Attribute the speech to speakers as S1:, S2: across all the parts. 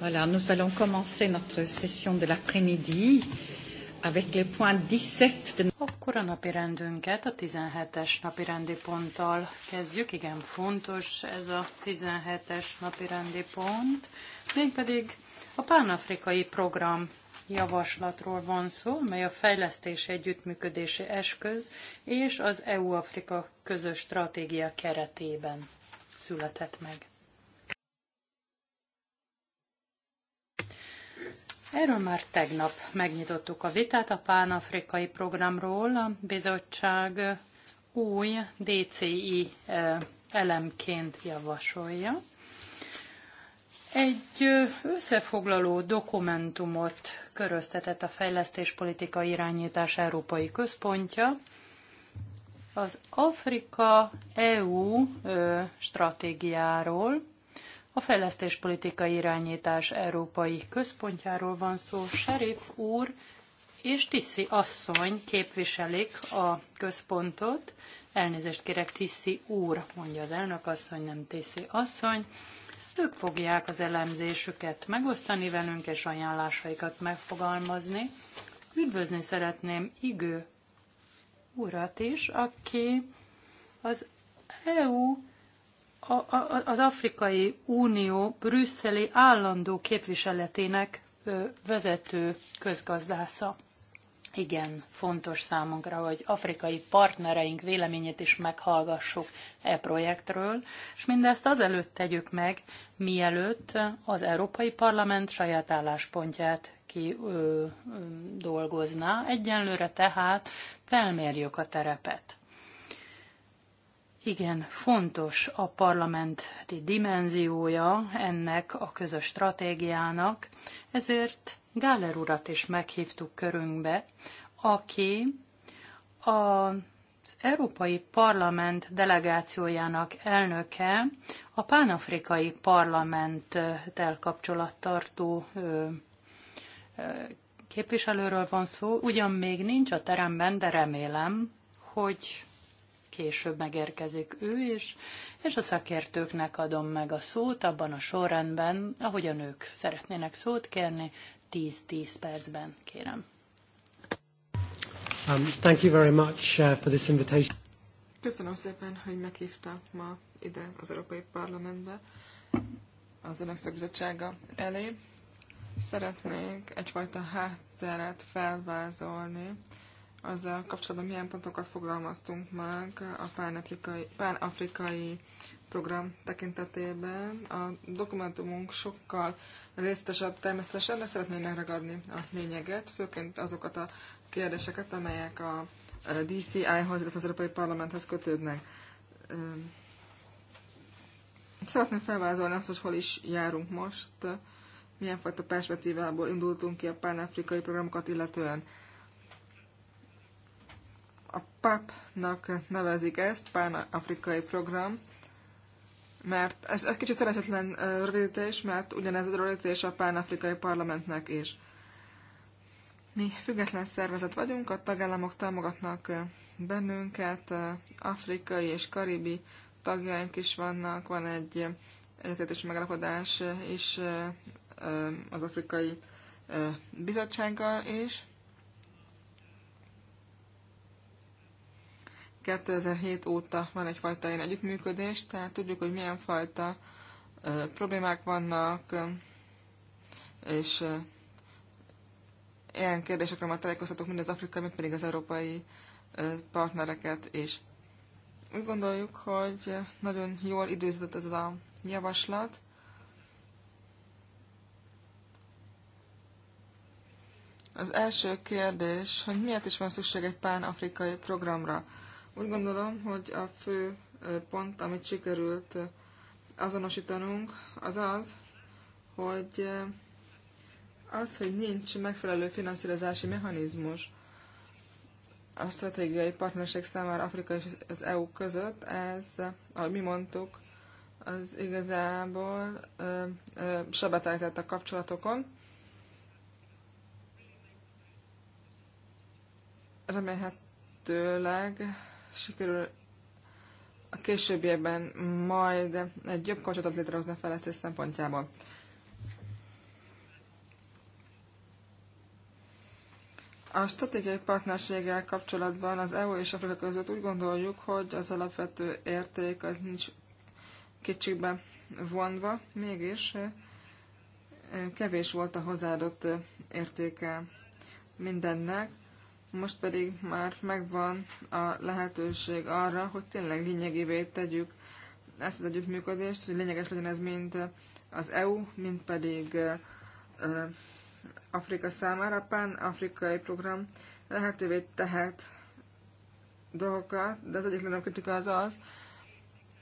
S1: Voilà, nous allons commencer notre session de l'après-midi avec le point 17 de...
S2: Akkor a napi rendünket a 17-es napi rendi ponttal kezdjük. Igen, fontos ez a 17-es napi rendi pont. Mégpedig a pánafrikai program javaslatról van szó, mely a fejlesztési együttműködési eszköz és az EU-Afrika közös stratégia keretében született meg. Erről már tegnap megnyitottuk a vitát a pánafrikai programról. A bizottság új DCI elemként javasolja. Egy összefoglaló dokumentumot köröztetett a Fejlesztéspolitika Irányítás Európai Központja, az Afrika-EU stratégiáról, a fejlesztéspolitikai irányítás európai központjáról van szó. Sheriff úr és Tiszi asszony képviselik a központot. Elnézést kérek, Tiszi úr, mondja az elnök asszony, nem Tiszi asszony. Ők fogják az elemzésüket megosztani velünk és ajánlásaikat megfogalmazni. Üdvözni szeretném Igő urat is, aki az EU az Afrikai Unió brüsszeli állandó képviseletének vezető közgazdásza. Igen, fontos számunkra, hogy afrikai partnereink véleményét is meghallgassuk e projektről, és mindezt azelőtt tegyük meg, mielőtt az Európai Parlament saját álláspontját ki dolgozná. Egyenlőre tehát felmérjük a terepet igen fontos a parlamenti dimenziója ennek a közös stratégiának, ezért Gáler urat is meghívtuk körünkbe, aki a az Európai Parlament delegációjának elnöke a pánafrikai parlamenttel kapcsolattartó képviselőről van szó, ugyan még nincs a teremben, de remélem, hogy később megérkezik ő is, és a szakértőknek adom meg a szót abban a sorrendben, ahogy a nők szeretnének szót kérni, 10-10 percben kérem.
S1: Um, thank you very much uh, for this invitation.
S2: Köszönöm szépen,
S3: hogy meghívtak ma ide az Európai Parlamentbe az Önök Szakbizottsága elé. Szeretnék egyfajta hátteret felvázolni azzal kapcsolatban milyen pontokat fogalmaztunk meg a pánafrikai, pánafrikai program tekintetében. A dokumentumunk sokkal részletesebb természetesen, de szeretném megragadni a lényeget, főként azokat a kérdéseket, amelyek a DCI-hoz, illetve az Európai Parlamenthez kötődnek. Szeretném felvázolni azt, hogy hol is járunk most, milyen fajta perspektívából indultunk ki a pánafrikai programokat illetően a PAP-nak nevezik ezt, Pán-Afrikai Program, mert ez egy kicsit szeretetlen rövidítés, mert ugyanez a rövidítés a Pán-Afrikai Parlamentnek is. Mi független szervezet vagyunk, a tagállamok támogatnak bennünket, afrikai és karibi tagjaink is vannak, van egy egyetértési megállapodás is az afrikai bizottsággal, és 2007 óta van egyfajta ilyen együttműködés, tehát tudjuk, hogy milyen fajta problémák vannak, és ilyen kérdésekre már tájékoztatok mind az afrikai, mint pedig az európai partnereket és Úgy gondoljuk, hogy nagyon jól időzített ez a javaslat. Az első kérdés, hogy miért is van szükség egy pán-afrikai programra. Úgy gondolom, hogy a fő pont, amit sikerült azonosítanunk, az az, hogy az, hogy nincs megfelelő finanszírozási mechanizmus a stratégiai partnerség számára Afrika és az EU között, ez, ahogy mi mondtuk, az igazából ö, sabatájtett a kapcsolatokon. Remélhetőleg sikerül a későbbiekben majd egy jobb kapcsolatot létrehozni a fejlesztés szempontjából. A stratégiai partnerséggel kapcsolatban az EU és Afrika között úgy gondoljuk, hogy az alapvető érték az nincs kicsikbe vonva, mégis kevés volt a hozzáadott értéke mindennek. Most pedig már megvan a lehetőség arra, hogy tényleg lényegévé tegyük ezt az együttműködést, hogy lényeges legyen ez mind az EU, mind pedig Afrika számára. A pán-afrikai program lehetővé tehet dolgokat, de az egyik legnagyobb kritika az az,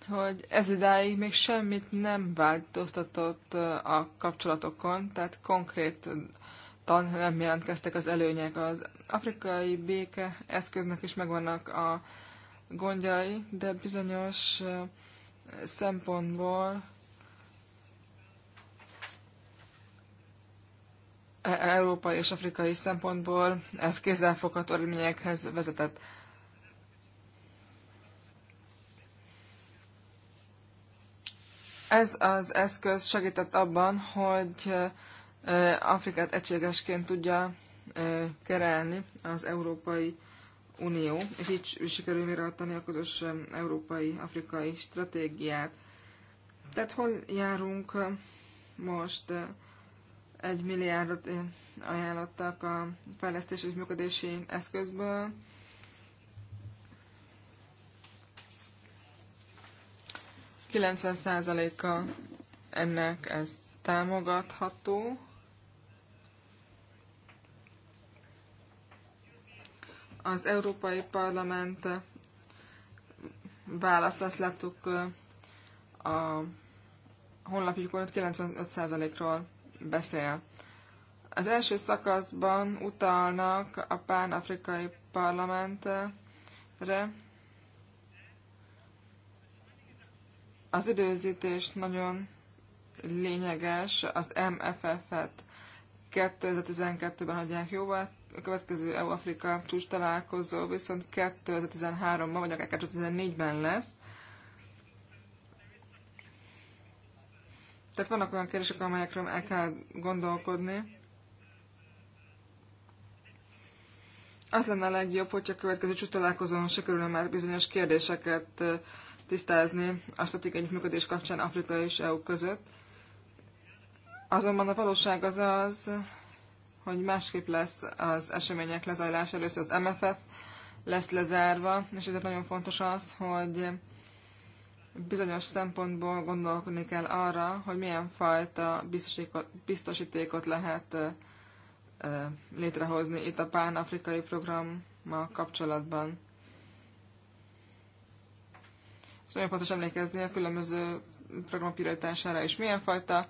S3: hogy ez idáig még semmit nem változtatott a kapcsolatokon, tehát konkrét tan nem jelentkeztek az előnyek az afrikai béke eszköznek is megvannak a gondjai, de bizonyos szempontból e, e, európai és afrikai szempontból ez kézzelfogható eredményekhez vezetett. Ez az eszköz segített abban, hogy Afrikát egységesként tudja kerelni az Európai Unió, és így sikerül véreadtani a közös európai-afrikai stratégiát. Tehát hol járunk most egy milliárdot ajánlottak a fejlesztés és működési eszközből. százaléka ennek ez támogatható. az Európai Parlament választ, azt láttuk a honlapjukon 95%-ról beszél. Az első szakaszban utalnak a pán-afrikai parlamentre. Az időzítés nagyon lényeges, az MFF-et 2012-ben hagyják jóvá a következő EU-Afrika csúcs találkozó viszont 2013-ban, vagy akár 2014-ben lesz. Tehát vannak olyan kérdések, amelyekről el kell gondolkodni. Az lenne a legjobb, hogyha a következő csúcs találkozón sikerülne már bizonyos kérdéseket tisztázni a stratégiai működés kapcsán Afrika és EU között. Azonban a valóság az az, hogy másképp lesz az események lezajlása. Először az MFF lesz lezárva, és ezért nagyon fontos az, hogy bizonyos szempontból gondolkodni kell arra, hogy milyen fajta biztosítékot lehet létrehozni itt a pán-afrikai programmal kapcsolatban. És nagyon fontos emlékezni a különböző programok prioritására is. Milyen fajta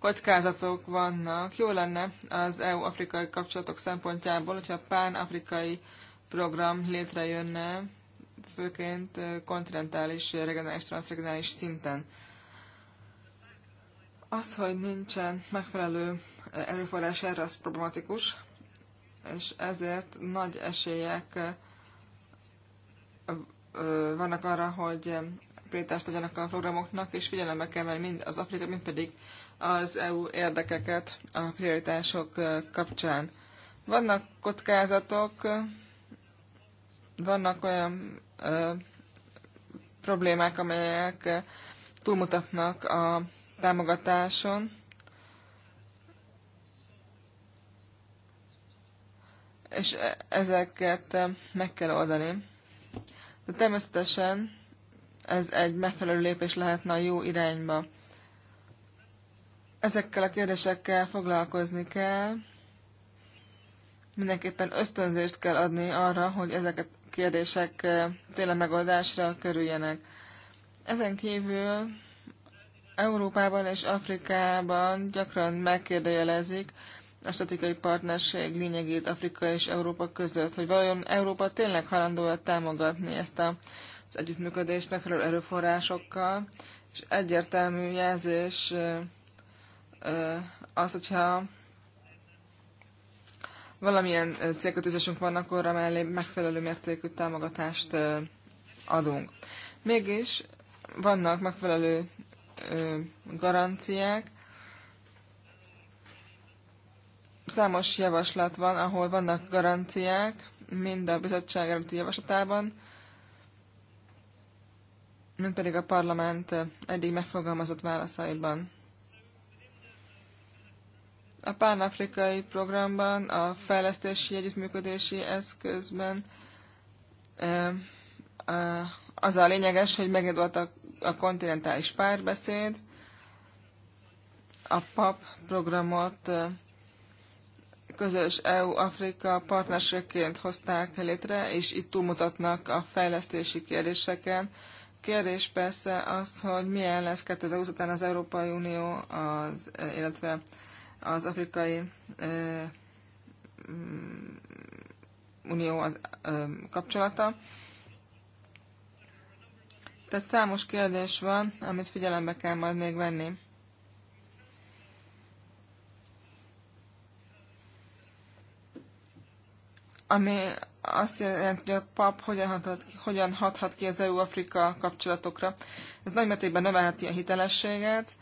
S3: kockázatok vannak. Jó lenne az EU-afrikai kapcsolatok szempontjából, hogyha pán-afrikai program létrejönne, főként kontinentális, regionális, transregionális szinten. Az, hogy nincsen megfelelő erőforrás erre, az problematikus, és ezért nagy esélyek vannak arra, hogy prétást adjanak a programoknak, és figyelembe kell venni mind az Afrika, mind pedig az EU érdekeket a prioritások kapcsán. Vannak kockázatok, vannak olyan ö, problémák, amelyek túlmutatnak a támogatáson, és e, ezeket meg kell oldani. De természetesen ez egy megfelelő lépés lehetne a jó irányba. Ezekkel a kérdésekkel foglalkozni kell. Mindenképpen ösztönzést kell adni arra, hogy ezeket a kérdések eh, tényleg megoldásra kerüljenek. Ezen kívül Európában és Afrikában gyakran megkérdőjelezik a statikai partnerség lényegét Afrika és Európa között, hogy vajon Európa tényleg -e támogatni ezt a, az együttműködést megfelelő erőforrásokkal, és egyértelmű jelzés eh, az, hogyha valamilyen célkötőzésünk van, akkor mellé megfelelő mértékű támogatást adunk. Mégis vannak megfelelő garanciák, számos javaslat van, ahol vannak garanciák, mind a bizottság előtti javaslatában, mint pedig a parlament eddig megfogalmazott válaszaiban. A pánafrikai programban, a fejlesztési együttműködési eszközben az a lényeges, hogy megindult a, a kontinentális párbeszéd, a PAP programot közös EU-Afrika partnerségként hozták létre, és itt túlmutatnak a fejlesztési kérdéseken. Kérdés persze az, hogy milyen lesz 2020 után az Európai Unió, az, illetve az Afrikai mm, Unió az, kapcsolata. Tehát számos kérdés van, amit figyelembe kell majd még venni. Ami azt jelenti, hogy a PAP hogyan hathat, hogyan hathat ki az EU-Afrika kapcsolatokra. Ez nagy mértékben növelheti a hitelességet,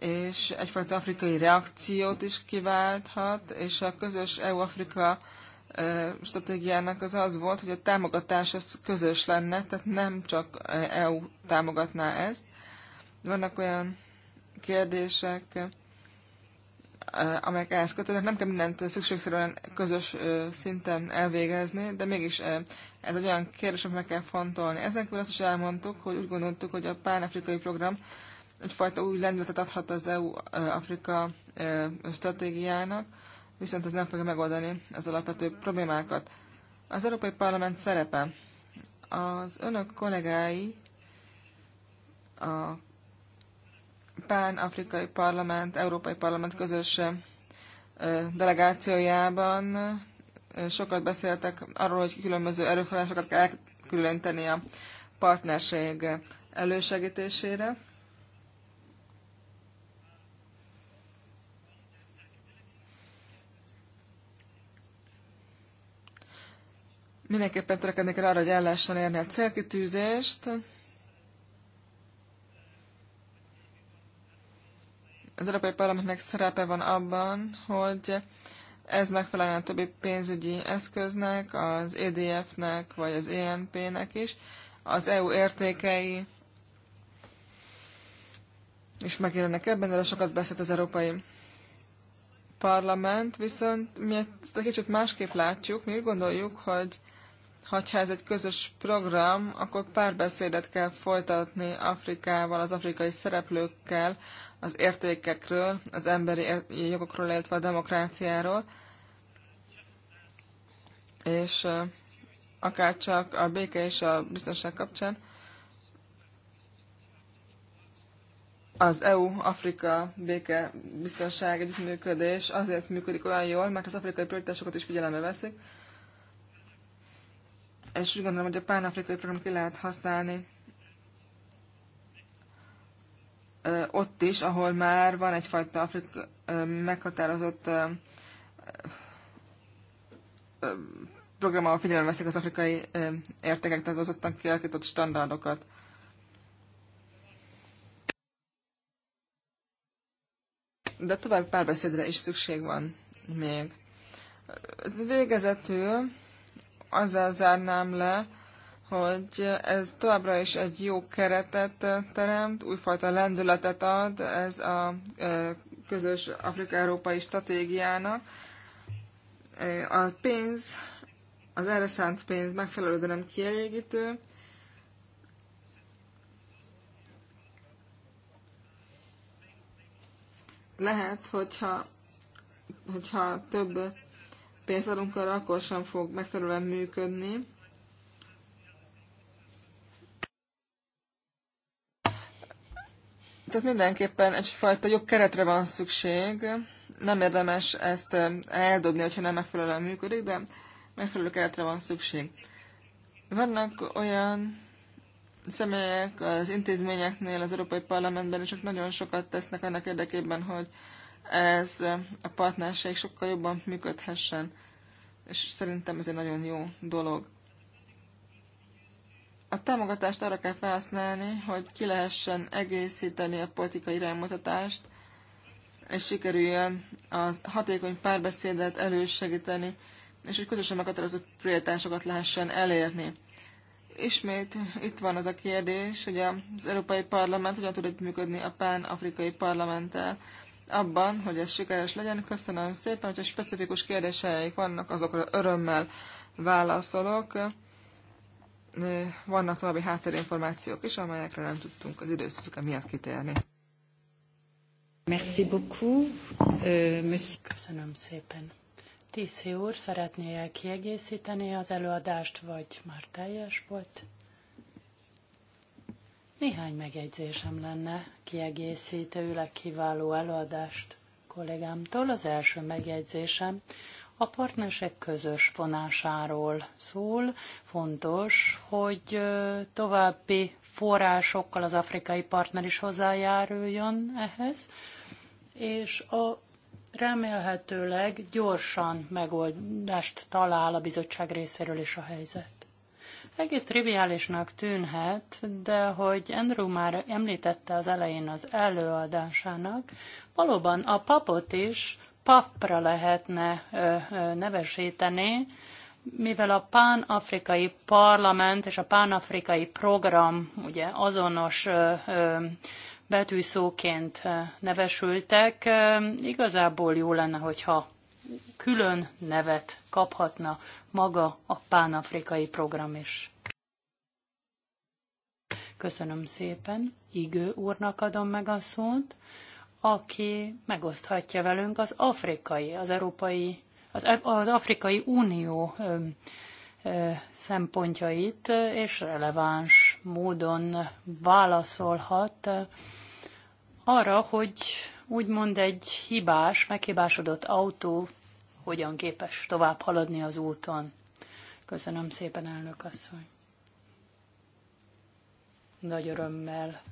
S3: és egyfajta afrikai reakciót is kiválthat, és a közös EU-Afrika stratégiának az az volt, hogy a támogatás az közös lenne, tehát nem csak EU támogatná ezt. Vannak olyan kérdések, amelyek ehhez kötődnek. Nem kell mindent szükségszerűen közös szinten elvégezni, de mégis ez egy olyan kérdés, amit meg kell fontolni. Ezen kívül azt is elmondtuk, hogy úgy gondoltuk, hogy a pánafrikai program egyfajta új lendületet adhat az EU-Afrika e, e, stratégiának, viszont ez nem fogja megoldani az alapvető problémákat. Az Európai Parlament szerepe. Az önök kollégái a Pán-Afrikai Parlament, Európai Parlament közös e, delegációjában sokat beszéltek arról, hogy különböző erőforrásokat kell elkülöníteni a partnerség elősegítésére. Mindenképpen törekedni kell arra, hogy el lehessen érni a célkitűzést. Az Európai Parlamentnek szerepe van abban, hogy ez megfelelően a többi pénzügyi eszköznek, az EDF-nek vagy az ENP-nek is. Az EU értékei is megjelennek ebben, de sokat beszélt az Európai Parlament, viszont mi ezt egy kicsit másképp látjuk, mi úgy gondoljuk, hogy Hogyha ez egy közös program, akkor párbeszédet kell folytatni Afrikával, az afrikai szereplőkkel, az értékekről, az emberi jogokról, illetve a demokráciáról, és akár csak a béke és a biztonság kapcsán, az EU-Afrika béke biztonság együttműködés azért működik olyan jól, mert az afrikai prioritásokat is figyelembe veszik, és úgy gondolom, hogy a pánafrikai program ki lehet használni ott is, ahol már van egyfajta Afrika, meghatározott program, ahol figyelembe veszik az afrikai értékek tagozottan kialakított standardokat. De tovább párbeszédre is szükség van még. Végezetül azzal zárnám le, hogy ez továbbra is egy jó keretet teremt, újfajta lendületet ad ez a közös Afrika-Európai stratégiának. A pénz, az erre szánt pénz megfelelő, de nem kielégítő. Lehet, hogyha, hogyha több pénzt adunk arra, akkor sem fog megfelelően működni. Tehát mindenképpen egyfajta jobb keretre van szükség. Nem érdemes ezt eh, eldobni, hogyha nem megfelelően működik, de megfelelő keretre van szükség. Vannak olyan személyek az intézményeknél, az Európai Parlamentben, és ott nagyon sokat tesznek annak érdekében, hogy ez a partnerség sokkal jobban működhessen, és szerintem ez egy nagyon jó dolog. A támogatást arra kell felhasználni, hogy ki lehessen egészíteni a politikai iránymutatást, és sikerüljön a hatékony párbeszédet elősegíteni, és hogy közösen meghatározott prioritásokat lehessen elérni. Ismét itt van az a kérdés, hogy az Európai Parlament hogyan tud működni a pán-afrikai parlamenttel, abban, hogy ez sikeres legyen. Köszönöm szépen, hogyha specifikus kérdéseik vannak, azokra örömmel válaszolok. Vannak további háttérinformációk is, amelyekre
S2: nem tudtunk az időszüke miatt kitérni. Merci beaucoup, euh, Köszönöm szépen. Tiszi úr, szeretné -e kiegészíteni az előadást, vagy már teljes volt? Néhány megjegyzésem lenne, kiegészítőleg kiváló előadást kollégámtól. Az első megjegyzésem a partnerség közös vonásáról szól. Fontos, hogy további forrásokkal az afrikai partner is hozzájáruljon ehhez, és a remélhetőleg gyorsan megoldást talál a bizottság részéről is a helyzet. Egész triviálisnak tűnhet, de hogy Andrew már említette az elején az előadásának, valóban a papot is papra lehetne ö, ö, nevesíteni, mivel a pánafrikai afrikai parlament és a pánafrikai afrikai program ugye azonos ö, ö, betűszóként nevesültek, igazából jó lenne, hogyha külön nevet kaphatna maga a pánafrikai program is. Köszönöm szépen. Igő úrnak adom meg a szót, aki megoszthatja velünk az afrikai, az európai, az, e- az Afrikai Unió ö, ö, szempontjait, és releváns módon válaszolhat arra, hogy úgymond egy hibás, meghibásodott autó hogyan képes tovább haladni az úton. Köszönöm szépen, elnök asszony. Nagy örömmel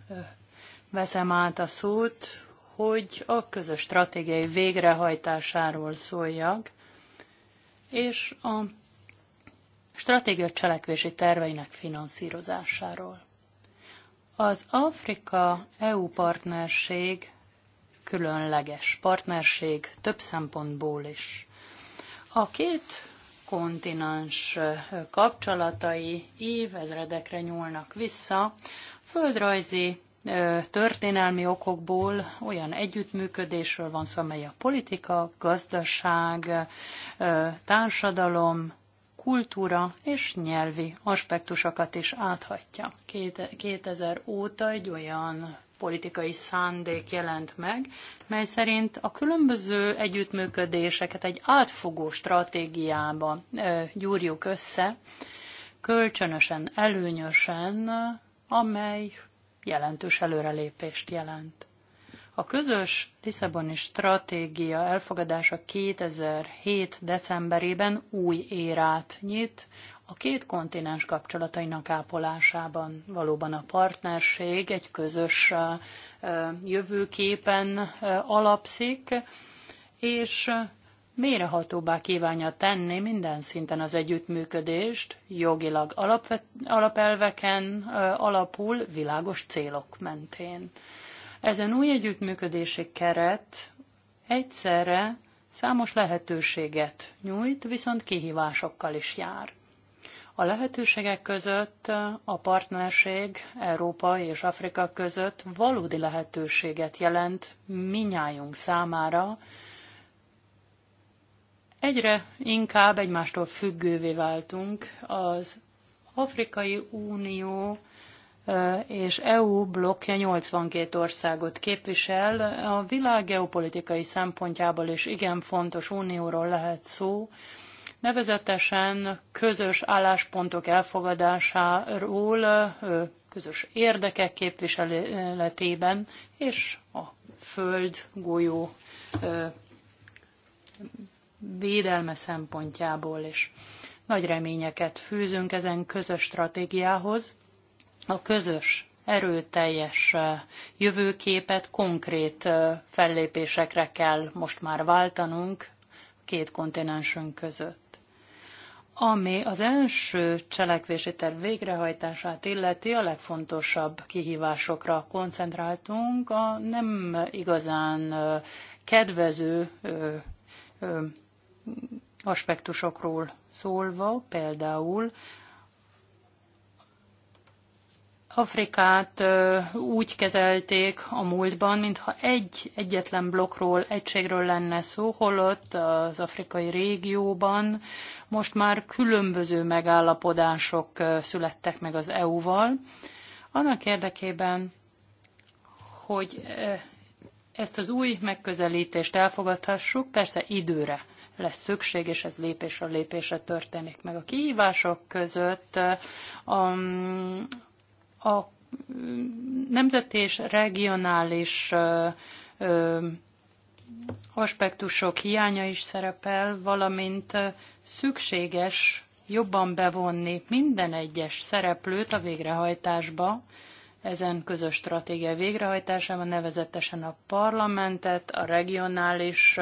S2: veszem át a szót, hogy a közös stratégiai végrehajtásáról szóljak, és a stratégia cselekvési terveinek finanszírozásáról. Az Afrika-EU partnerség különleges partnerség több szempontból is. A két kontinens kapcsolatai évezredekre nyúlnak vissza, földrajzi történelmi okokból olyan együttműködésről van szó, amely a politika, gazdaság, társadalom, kultúra és nyelvi aspektusokat is áthatja. 2000 óta egy olyan politikai szándék jelent meg, mely szerint a különböző együttműködéseket egy átfogó stratégiába gyúrjuk össze, kölcsönösen, előnyösen, amely jelentős előrelépést jelent. A közös Lisszaboni stratégia elfogadása 2007. decemberében új érát nyit a két kontinens kapcsolatainak ápolásában valóban a partnerség egy közös jövőképen alapszik, és mélyrehatóbbá kívánja tenni minden szinten az együttműködést, jogilag alapvet, alapelveken alapul, világos célok mentén. Ezen új együttműködési keret egyszerre számos lehetőséget nyújt, viszont kihívásokkal is jár. A lehetőségek között a partnerség Európa és Afrika között valódi lehetőséget jelent minnyájunk számára. Egyre inkább egymástól függővé váltunk az Afrikai Unió és EU blokkja 82 országot képvisel. A világ geopolitikai szempontjából is igen fontos unióról lehet szó, nevezetesen közös álláspontok elfogadásáról, közös érdekek képviseletében és a föld golyó védelme szempontjából is. Nagy reményeket fűzünk ezen közös stratégiához. A közös erőteljes jövőképet konkrét fellépésekre kell most már váltanunk két kontinensünk között. Ami az első cselekvési terv végrehajtását illeti, a legfontosabb kihívásokra koncentráltunk, a nem igazán kedvező aspektusokról szólva, például Afrikát úgy kezelték a múltban, mintha egy egyetlen blokkról, egységről lenne szó, holott az afrikai régióban most már különböző megállapodások születtek meg az EU-val. Annak érdekében, hogy ezt az új megközelítést elfogadhassuk, persze időre lesz szükség, és ez lépésről lépésre történik meg. A kihívások között a, a nemzeti és regionális aspektusok hiánya is szerepel, valamint szükséges jobban bevonni minden egyes szereplőt a végrehajtásba, ezen közös stratégia végrehajtásában, nevezetesen a parlamentet, a regionális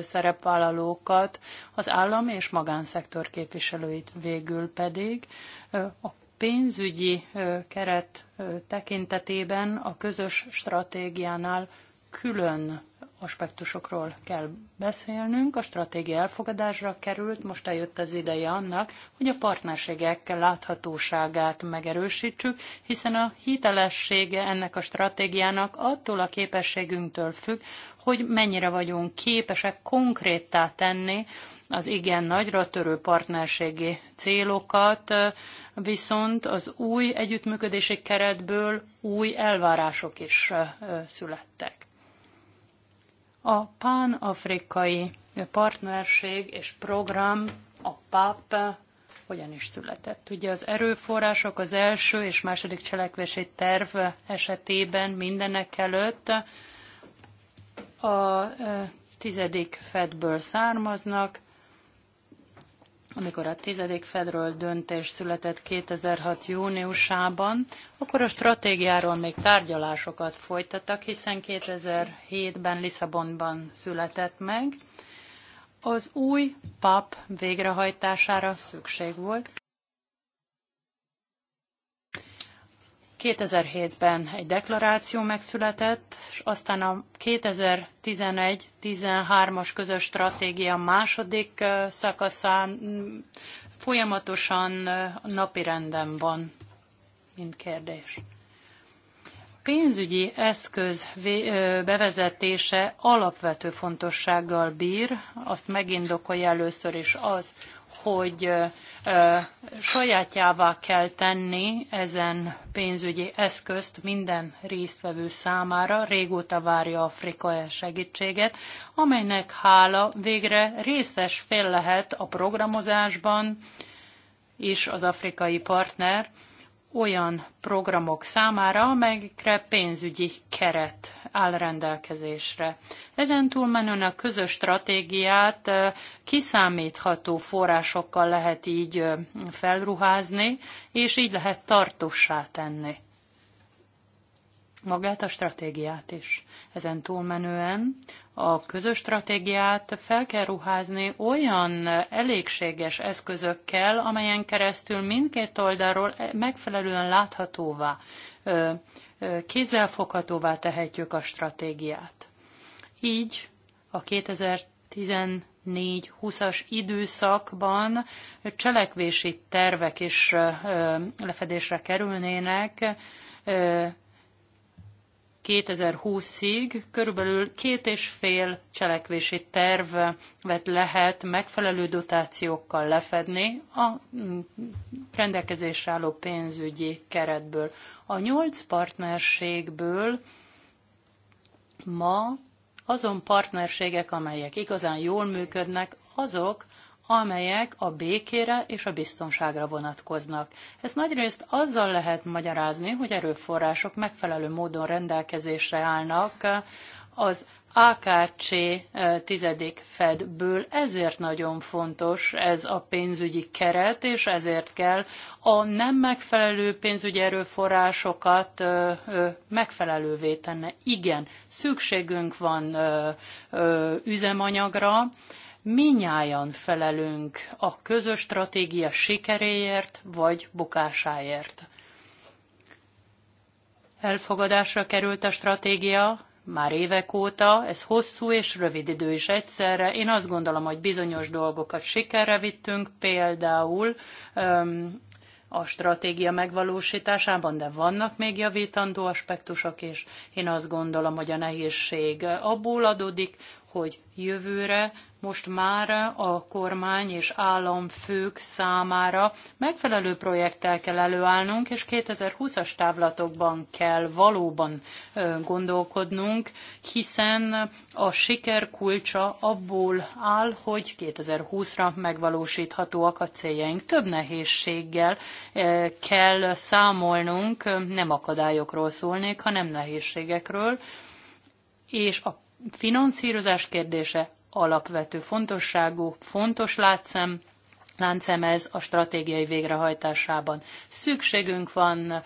S2: szerepvállalókat, az állam és magánszektor képviselőit végül pedig a pénzügyi keret tekintetében a közös stratégiánál külön aspektusokról kell beszélnünk. A stratégia elfogadásra került, most eljött az ideje annak, hogy a partnerségek láthatóságát megerősítsük, hiszen a hitelessége ennek a stratégiának attól a képességünktől függ, hogy mennyire vagyunk képesek konkréttá tenni az igen nagyra törő partnerségi célokat, viszont az új együttműködési keretből új elvárások is születtek. A pán-afrikai partnerség és program, a PAP, hogyan is született. Ugye az erőforrások az első és második cselekvési terv esetében mindenek előtt a tizedik fedből származnak, amikor a tizedik Fedről döntés született 2006. júniusában, akkor a stratégiáról még tárgyalásokat folytattak, hiszen 2007-ben Lisszabonban született meg. Az új PAP végrehajtására szükség volt. 2007-ben egy deklaráció megszületett, és aztán a 2011-13-as közös stratégia második szakaszán mm, folyamatosan napirenden van, mint kérdés pénzügyi eszköz bevezetése alapvető fontossággal bír, azt megindokolja először is az, hogy sajátjává kell tenni ezen pénzügyi eszközt minden résztvevő számára. Régóta várja Afrika segítséget, amelynek hála végre részes fél lehet a programozásban, is az afrikai partner, olyan programok számára, amelyekre pénzügyi keret áll rendelkezésre. Ezen túlmenően a közös stratégiát kiszámítható forrásokkal lehet így felruházni, és így lehet tartossá tenni magát a stratégiát is. Ezen túlmenően a közös stratégiát fel kell ruházni olyan elégséges eszközökkel, amelyen keresztül mindkét oldalról megfelelően láthatóvá, kézzelfoghatóvá tehetjük a stratégiát. Így a 2014-20-as időszakban cselekvési tervek is lefedésre kerülnének, 2020-ig körülbelül két és fél cselekvési tervet lehet megfelelő dotációkkal lefedni a mm, rendelkezésre álló pénzügyi keretből. A nyolc partnerségből ma azon partnerségek, amelyek igazán jól működnek, azok, amelyek a békére és a biztonságra vonatkoznak. Ezt nagyrészt azzal lehet magyarázni, hogy erőforrások megfelelő módon rendelkezésre állnak az AKC eh, tizedik Fedből, ezért nagyon fontos ez a pénzügyi keret, és ezért kell a nem megfelelő pénzügyi erőforrásokat eh, eh, megfelelővé tenni. Igen, szükségünk van üzemanyagra, minnyáján felelünk a közös stratégia sikeréért vagy bukásáért. Elfogadásra került a stratégia, már évek óta, ez hosszú és rövid idő is egyszerre. Én azt gondolom, hogy bizonyos dolgokat sikerre vittünk, például öm, a stratégia megvalósításában, de vannak még javítandó aspektusok, és én azt gondolom, hogy a nehézség abból adódik, hogy jövőre most már a kormány és államfők számára megfelelő projekttel kell előállnunk, és 2020-as távlatokban kell valóban gondolkodnunk, hiszen a siker kulcsa abból áll, hogy 2020-ra megvalósíthatóak a céljaink. Több nehézséggel kell számolnunk, nem akadályokról szólnék, hanem nehézségekről, és a finanszírozás kérdése alapvető fontosságú, fontos látszem, láncem ez a stratégiai végrehajtásában. Szükségünk van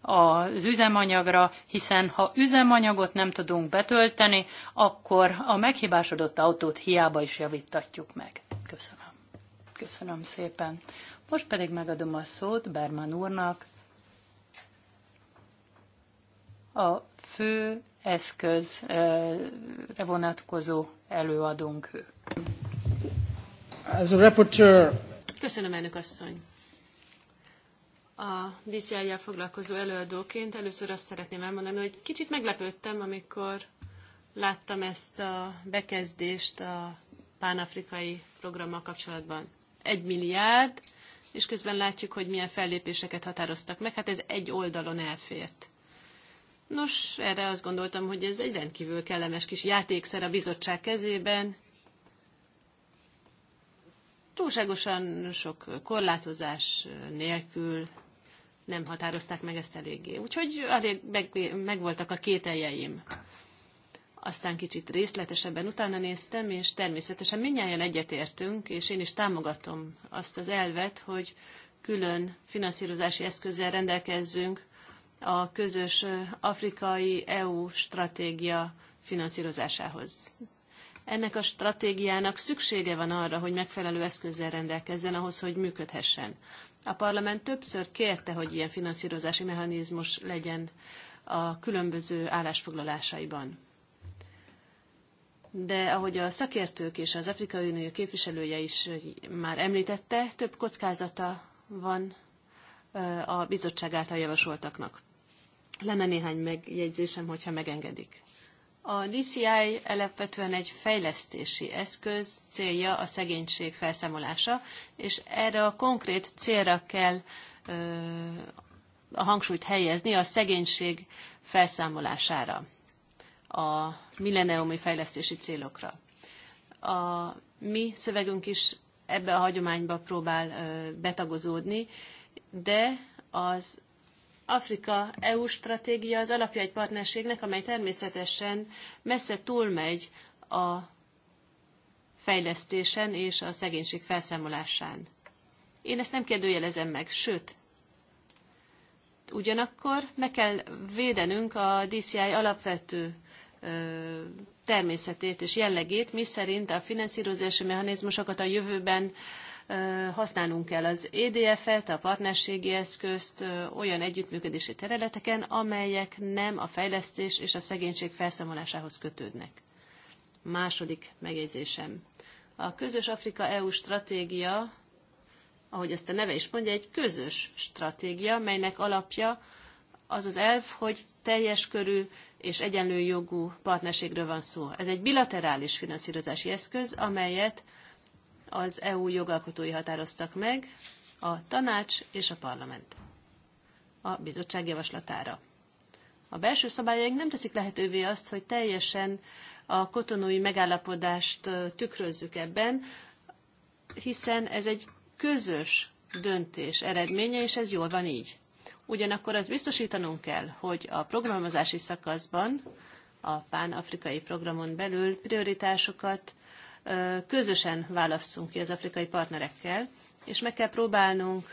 S2: az üzemanyagra, hiszen ha üzemanyagot nem tudunk betölteni, akkor a meghibásodott autót hiába is javítatjuk meg. Köszönöm. Köszönöm szépen. Most pedig megadom a szót Berman úrnak, a fő eszközre vonatkozó
S4: előadónk
S1: As a rapporteur...
S4: Köszönöm, elnök asszony. A dci foglalkozó előadóként először azt szeretném elmondani, hogy kicsit meglepődtem, amikor láttam ezt a bekezdést a pánafrikai programmal kapcsolatban. Egy milliárd, és közben látjuk, hogy milyen fellépéseket határoztak meg. Hát ez egy oldalon elfért. Nos, erre azt gondoltam, hogy ez egy rendkívül kellemes kis játékszer a bizottság kezében. Túlságosan sok korlátozás nélkül nem határozták meg ezt eléggé. Úgyhogy elég megvoltak a kételjeim. Aztán kicsit részletesebben utána néztem, és természetesen mindjárt egyetértünk, és én is támogatom azt az elvet, hogy külön finanszírozási eszközzel rendelkezzünk a közös afrikai EU stratégia finanszírozásához. Ennek a stratégiának szüksége van arra, hogy megfelelő eszközzel rendelkezzen ahhoz, hogy működhessen. A parlament többször kérte, hogy ilyen finanszírozási mechanizmus legyen a különböző állásfoglalásaiban. De ahogy a szakértők és az Afrikai Unió képviselője is már említette, több kockázata van a bizottság által javasoltaknak. Lenne néhány megjegyzésem, hogyha megengedik. A DCI alapvetően egy fejlesztési eszköz, célja a szegénység felszámolása, és erre a konkrét célra kell ö, a hangsúlyt helyezni a szegénység felszámolására, a milleniumi fejlesztési célokra. A mi szövegünk is ebbe a hagyományba próbál ö, betagozódni, de az Afrika-EU stratégia az alapja egy partnerségnek, amely természetesen messze túlmegy a fejlesztésen és a szegénység felszámolásán. Én ezt nem kérdőjelezem meg, sőt, ugyanakkor meg kell védenünk a DCI alapvető természetét és jellegét, miszerint a finanszírozási mechanizmusokat a jövőben használnunk kell az EDF-et, a partnerségi eszközt olyan együttműködési területeken, amelyek nem a fejlesztés és a szegénység felszámolásához kötődnek. Második megjegyzésem. A közös Afrika-EU stratégia, ahogy azt a neve is mondja, egy közös stratégia, melynek alapja az az elv, hogy teljes körű és egyenlő jogú partnerségről van szó. Ez egy bilaterális finanszírozási eszköz, amelyet az EU jogalkotói határoztak meg, a tanács és a parlament a bizottság javaslatára. A belső szabályaink nem teszik lehetővé azt, hogy teljesen a kotonói megállapodást tükrözzük ebben, hiszen ez egy közös döntés eredménye, és ez jól van így. Ugyanakkor azt biztosítanunk kell, hogy a programozási szakaszban a pán-afrikai programon belül prioritásokat közösen válasszunk ki az afrikai partnerekkel, és meg kell próbálnunk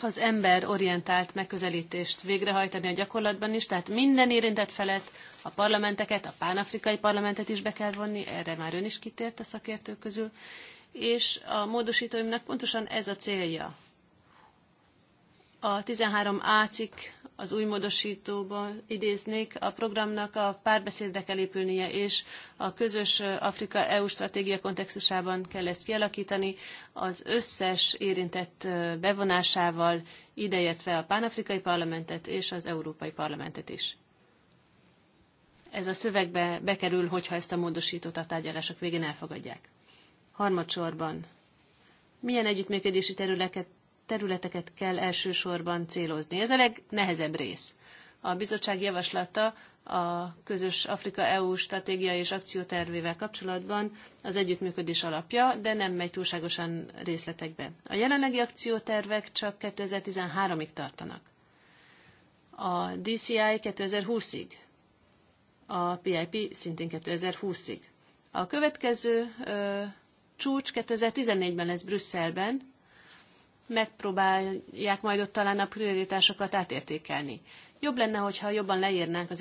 S4: az ember orientált megközelítést végrehajtani a gyakorlatban is, tehát minden érintett felett a parlamenteket, a pánafrikai parlamentet is be kell vonni, erre már ön is kitért a szakértők közül, és a módosítóimnak pontosan ez a célja. A 13A cikk az új módosítóban idéznék, a programnak a párbeszédre kell épülnie, és a közös Afrika-EU stratégia kontextusában kell ezt kialakítani, az összes érintett bevonásával ideértve a Pánafrikai Parlamentet és az Európai Parlamentet is. Ez a szövegbe bekerül, hogyha ezt a módosítót a tárgyalások végén elfogadják. Harmadsorban milyen együttműködési területeket, területeket kell elsősorban célozni. Ez a legnehezebb rész. A bizottság javaslata a közös Afrika-EU stratégia és akciótervével kapcsolatban az együttműködés alapja, de nem megy túlságosan részletekbe. A jelenlegi akciótervek csak 2013-ig tartanak. A DCI 2020-ig, a PIP szintén 2020-ig. A következő ö, csúcs 2014-ben lesz Brüsszelben, megpróbálják majd ott talán a prioritásokat átértékelni. Jobb lenne, hogyha jobban leírnánk az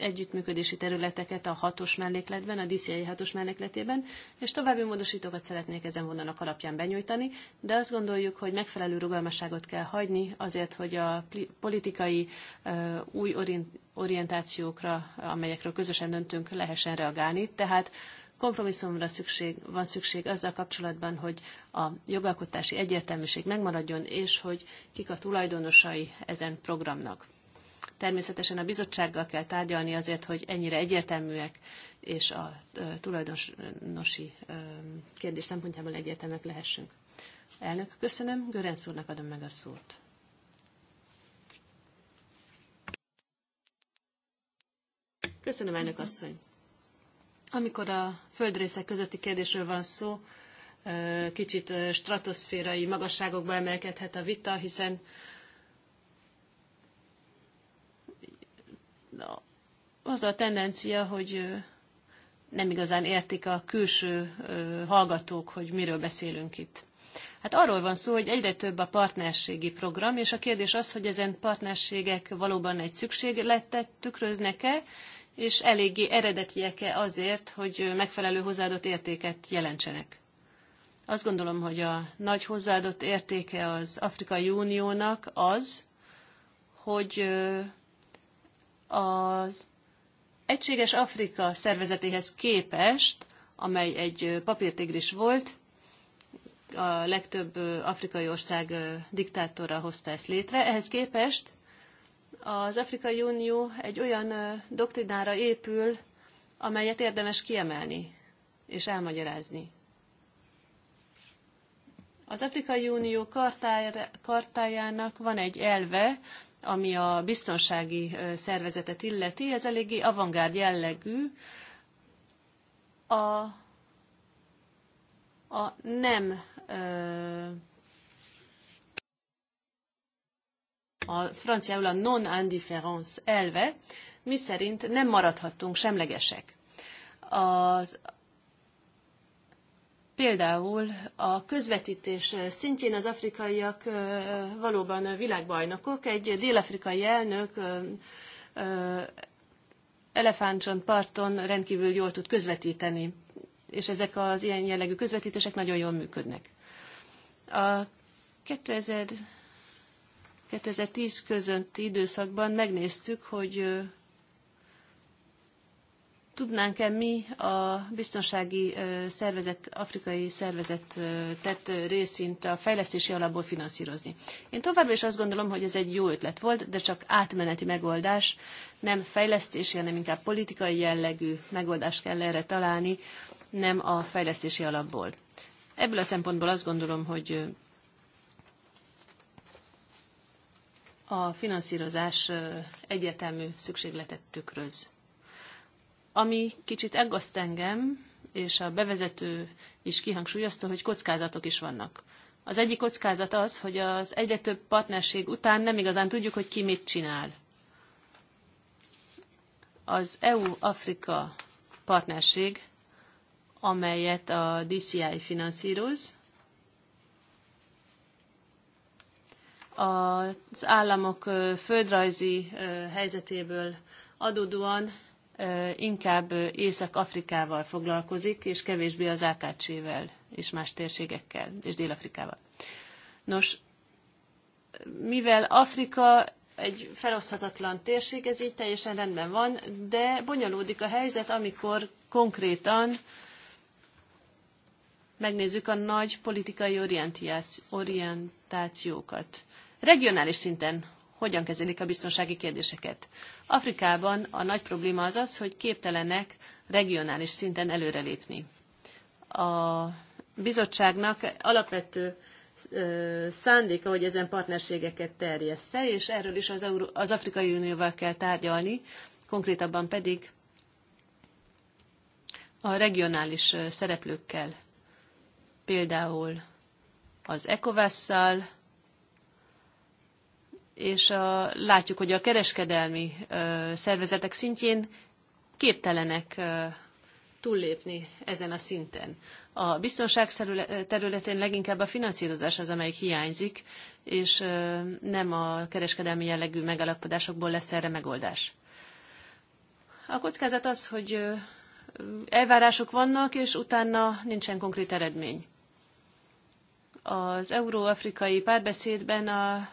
S4: együttműködési területeket a hatos mellékletben, a DCI hatos mellékletében, és további módosítókat szeretnék ezen vonalak alapján benyújtani, de azt gondoljuk, hogy megfelelő rugalmasságot kell hagyni azért, hogy a politikai új orientációkra, amelyekről közösen döntünk, lehessen reagálni. Tehát kompromisszumra szükség, van szükség azzal kapcsolatban, hogy a jogalkotási egyértelműség megmaradjon, és hogy kik a tulajdonosai ezen programnak. Természetesen a bizottsággal kell tárgyalni azért, hogy ennyire egyértelműek és a tulajdonosi kérdés szempontjából egyértelműek lehessünk. Elnök, köszönöm. Görenc úrnak adom meg a szót. Köszönöm, elnök asszony. Amikor a földrészek közötti kérdésről van szó, kicsit stratoszférai magasságokba emelkedhet a vita, hiszen az a tendencia, hogy nem igazán értik a külső hallgatók, hogy miről beszélünk itt. Hát arról van szó, hogy egyre több a partnerségi program, és a kérdés az, hogy ezen partnerségek valóban egy szükségletet tükröznek-e, és eléggé eredetiek-e azért, hogy megfelelő hozzáadott értéket jelentsenek. Azt gondolom, hogy a nagy hozzáadott értéke az Afrikai Uniónak az, hogy az Egységes Afrika szervezetéhez képest, amely egy papírtigris volt, a legtöbb afrikai ország diktátora hozta ezt létre, ehhez képest az Afrikai Unió egy olyan doktrinára épül, amelyet érdemes kiemelni és elmagyarázni. Az Afrikai Unió kartájának van egy elve, ami a biztonsági szervezetet illeti, ez eléggé avantgárd jellegű. A, a nem a franciául a non-indifference elve, mi szerint nem maradhattunk semlegesek. Az, például a közvetítés szintjén az afrikaiak valóban világbajnokok. Egy dél-afrikai elnök parton rendkívül jól tud közvetíteni, és ezek az ilyen jellegű közvetítések nagyon jól működnek. A 2000 2010 közönti időszakban megnéztük, hogy tudnánk-e mi a biztonsági szervezet, afrikai szervezet tett részint a fejlesztési alapból finanszírozni. Én továbbra is azt gondolom, hogy ez egy jó ötlet volt, de csak átmeneti megoldás, nem fejlesztési, hanem inkább politikai jellegű megoldást kell erre találni, nem a fejlesztési alapból. Ebből a szempontból azt gondolom, hogy a finanszírozás egyetemű szükségletet tükröz. Ami kicsit eggaszt engem, és a bevezető is kihangsúlyozta, hogy kockázatok is vannak. Az egyik kockázat az, hogy az egyre több partnerség után nem igazán tudjuk, hogy ki mit csinál. Az EU-Afrika partnerség, amelyet a DCI finanszíroz, az államok földrajzi helyzetéből adódóan inkább Észak-Afrikával foglalkozik, és kevésbé az Ákácsével és más térségekkel, és Dél-Afrikával. Nos, mivel Afrika egy feloszthatatlan térség, ez így teljesen rendben van, de bonyolódik a helyzet, amikor konkrétan megnézzük a nagy politikai orientációkat. Regionális szinten hogyan kezelik a biztonsági kérdéseket? Afrikában a nagy probléma az az, hogy képtelenek regionális szinten előrelépni. A bizottságnak alapvető szándéka, hogy ezen partnerségeket terjessze, és erről is az, Euró- az Afrikai Unióval kell tárgyalni, konkrétabban pedig a regionális szereplőkkel, például az ECOWAS-szal, és a, látjuk, hogy a kereskedelmi ö, szervezetek szintjén képtelenek ö, túllépni ezen a szinten. A biztonság területén leginkább a finanszírozás az, amelyik hiányzik, és ö, nem a kereskedelmi jellegű megalapodásokból lesz erre megoldás. A kockázat az, hogy elvárások vannak, és utána nincsen konkrét eredmény. Az euró-afrikai párbeszédben a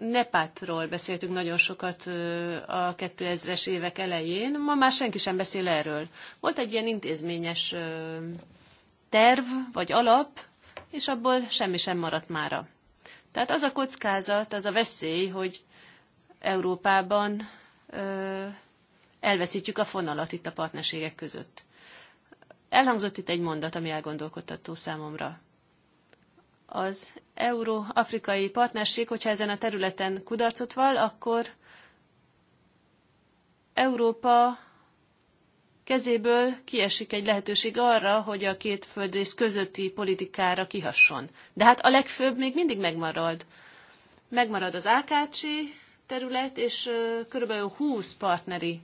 S4: Nepátról beszéltünk nagyon sokat a 2000-es évek elején, ma már senki sem beszél erről. Volt egy ilyen intézményes terv vagy alap, és abból semmi sem maradt mára. Tehát az a kockázat, az a veszély, hogy Európában elveszítjük a fonalat itt a partnerségek között. Elhangzott itt egy mondat, ami elgondolkodtató számomra az euró-afrikai partnerség, hogyha ezen a területen kudarcot vall, akkor Európa kezéből kiesik egy lehetőség arra, hogy a két földrész közötti politikára kihasson. De hát a legfőbb még mindig megmarad. Megmarad az Ákácsi terület, és körülbelül 20 partneri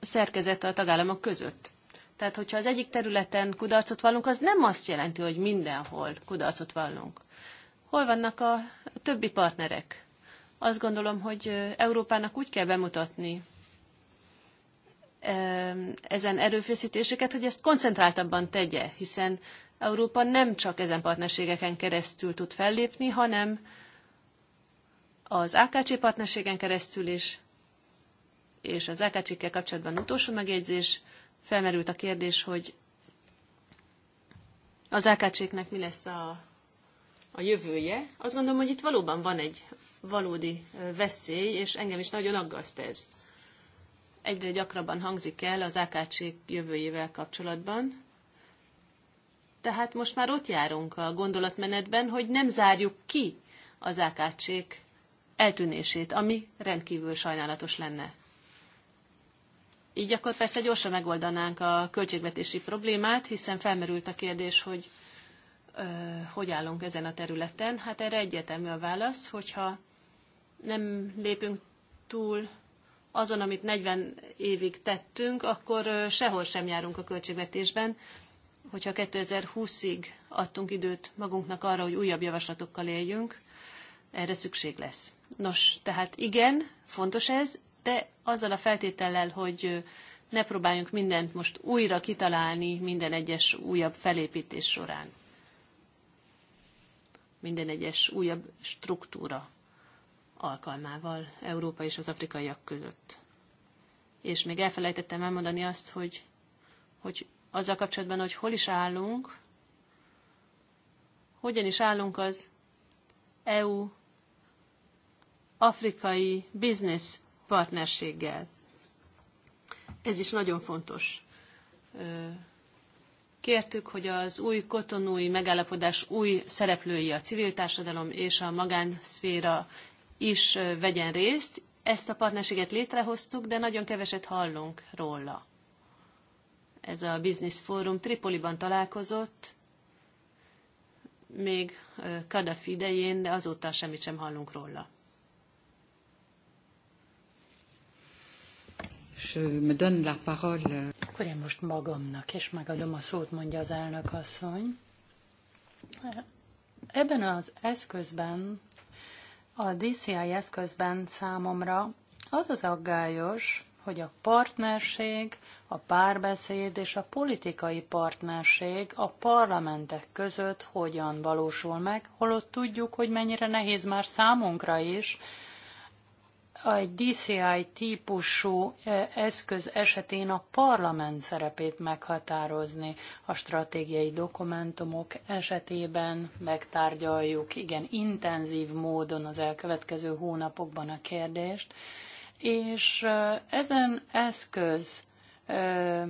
S4: szerkezet a tagállamok között. Tehát, hogyha az egyik területen kudarcot vallunk, az nem azt jelenti, hogy mindenhol kudarcot vallunk. Hol vannak a többi partnerek? Azt gondolom, hogy Európának úgy kell bemutatni ezen erőfeszítéseket, hogy ezt koncentráltabban tegye, hiszen Európa nem csak ezen partnerségeken keresztül tud fellépni, hanem az AKC partnerségen keresztül is, és az AKC-kkel kapcsolatban utolsó megjegyzés – felmerült a kérdés, hogy az akc mi lesz a, a jövője. Azt gondolom, hogy itt valóban van egy valódi veszély, és engem is nagyon aggaszt ez. Egyre gyakrabban hangzik el az AKC jövőjével kapcsolatban. Tehát most már ott járunk a gondolatmenetben, hogy nem zárjuk ki az AKC eltűnését, ami rendkívül sajnálatos lenne. Így akkor persze gyorsan megoldanánk a költségvetési problémát, hiszen felmerült a kérdés, hogy ö, hogy állunk ezen a területen. Hát erre egyetemű a válasz, hogyha nem lépünk túl azon, amit 40 évig tettünk, akkor sehol sem járunk a költségvetésben. Hogyha 2020-ig adtunk időt magunknak arra, hogy újabb javaslatokkal éljünk, erre szükség lesz. Nos, tehát igen, fontos ez, de azzal a feltétellel, hogy ne próbáljunk mindent most újra kitalálni minden egyes újabb felépítés során. Minden egyes újabb struktúra alkalmával Európa és az afrikaiak között. És még elfelejtettem elmondani azt, hogy, hogy azzal kapcsolatban, hogy hol is állunk, hogyan is állunk az EU afrikai business partnerséggel. Ez is nagyon fontos. Kértük, hogy az új kotonúi megállapodás új szereplői, a civil társadalom és a magánszféra is vegyen részt. Ezt a partnerséget létrehoztuk, de nagyon keveset hallunk róla. Ez a Business Forum Tripoliban találkozott, még Kadhafi idején, de azóta semmit sem hallunk róla.
S2: Akkor én most magamnak és megadom a szót, mondja az elnök asszony. Ebben az eszközben, a DCI eszközben számomra az az aggályos, hogy a partnerség, a párbeszéd és a politikai partnerség a parlamentek között hogyan valósul meg, holott tudjuk, hogy mennyire nehéz már számunkra is egy DCI típusú e, eszköz esetén a parlament szerepét meghatározni. A stratégiai dokumentumok esetében megtárgyaljuk igen intenzív módon az elkövetkező hónapokban a kérdést, és e, ezen eszköz e,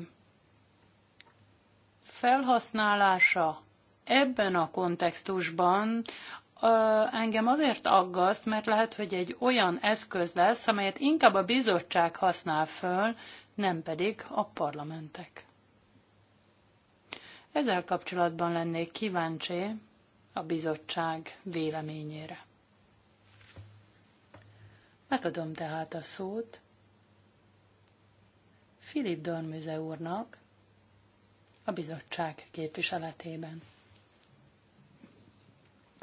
S2: felhasználása ebben a kontextusban engem azért aggaszt, mert lehet, hogy egy olyan eszköz lesz, amelyet inkább a bizottság használ föl, nem pedig a parlamentek. Ezzel kapcsolatban lennék kíváncsi a bizottság véleményére. Megadom tehát a szót Filip Dormüze úrnak a bizottság képviseletében.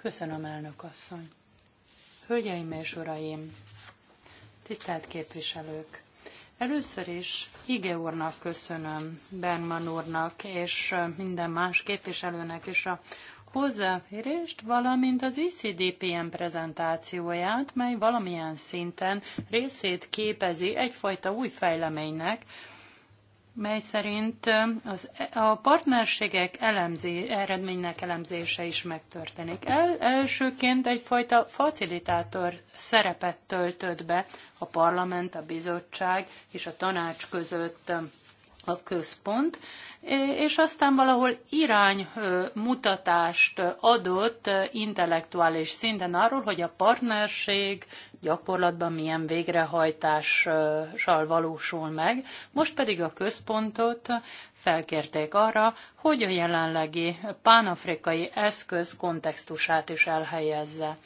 S2: Köszönöm, elnök asszony. Hölgyeim és uraim, tisztelt képviselők! Először is Ige úrnak köszönöm, Berman úrnak és minden más képviselőnek is a hozzáférést, valamint az ICDPM prezentációját, mely valamilyen szinten részét képezi egyfajta új fejleménynek, mely szerint az, e, a partnerségek elemzé, eredménynek elemzése is megtörténik. El, elsőként egyfajta facilitátor szerepet töltött be a parlament, a bizottság és a tanács között a központ, és aztán valahol iránymutatást adott intellektuális szinten arról, hogy a partnerség gyakorlatban milyen végrehajtással valósul meg. Most pedig a központot felkérték arra, hogy a jelenlegi pánafrikai eszköz kontextusát is elhelyezze.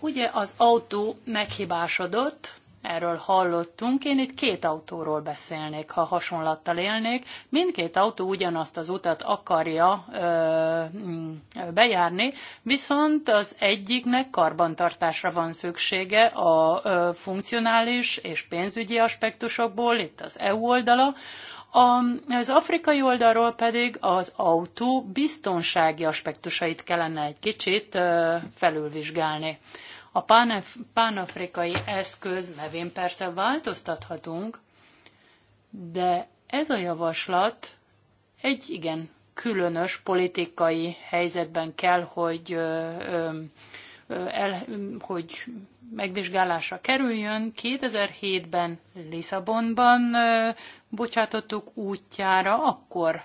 S2: Ugye az autó meghibásodott, erről hallottunk. Én itt két autóról beszélnék, ha hasonlattal élnék. Mindkét autó ugyanazt az utat akarja ö, mm, bejárni, viszont az egyiknek karbantartásra van szüksége a ö, funkcionális és pénzügyi aspektusokból, itt az EU oldala, a, az afrikai oldalról pedig az autó biztonsági aspektusait kellene egy kicsit ö, felülvizsgálni. A pánafrikai eszköz nevén persze változtathatunk, de ez a javaslat egy igen különös politikai helyzetben kell, hogy, el, hogy megvizsgálásra kerüljön. 2007-ben Lisszabonban bocsátottuk útjára akkor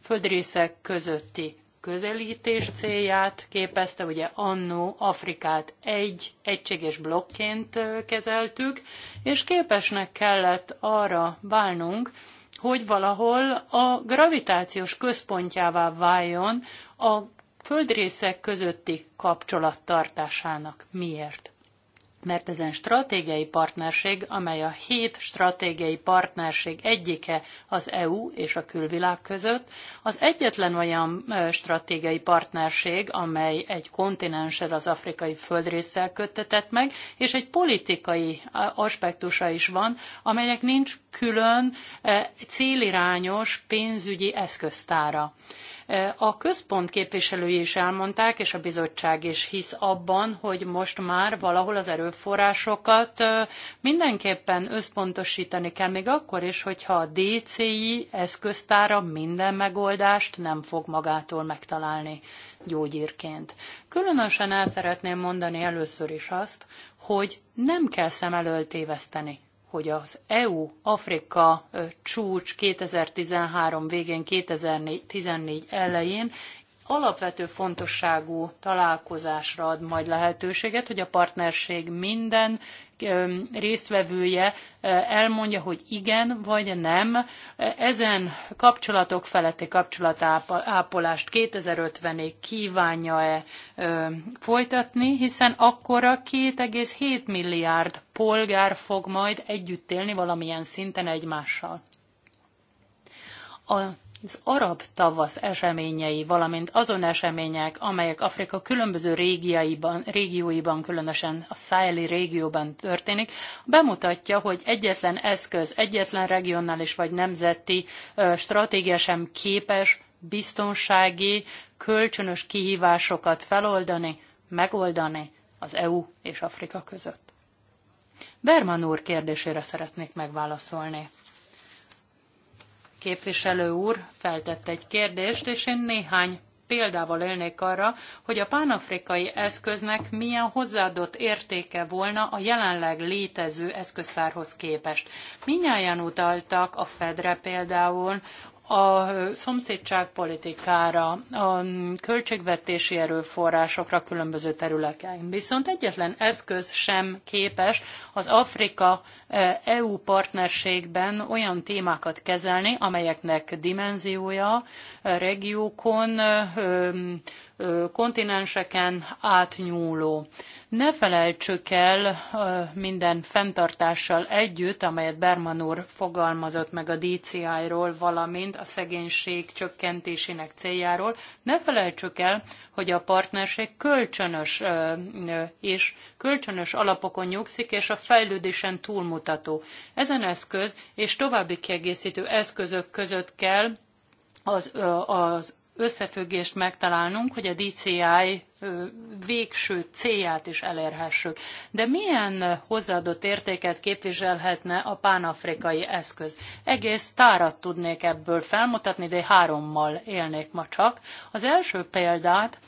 S2: földrészek közötti közelítés célját képezte, ugye annó Afrikát egy egységes blokként kezeltük, és képesnek kellett arra válnunk, hogy valahol a gravitációs központjává váljon a földrészek közötti kapcsolattartásának. Miért? mert ezen stratégiai partnerség, amely a hét stratégiai partnerség egyike az EU és a külvilág között, az egyetlen olyan stratégiai partnerség, amely egy kontinenssel az afrikai földrészsel köttetett meg, és egy politikai aspektusa is van, amelynek nincs külön célirányos pénzügyi eszköztára. A központ képviselői is elmondták, és a bizottság is hisz abban, hogy most már valahol az erőforrásokat mindenképpen összpontosítani kell, még akkor is, hogyha a DCI eszköztára minden megoldást nem fog magától megtalálni gyógyírként. Különösen el szeretném mondani először is azt, hogy nem kell szem elől téveszteni hogy az EU-Afrika csúcs 2013 végén, 2014 elején alapvető fontosságú találkozásra ad majd lehetőséget, hogy a partnerség minden résztvevője elmondja, hogy igen vagy nem. Ezen kapcsolatok feletti kapcsolatápolást 2050-ig kívánja-e folytatni, hiszen akkor a 2,7 milliárd polgár fog majd együtt élni valamilyen szinten egymással. A az arab tavasz eseményei, valamint azon események, amelyek Afrika különböző régiaiban, régióiban, különösen a Száheli régióban történik, bemutatja, hogy egyetlen eszköz, egyetlen regionális vagy nemzeti stratégia sem képes biztonsági, kölcsönös kihívásokat feloldani, megoldani az EU és Afrika között. Berman úr kérdésére szeretnék megválaszolni képviselő úr feltett egy kérdést, és én néhány példával élnék arra, hogy a pánafrikai eszköznek milyen hozzáadott értéke volna a jelenleg létező eszköztárhoz képest. Minnyáján utaltak a Fedre például, a szomszédságpolitikára, a költségvetési erőforrásokra különböző területeken. Viszont egyetlen eszköz sem képes az Afrika-EU e partnerségben olyan témákat kezelni, amelyeknek dimenziója, e, regiókon, e, kontinenseken átnyúló. Ne felejtsük el minden fenntartással együtt, amelyet Berman úr fogalmazott meg a DCI-ról, valamint a szegénység csökkentésének céljáról, ne felejtsük el, hogy a partnerség kölcsönös és kölcsönös alapokon nyugszik, és a fejlődésen túlmutató. Ezen eszköz és további kiegészítő eszközök között kell az, az összefüggést megtalálnunk, hogy a DCI végső célját is elérhessük. De milyen hozzáadott értéket képviselhetne a pánafrikai eszköz? Egész tárat tudnék ebből felmutatni, de hárommal élnék ma csak. Az első példát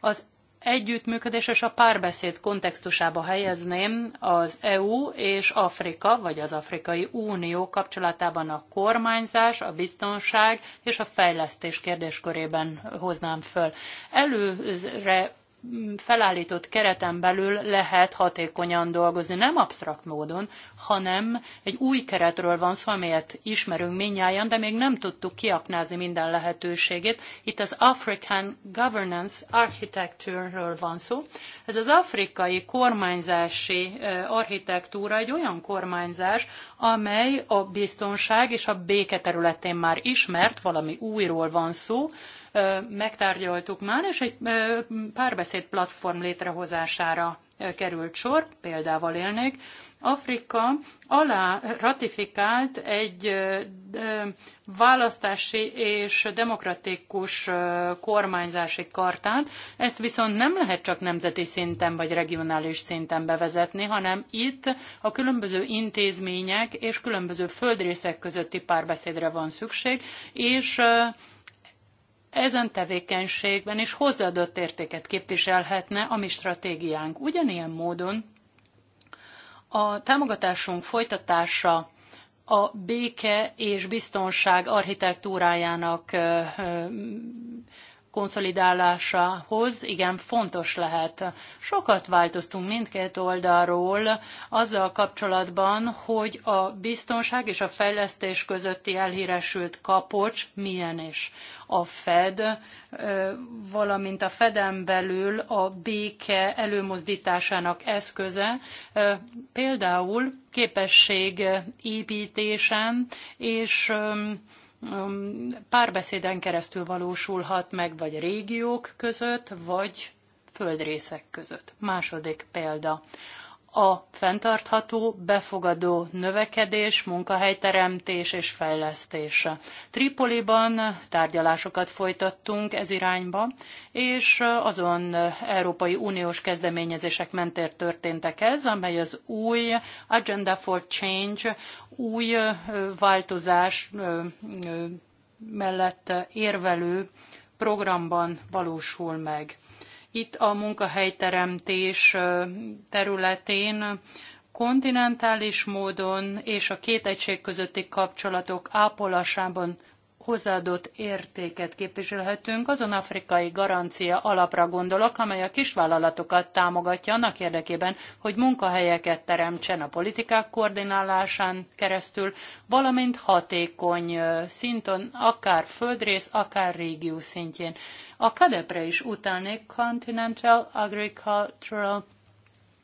S2: az együttműködés és a párbeszéd kontextusába helyezném az EU és Afrika, vagy az Afrikai Unió kapcsolatában a kormányzás, a biztonság és a fejlesztés kérdéskörében hoznám föl. Előre felállított kereten belül lehet hatékonyan dolgozni. Nem absztrakt módon, hanem egy új keretről van szó, amelyet ismerünk minnyáján, de még nem tudtuk kiaknázni minden lehetőségét. Itt az African Governance Architecture-ről van szó. Ez az afrikai kormányzási architektúra egy olyan kormányzás, amely a biztonság és a béke területén már ismert, valami újról van szó, megtárgyaltuk már, és egy párbeszéd platform létrehozására került sor, példával élnék, Afrika alá ratifikált egy választási és demokratikus kormányzási kartát. Ezt viszont nem lehet csak nemzeti szinten vagy regionális szinten bevezetni, hanem itt a különböző intézmények és különböző földrészek közötti párbeszédre van szükség, és ezen tevékenységben is hozzáadott értéket képviselhetne a mi stratégiánk. Ugyanilyen módon a támogatásunk folytatása a béke és biztonság architektúrájának konszolidálásához igen fontos lehet. Sokat változtunk mindkét oldalról azzal kapcsolatban, hogy a biztonság és a fejlesztés közötti elhíresült kapocs milyen is. A Fed, valamint a Feden belül a béke előmozdításának eszköze, például képesség építésen és párbeszéden keresztül valósulhat meg, vagy régiók között, vagy földrészek között. Második példa a fenntartható, befogadó növekedés, munkahelyteremtés és fejlesztése. Tripoliban tárgyalásokat folytattunk ez irányba, és azon Európai Uniós kezdeményezések mentén történtek ez, amely az új Agenda for Change, új változás mellett érvelő programban valósul meg. Itt a munkahelyteremtés területén kontinentális módon és a két egység közötti kapcsolatok ápolásában hozzáadott értéket képviselhetünk. Azon afrikai garancia alapra gondolok, amely a kisvállalatokat támogatja annak érdekében, hogy munkahelyeket teremtsen a politikák koordinálásán keresztül, valamint hatékony szinton, akár földrész, akár régió szintjén. A KADEP-re is utalnék Continental Agricultural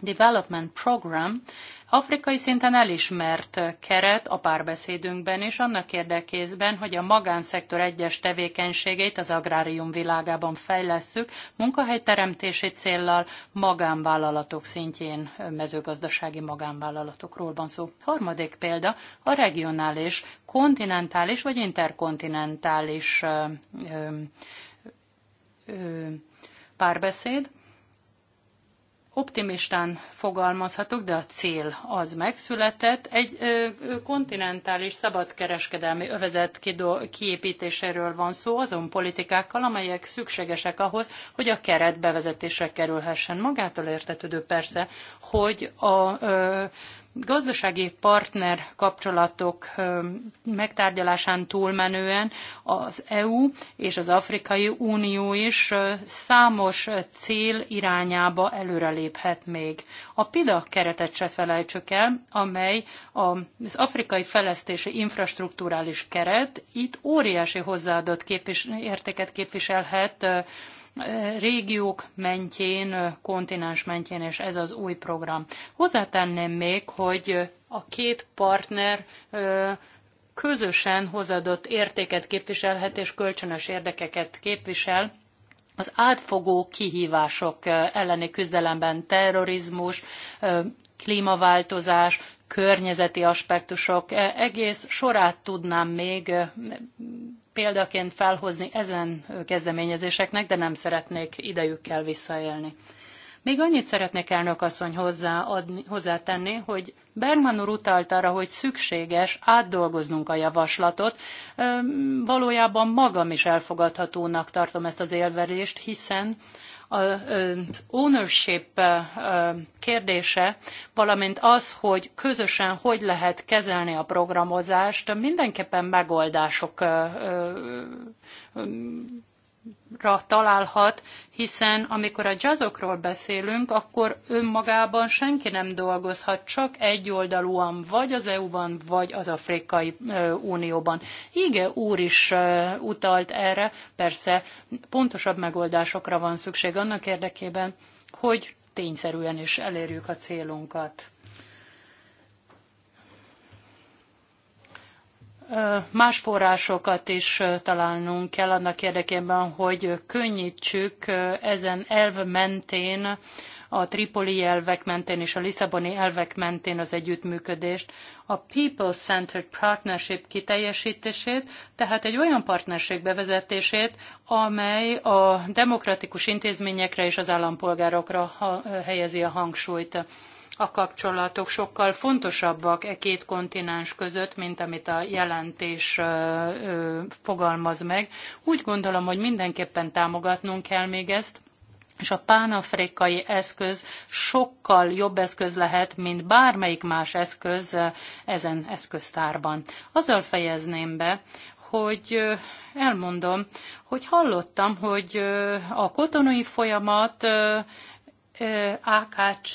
S2: Development Program, Afrikai szinten elismert keret a párbeszédünkben is annak érdekében, hogy a magánszektor egyes tevékenységeit az agrárium világában fejlesszük, munkahelyteremtési céllal magánvállalatok szintjén mezőgazdasági magánvállalatokról van szó. Harmadik példa a regionális, kontinentális vagy interkontinentális ö, ö, ö, párbeszéd, optimistán fogalmazhatok, de a cél az megszületett. Egy ö, kontinentális szabadkereskedelmi övezet kidó, kiépítéséről van szó, azon politikákkal, amelyek szükségesek ahhoz, hogy a keret bevezetésre kerülhessen. Magától értetődő persze, hogy a ö, gazdasági partner kapcsolatok megtárgyalásán túlmenően az EU és az Afrikai Unió is számos cél irányába előreléphet még. A PIDA keretet se felejtsük el, amely az afrikai fejlesztési infrastruktúrális keret, itt óriási hozzáadott képvis- értéket képviselhet régiók mentjén, kontinens mentjén, és ez az új program. Hozzátenném még, hogy a két partner közösen hozadott értéket képviselhet és kölcsönös érdekeket képvisel, az átfogó kihívások elleni küzdelemben terrorizmus, klímaváltozás, környezeti aspektusok, e, egész sorát tudnám még e, példaként felhozni ezen kezdeményezéseknek, de nem szeretnék idejükkel visszaélni. Még annyit szeretnék elnök asszony hozzáadni, hozzátenni, hogy Bergman úr utalt arra, hogy szükséges átdolgoznunk a javaslatot. E, valójában magam is elfogadhatónak tartom ezt az élverést, hiszen az ownership kérdése, valamint az, hogy közösen hogy lehet kezelni a programozást, mindenképpen megoldások ra találhat, hiszen amikor a jazzokról beszélünk, akkor önmagában senki nem dolgozhat, csak egyoldalúan vagy az EU-ban, vagy az Afrikai Unióban. Ige úr is utalt erre, persze pontosabb megoldásokra van szükség annak érdekében, hogy tényszerűen is elérjük a célunkat. más forrásokat is találnunk kell annak érdekében, hogy könnyítsük ezen elv mentén, a tripoli elvek mentén és a lisszaboni elvek mentén az együttműködést, a People-Centered Partnership kiteljesítését, tehát egy olyan partnerség bevezetését, amely a demokratikus intézményekre és az állampolgárokra helyezi a hangsúlyt a kapcsolatok sokkal fontosabbak e két kontinens között, mint amit a jelentés fogalmaz meg. Úgy gondolom, hogy mindenképpen támogatnunk kell még ezt, és a pánafrikai eszköz sokkal jobb eszköz lehet, mint bármelyik más eszköz ezen eszköztárban. Azzal fejezném be, hogy elmondom, hogy hallottam, hogy a kotonai folyamat AKC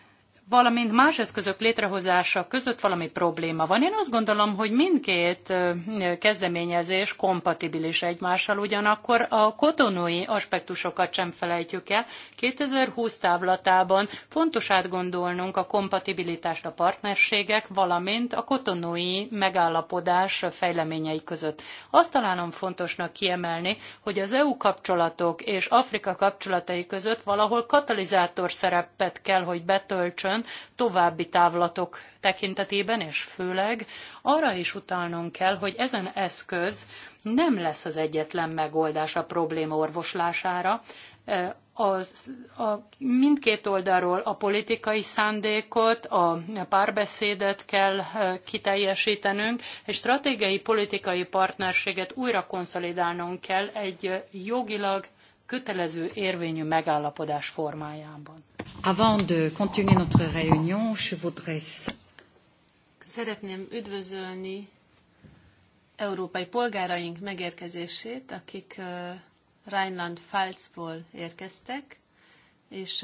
S2: valamint más eszközök létrehozása között valami probléma van. Én azt gondolom, hogy mindkét kezdeményezés kompatibilis egymással, ugyanakkor a kotonói aspektusokat sem felejtjük el. 2020 távlatában fontos átgondolnunk a kompatibilitást a partnerségek, valamint a kotonói megállapodás fejleményei között. Azt találom fontosnak kiemelni, hogy az EU kapcsolatok és Afrika kapcsolatai között valahol katalizátor szerepet kell, hogy betöltsön, további távlatok tekintetében, és főleg arra is utalnunk kell, hogy ezen eszköz nem lesz az egyetlen megoldás a probléma orvoslására, e, az, a, mindkét oldalról a politikai szándékot, a párbeszédet kell e, kiteljesítenünk, és stratégiai politikai partnerséget újra konszolidálnunk kell egy jogilag kötelező érvényű megállapodás formájában.
S1: Avant de continuer notre réunion, je voudrais...
S4: Szeretném üdvözölni európai polgáraink megérkezését, akik Rheinland-Pfalzból érkeztek, és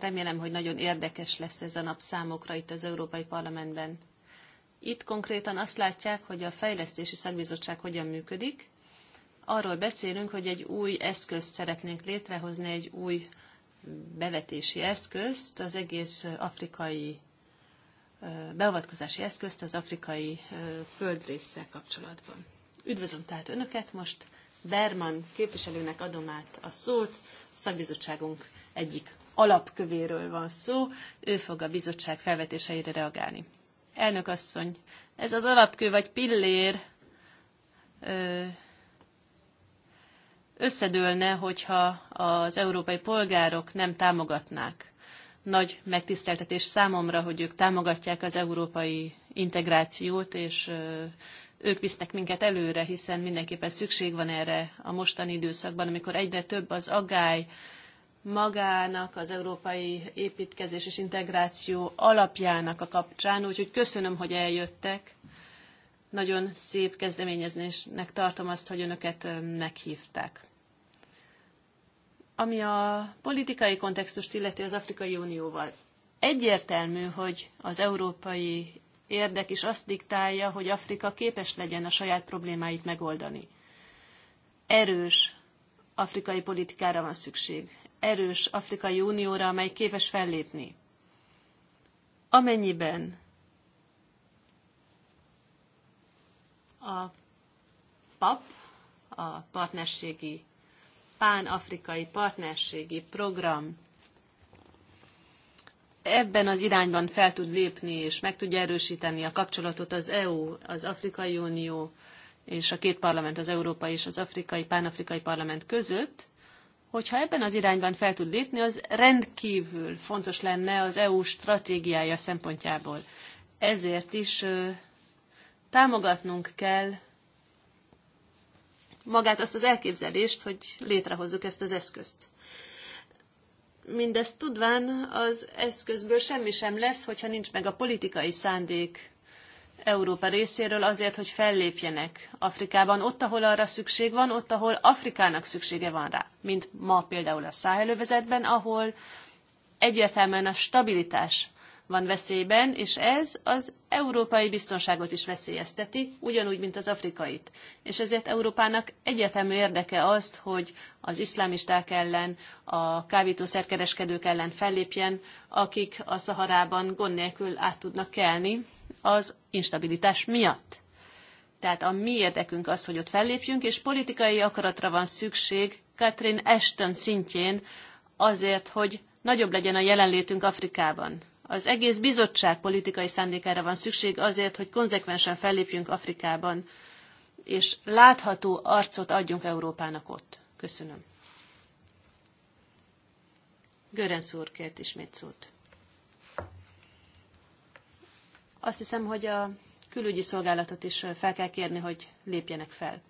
S4: remélem, hogy nagyon érdekes lesz ez a nap számokra itt az Európai Parlamentben. Itt konkrétan azt látják, hogy a fejlesztési szakbizottság hogyan működik, arról beszélünk, hogy egy új eszközt szeretnénk létrehozni, egy új bevetési eszközt, az egész afrikai beavatkozási eszközt az afrikai földrészsel kapcsolatban. Üdvözlöm tehát Önöket, most Berman képviselőnek adom át a szót, a szakbizottságunk egyik alapkövéről van szó, ő fog a bizottság felvetéseire reagálni. Elnök asszony, ez az alapkő vagy pillér, összedőlne, hogyha az európai polgárok nem támogatnák. Nagy megtiszteltetés számomra, hogy ők támogatják az európai integrációt, és ők visznek minket előre, hiszen mindenképpen szükség van erre a mostani időszakban, amikor egyre több az agály magának, az európai építkezés és integráció alapjának a kapcsán. Úgyhogy köszönöm, hogy eljöttek. Nagyon szép kezdeményezésnek tartom azt, hogy önöket meghívták. Ami a politikai kontextust illeti az Afrikai Unióval. Egyértelmű, hogy az európai érdek is azt diktálja, hogy Afrika képes legyen a saját problémáit megoldani. Erős afrikai politikára van szükség. Erős Afrikai Unióra, amely képes fellépni. Amennyiben a PAP, a partnerségi pánafrikai afrikai partnerségi program ebben az irányban fel tud lépni, és meg tudja erősíteni a kapcsolatot az EU, az Afrikai Unió és a két parlament, az Európai és az Afrikai, Pánafrikai Parlament között, hogyha ebben az irányban fel tud lépni, az rendkívül fontos lenne az EU stratégiája szempontjából. Ezért is támogatnunk kell magát azt az elképzelést, hogy létrehozzuk ezt az eszközt. Mindezt tudván az eszközből semmi sem lesz, hogyha nincs meg a politikai szándék Európa részéről azért, hogy fellépjenek Afrikában, ott, ahol arra szükség van, ott, ahol Afrikának szüksége van rá, mint ma például a száhelővezetben, ahol egyértelműen a stabilitás van veszélyben, és ez az európai biztonságot is veszélyezteti, ugyanúgy, mint az afrikait. És ezért Európának egyetemű érdeke azt, hogy az iszlámisták ellen, a kábítószerkereskedők ellen fellépjen, akik a Szaharában gond nélkül át tudnak kelni az instabilitás miatt. Tehát a mi érdekünk az, hogy ott fellépjünk, és politikai akaratra van szükség Catherine Ashton szintjén azért, hogy nagyobb legyen a jelenlétünk Afrikában. Az egész bizottság politikai szándékára van szükség azért, hogy konzekvensen fellépjünk Afrikában, és látható arcot adjunk Európának ott. Köszönöm. Görensz úr kért ismét szót. Azt hiszem, hogy a külügyi szolgálatot is fel kell kérni, hogy lépjenek fel.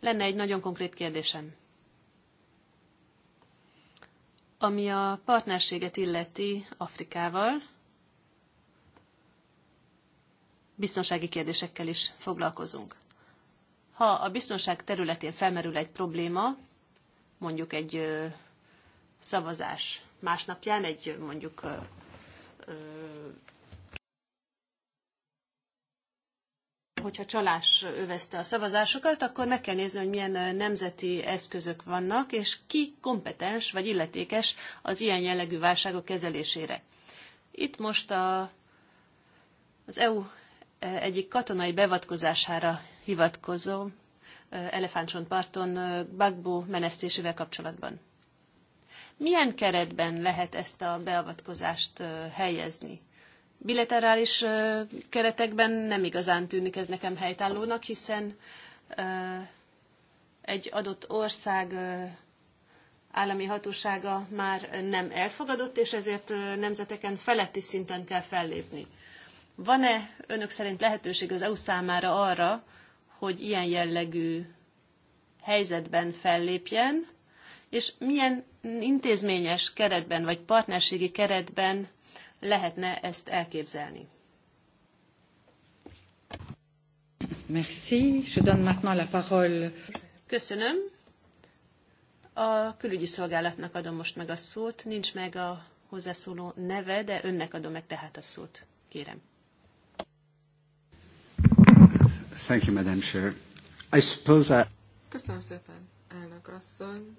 S4: Lenne egy nagyon konkrét kérdésem. Ami a partnerséget illeti Afrikával, biztonsági kérdésekkel is foglalkozunk. Ha a biztonság területén felmerül egy probléma, mondjuk egy szavazás másnapján, egy mondjuk hogyha csalás övezte a szavazásokat, akkor meg kell nézni, hogy milyen nemzeti eszközök vannak, és ki kompetens vagy illetékes az ilyen jellegű válságok kezelésére. Itt most a, az EU egyik katonai bevatkozására hivatkozom Elefántcsontparton Bagbo menesztésével kapcsolatban. Milyen keretben lehet ezt a beavatkozást helyezni? bilaterális keretekben nem igazán tűnik ez nekem helytállónak, hiszen egy adott ország állami hatósága már nem elfogadott, és ezért nemzeteken feletti szinten kell fellépni. Van-e önök szerint lehetőség az EU számára arra, hogy ilyen jellegű helyzetben fellépjen, és milyen intézményes keretben vagy partnerségi keretben lehetne ezt elképzelni.
S1: Merci. Je donne maintenant la parole.
S4: Köszönöm. A külügyi szolgálatnak adom most meg a szót. Nincs meg a hozzászóló neve, de önnek adom meg tehát a szót. Kérem.
S1: Thank you, Madam Chair. I suppose
S4: Köszönöm szépen,
S3: elnök asszony.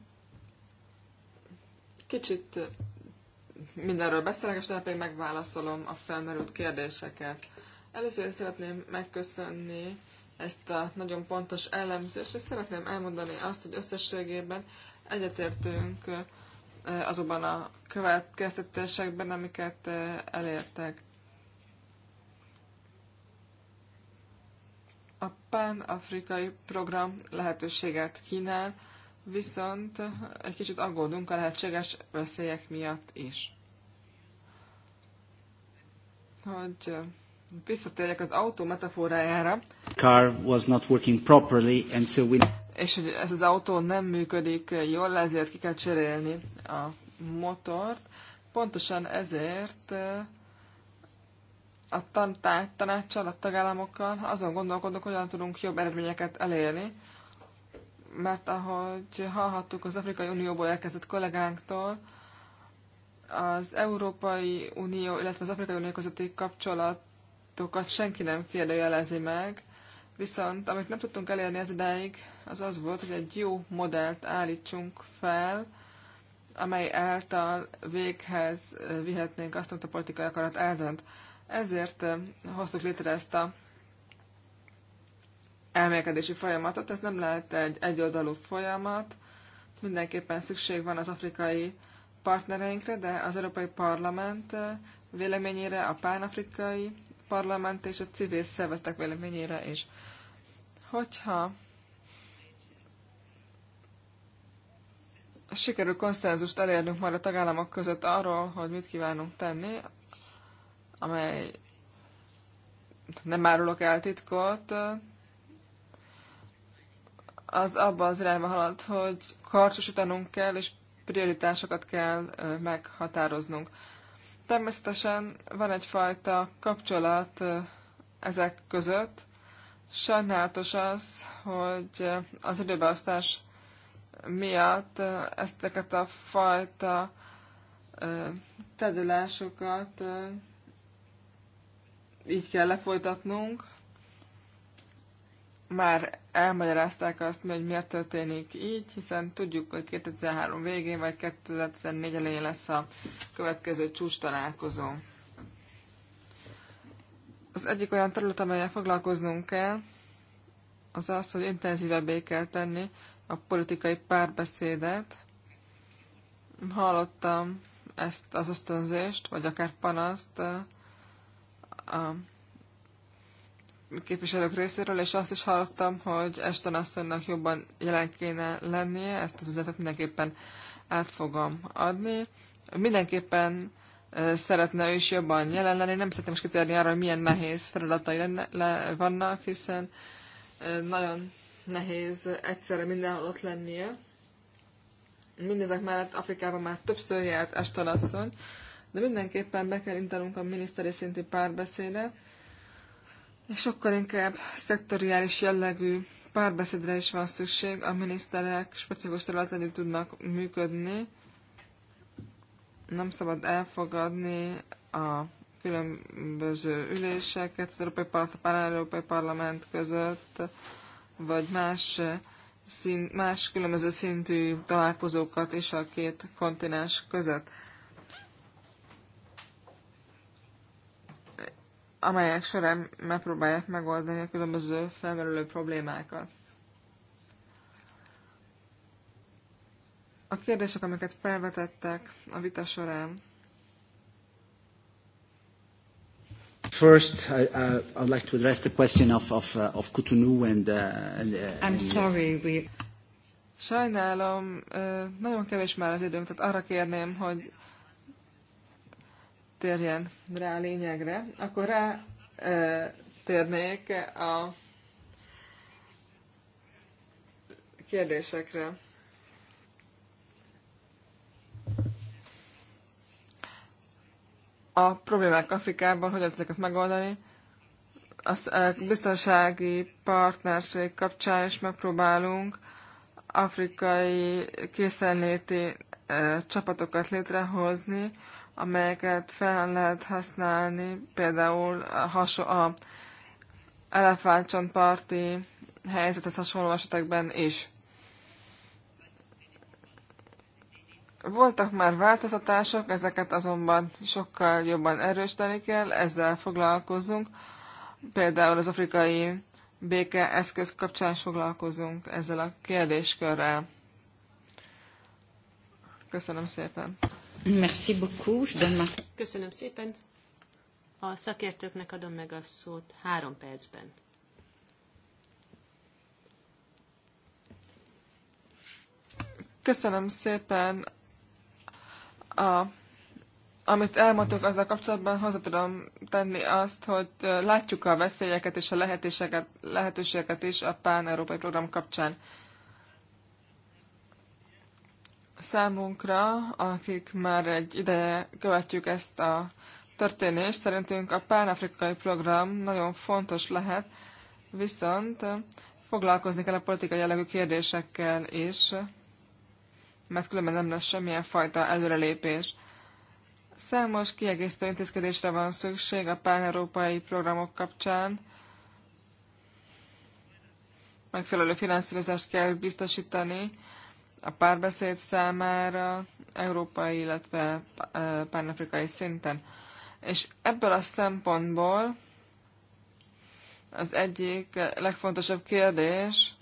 S3: Kicsit mindenről beszélek, és pedig megválaszolom a felmerült kérdéseket. Először is szeretném megköszönni ezt a nagyon pontos elemzést, és szeretném elmondani azt, hogy összességében egyetértünk eh, azokban a következtetésekben, amiket eh, elértek. A Pán-Afrikai Program lehetőséget kínál viszont egy kicsit aggódunk a lehetséges veszélyek miatt is. Hogy visszatérjek az autó metaforájára.
S1: Car was not working properly, and so we...
S3: És hogy ez az autó nem működik jól, ezért ki kell cserélni a motort. Pontosan ezért eh, a tanácssal, a tagállamokkal azon gondolkodunk, hogyan tudunk jobb eredményeket elérni, mert ahogy hallhattuk az Afrikai Unióból elkezdett kollégánktól, az Európai Unió, illetve az Afrikai Unió közötti kapcsolatokat senki nem kérdőjelezi meg, viszont amit nem tudtunk elérni az idáig, az az volt, hogy egy jó modellt állítsunk fel, amely által véghez vihetnénk azt, amit a politikai akarat eldönt. Ezért hoztuk létre ezt a elmélkedési folyamatot, ez nem lehet egy egyoldalú folyamat, mindenképpen szükség van az afrikai partnereinkre, de az Európai Parlament véleményére, a pánafrikai parlament és a civil szervezetek véleményére is. Hogyha sikerül konszenzust elérnünk majd a tagállamok között arról, hogy mit kívánunk tenni, amely nem árulok el titkot, az abba az irányba halad, hogy karcsosítanunk kell, és prioritásokat kell meghatároznunk. Természetesen van egyfajta kapcsolat ezek között. Sajnálatos az, hogy az időbeosztás miatt ezteket a fajta tedülásokat így kell lefolytatnunk, már elmagyarázták azt, hogy miért történik így, hiszen tudjuk, hogy 2013 végén vagy 2014 elején lesz a következő csúcs találkozó. Az egyik olyan terület, amelyel foglalkoznunk kell, az az, hogy intenzívebbé kell tenni a politikai párbeszédet. Hallottam ezt az ösztönzést, vagy akár panaszt a képviselők részéről, és azt is hallottam, hogy Eston asszonynak jobban jelen kéne lennie, ezt az üzenetet mindenképpen át fogom adni. Mindenképpen szeretne ő is jobban jelen lenni, nem szeretném most kitérni arra, hogy milyen nehéz feladatai lenne, le, vannak, hiszen nagyon nehéz egyszerre mindenhol ott lennie. Mindezek mellett Afrikában már többször járt Eston asszony, de mindenképpen be kell intanunk a miniszteri szintű párbeszédet, és sokkal inkább szektoriális jellegű párbeszédre is van szükség, a miniszterek specifikus területen tudnak működni. Nem szabad elfogadni a különböző üléseket az Európai Parlament, a Európai Parlament között, vagy más, szín, más különböző szintű találkozókat is a két kontinens között. amelyek során megpróbálják megoldani a különböző felmerülő problémákat. A kérdések, amiket felvetettek a vita során.
S1: First, I, uh, I'd like to address the question of, of, uh, of Kutunu and... Uh, and uh, I'm uh,
S3: sorry, we... Sajnálom, nagyon kevés már az időnk, tehát arra kérném, hogy térjen rá a lényegre, akkor rá e, térnék a kérdésekre. A problémák Afrikában, hogy lehet ezeket megoldani? A biztonsági partnerség kapcsán is megpróbálunk afrikai készenléti csapatokat létrehozni, amelyeket fel lehet használni, például a, haso- a elefántcsontparti helyzethez hasonló esetekben is. Voltak már változtatások, ezeket azonban sokkal jobban erősíteni kell, ezzel foglalkozunk. Például az afrikai béke eszköz kapcsán foglalkozunk ezzel a kérdéskörrel.
S4: Köszönöm szépen!
S1: Merci beaucoup. Je donne ma...
S4: Köszönöm szépen. A szakértőknek adom meg a szót három percben.
S3: Köszönöm szépen. A, amit elmondtuk azzal kapcsolatban, hozzá tudom tenni azt, hogy látjuk a veszélyeket és a lehetőségeket, lehetőségeket is a PÁN-európai program kapcsán számunkra, akik már egy ideje követjük ezt a történést, szerintünk a pánafrikai program nagyon fontos lehet, viszont foglalkozni kell a politikai jellegű kérdésekkel is, mert különben nem lesz semmilyen fajta előrelépés. Számos kiegészítő intézkedésre van szükség a pán-európai programok kapcsán. Megfelelő finanszírozást kell biztosítani a párbeszéd számára európai, illetve pánafrikai szinten. És ebből a szempontból az egyik legfontosabb kérdés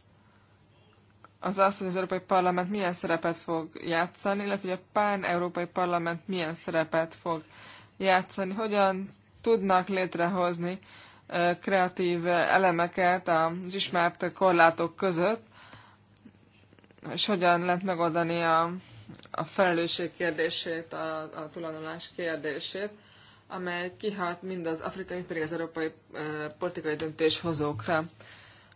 S3: az az, hogy az Európai Parlament milyen szerepet fog játszani, illetve hogy a pán-európai parlament milyen szerepet fog játszani, hogyan tudnak létrehozni kreatív elemeket az ismert korlátok között, és hogyan lehet megoldani a, a felelősség kérdését, a, a tulajdonlás kérdését, amely kihat mind az afrikai, mind pedig az európai e, politikai döntéshozókra.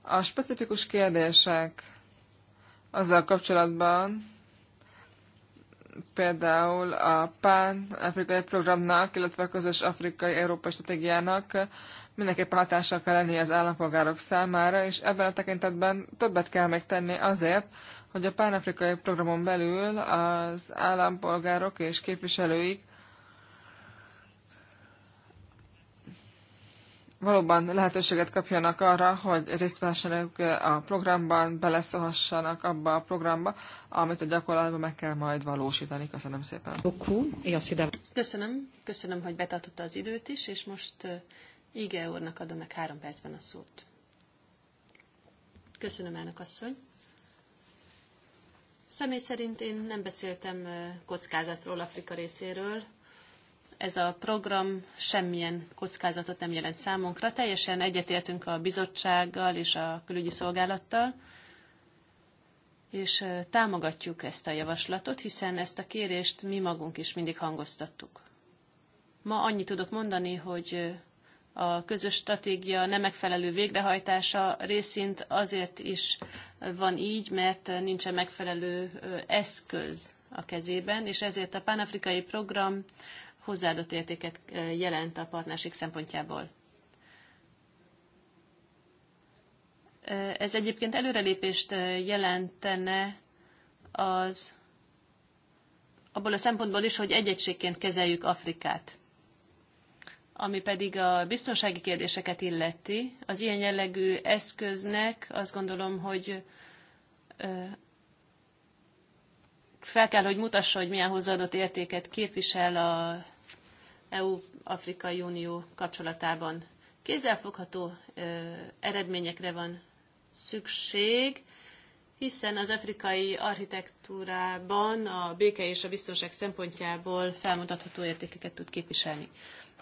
S3: A specifikus kérdések azzal kapcsolatban, például a PÁN-afrikai programnak, illetve a közös afrikai-európai stratégiának mindenképpen hatással kell lenni az állampolgárok számára, és ebben a tekintetben többet kell még tenni azért, hogy a pánafrikai programon belül az állampolgárok és képviselőik valóban lehetőséget kapjanak arra, hogy részt vehessenek a programban, beleszólhassanak abba a programba, amit a gyakorlatban meg kell majd valósítani. Köszönöm szépen.
S4: Köszönöm, köszönöm, hogy betartotta az időt is, és most uh, Ige úrnak adom meg három percben a szót. Köszönöm, elnök asszony. Személy szerint én nem beszéltem kockázatról Afrika részéről. Ez a program semmilyen kockázatot nem jelent számunkra. Teljesen egyetértünk a bizottsággal és a külügyi szolgálattal, és támogatjuk ezt a javaslatot, hiszen ezt a kérést mi magunk is mindig hangoztattuk. Ma annyit tudok mondani, hogy a közös stratégia nem megfelelő végrehajtása részint azért is van így, mert nincsen megfelelő eszköz a kezében, és ezért a pánafrikai program hozzáadott értéket jelent a partnerség szempontjából. Ez egyébként előrelépést jelentene az abból a szempontból is, hogy egy egységként kezeljük Afrikát. Ami pedig a biztonsági kérdéseket illeti, az ilyen jellegű eszköznek azt gondolom, hogy fel kell, hogy mutassa, hogy milyen hozzáadott értéket képvisel a EU-Afrikai Unió kapcsolatában. Kézzelfogható eredményekre van szükség, hiszen az afrikai architektúrában a béke és a biztonság szempontjából felmutatható értékeket tud képviselni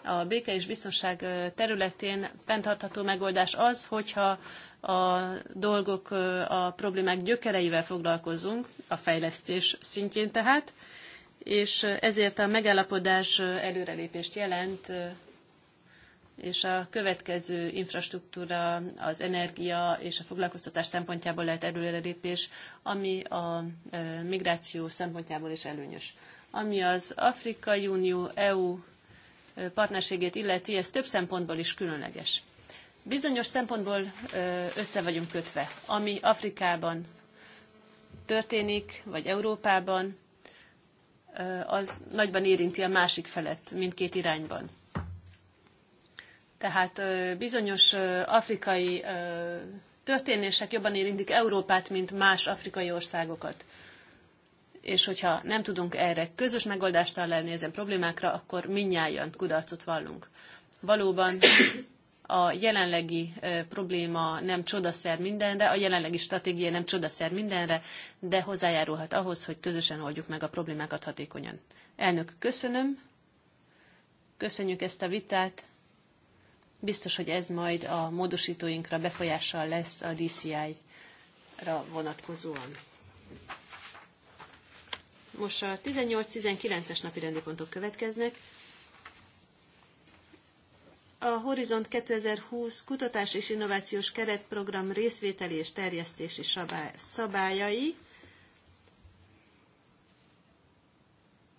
S4: a béke és biztonság területén fenntartható megoldás az, hogyha a dolgok, a problémák gyökereivel foglalkozunk, a fejlesztés szintjén tehát, és ezért a megállapodás előrelépést jelent, és a következő infrastruktúra, az energia és a foglalkoztatás szempontjából lehet előrelépés, ami a migráció szempontjából is előnyös. Ami az Afrikai Unió EU partnerségét illeti, ez több szempontból is különleges. Bizonyos szempontból össze vagyunk kötve. Ami Afrikában történik, vagy Európában, az nagyban érinti a másik felet mindkét irányban. Tehát bizonyos afrikai történések jobban érintik Európát, mint más afrikai országokat és hogyha nem tudunk erre közös megoldást találni ezen problémákra, akkor minnyáján kudarcot vallunk. Valóban a jelenlegi probléma nem csodaszer mindenre, a jelenlegi stratégia nem csodaszer mindenre, de hozzájárulhat ahhoz, hogy közösen oldjuk meg a problémákat hatékonyan. Elnök, köszönöm. Köszönjük ezt a vitát. Biztos, hogy ez majd a módosítóinkra befolyással lesz a DCI-ra vonatkozóan. Most a 18-19-es napi rendi pontok következnek. A Horizont 2020 kutatás és innovációs keretprogram részvételi és terjesztési szabályai,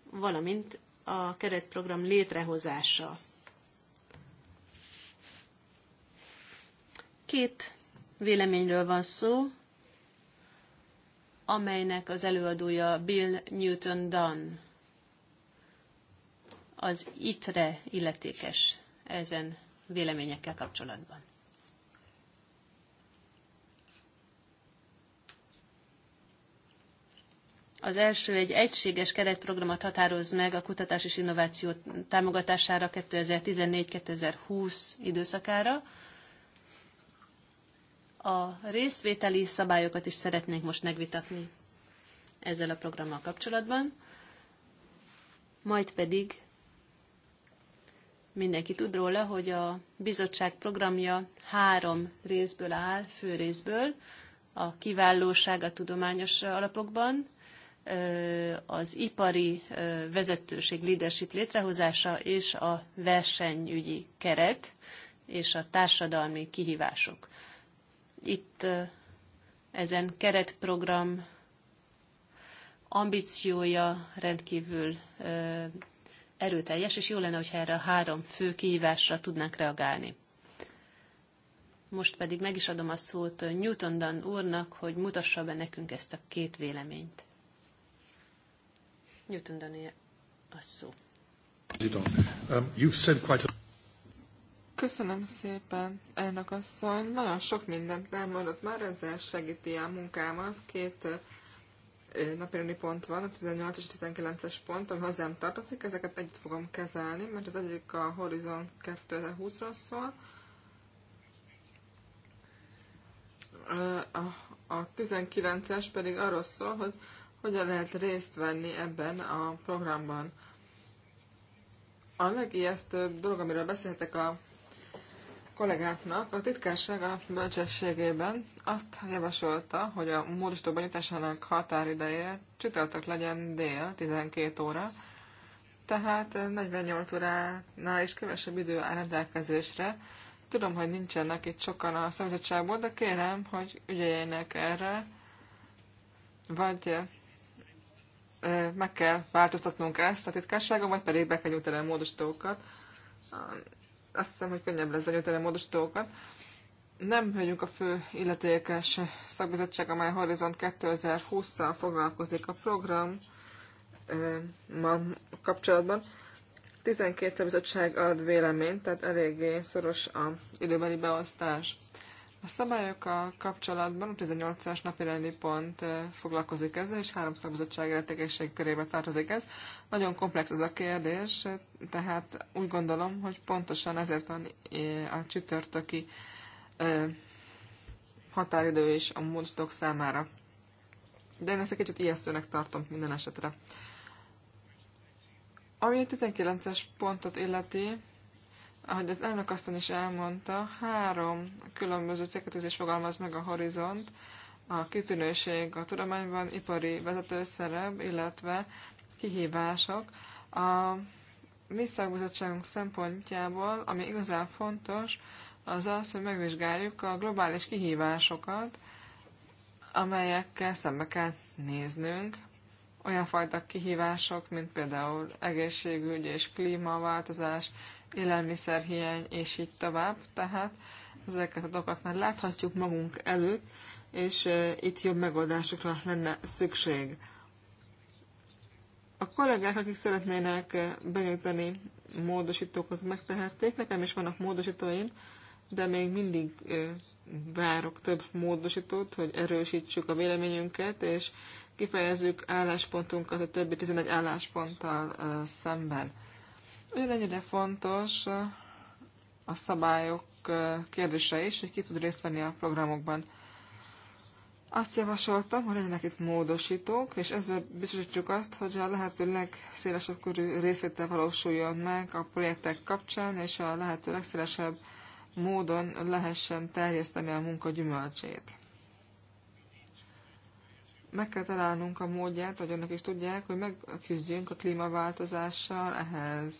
S4: valamint a keretprogram létrehozása. Két véleményről van szó amelynek az előadója Bill Newton Dunn, az ITRE illetékes ezen véleményekkel kapcsolatban. Az első egy egységes keretprogramot határoz meg a kutatás és innováció támogatására 2014-2020 időszakára, a részvételi szabályokat is szeretnénk most megvitatni ezzel a programmal kapcsolatban, majd pedig mindenki tud róla, hogy a bizottság programja három részből áll, fő részből, a kiválóság a tudományos alapokban, az ipari vezetőség leadership létrehozása és a versenyügyi keret és a társadalmi kihívások itt ezen keretprogram ambíciója rendkívül erőteljes, és jó lenne, hogyha erre a három fő kihívásra tudnánk reagálni. Most pedig meg is adom a szót Newton Dan úrnak, hogy mutassa be nekünk ezt a két véleményt. Newton Dan a szó.
S1: Um, you've said quite a...
S3: Köszönöm szépen, elnök asszony. Nagyon sok mindent elmondott már, ezzel segíti a munkámat. Két napirendi pont van, a 18 és 19-es pont, ami hozzám tartozik, ezeket együtt fogom kezelni, mert az egyik a Horizon 2020-ról szól. A 19-es pedig arról szól, hogy hogyan lehet részt venni ebben a programban. A legijesztőbb dolog, amiről beszéltek a kollégáknak a titkárság a bölcsességében azt javasolta, hogy a módosító benyújtásának határideje csütörtök legyen dél 12 óra, tehát 48 óránál is kevesebb idő áll rendelkezésre. Tudom, hogy nincsenek itt sokan a szakbizottságból, de kérem, hogy ügyeljenek erre, vagy meg kell változtatnunk ezt a titkárságon, vagy pedig be kell nyújtani a módosítókat azt hiszem, hogy könnyebb lesz benyújtani a módosítókat. Nem vagyunk a fő illetékes szakbizottság, amely Horizont 2020-szal foglalkozik a program ma kapcsolatban. 12 szakbizottság ad véleményt, tehát eléggé szoros a időbeli beosztás. A szabályokkal kapcsolatban a 18-as napirendi pont foglalkozik ezzel, és három szakbizottság értékesség körébe tartozik ez. Nagyon komplex ez a kérdés, tehát úgy gondolom, hogy pontosan ezért van a csütörtöki határidő is a módosítók számára. De én ezt egy kicsit ijesztőnek tartom minden esetre. Ami a 19-es pontot illeti, ahogy az elnök asszony is elmondta, három különböző célkötőzés fogalmaz meg a horizont, a kitűnőség a tudományban, ipari vezetőszerep, illetve kihívások. A mi szakbizottságunk szempontjából, ami igazán fontos, az az, hogy megvizsgáljuk a globális kihívásokat, amelyekkel szembe kell néznünk. Olyan fajta kihívások, mint például egészségügy és klímaváltozás, élelmiszerhiány, és így tovább. Tehát ezeket a dolgokat már láthatjuk magunk előtt, és itt jobb megoldásokra lenne szükség. A kollégák, akik szeretnének benyújtani módosítókhoz megtehették, nekem is vannak módosítóim, de még mindig várok több módosítót, hogy erősítsük a véleményünket, és kifejezzük álláspontunkat a többi 11 állásponttal szemben. Ő ennyire fontos eh, a szabályok eh, kérdése is, hogy ki tud részt venni a programokban. Azt javasoltam, hogy legyenek itt módosítók, és ezzel biztosítjuk azt, hogy a lehető legszélesebb körű részvétel valósuljon meg a projektek kapcsán, és a lehető legszélesebb módon lehessen terjeszteni a munka gyümölcsét meg kell találnunk a módját, hogy önök is tudják, hogy megküzdjünk a klímaváltozással, ehhez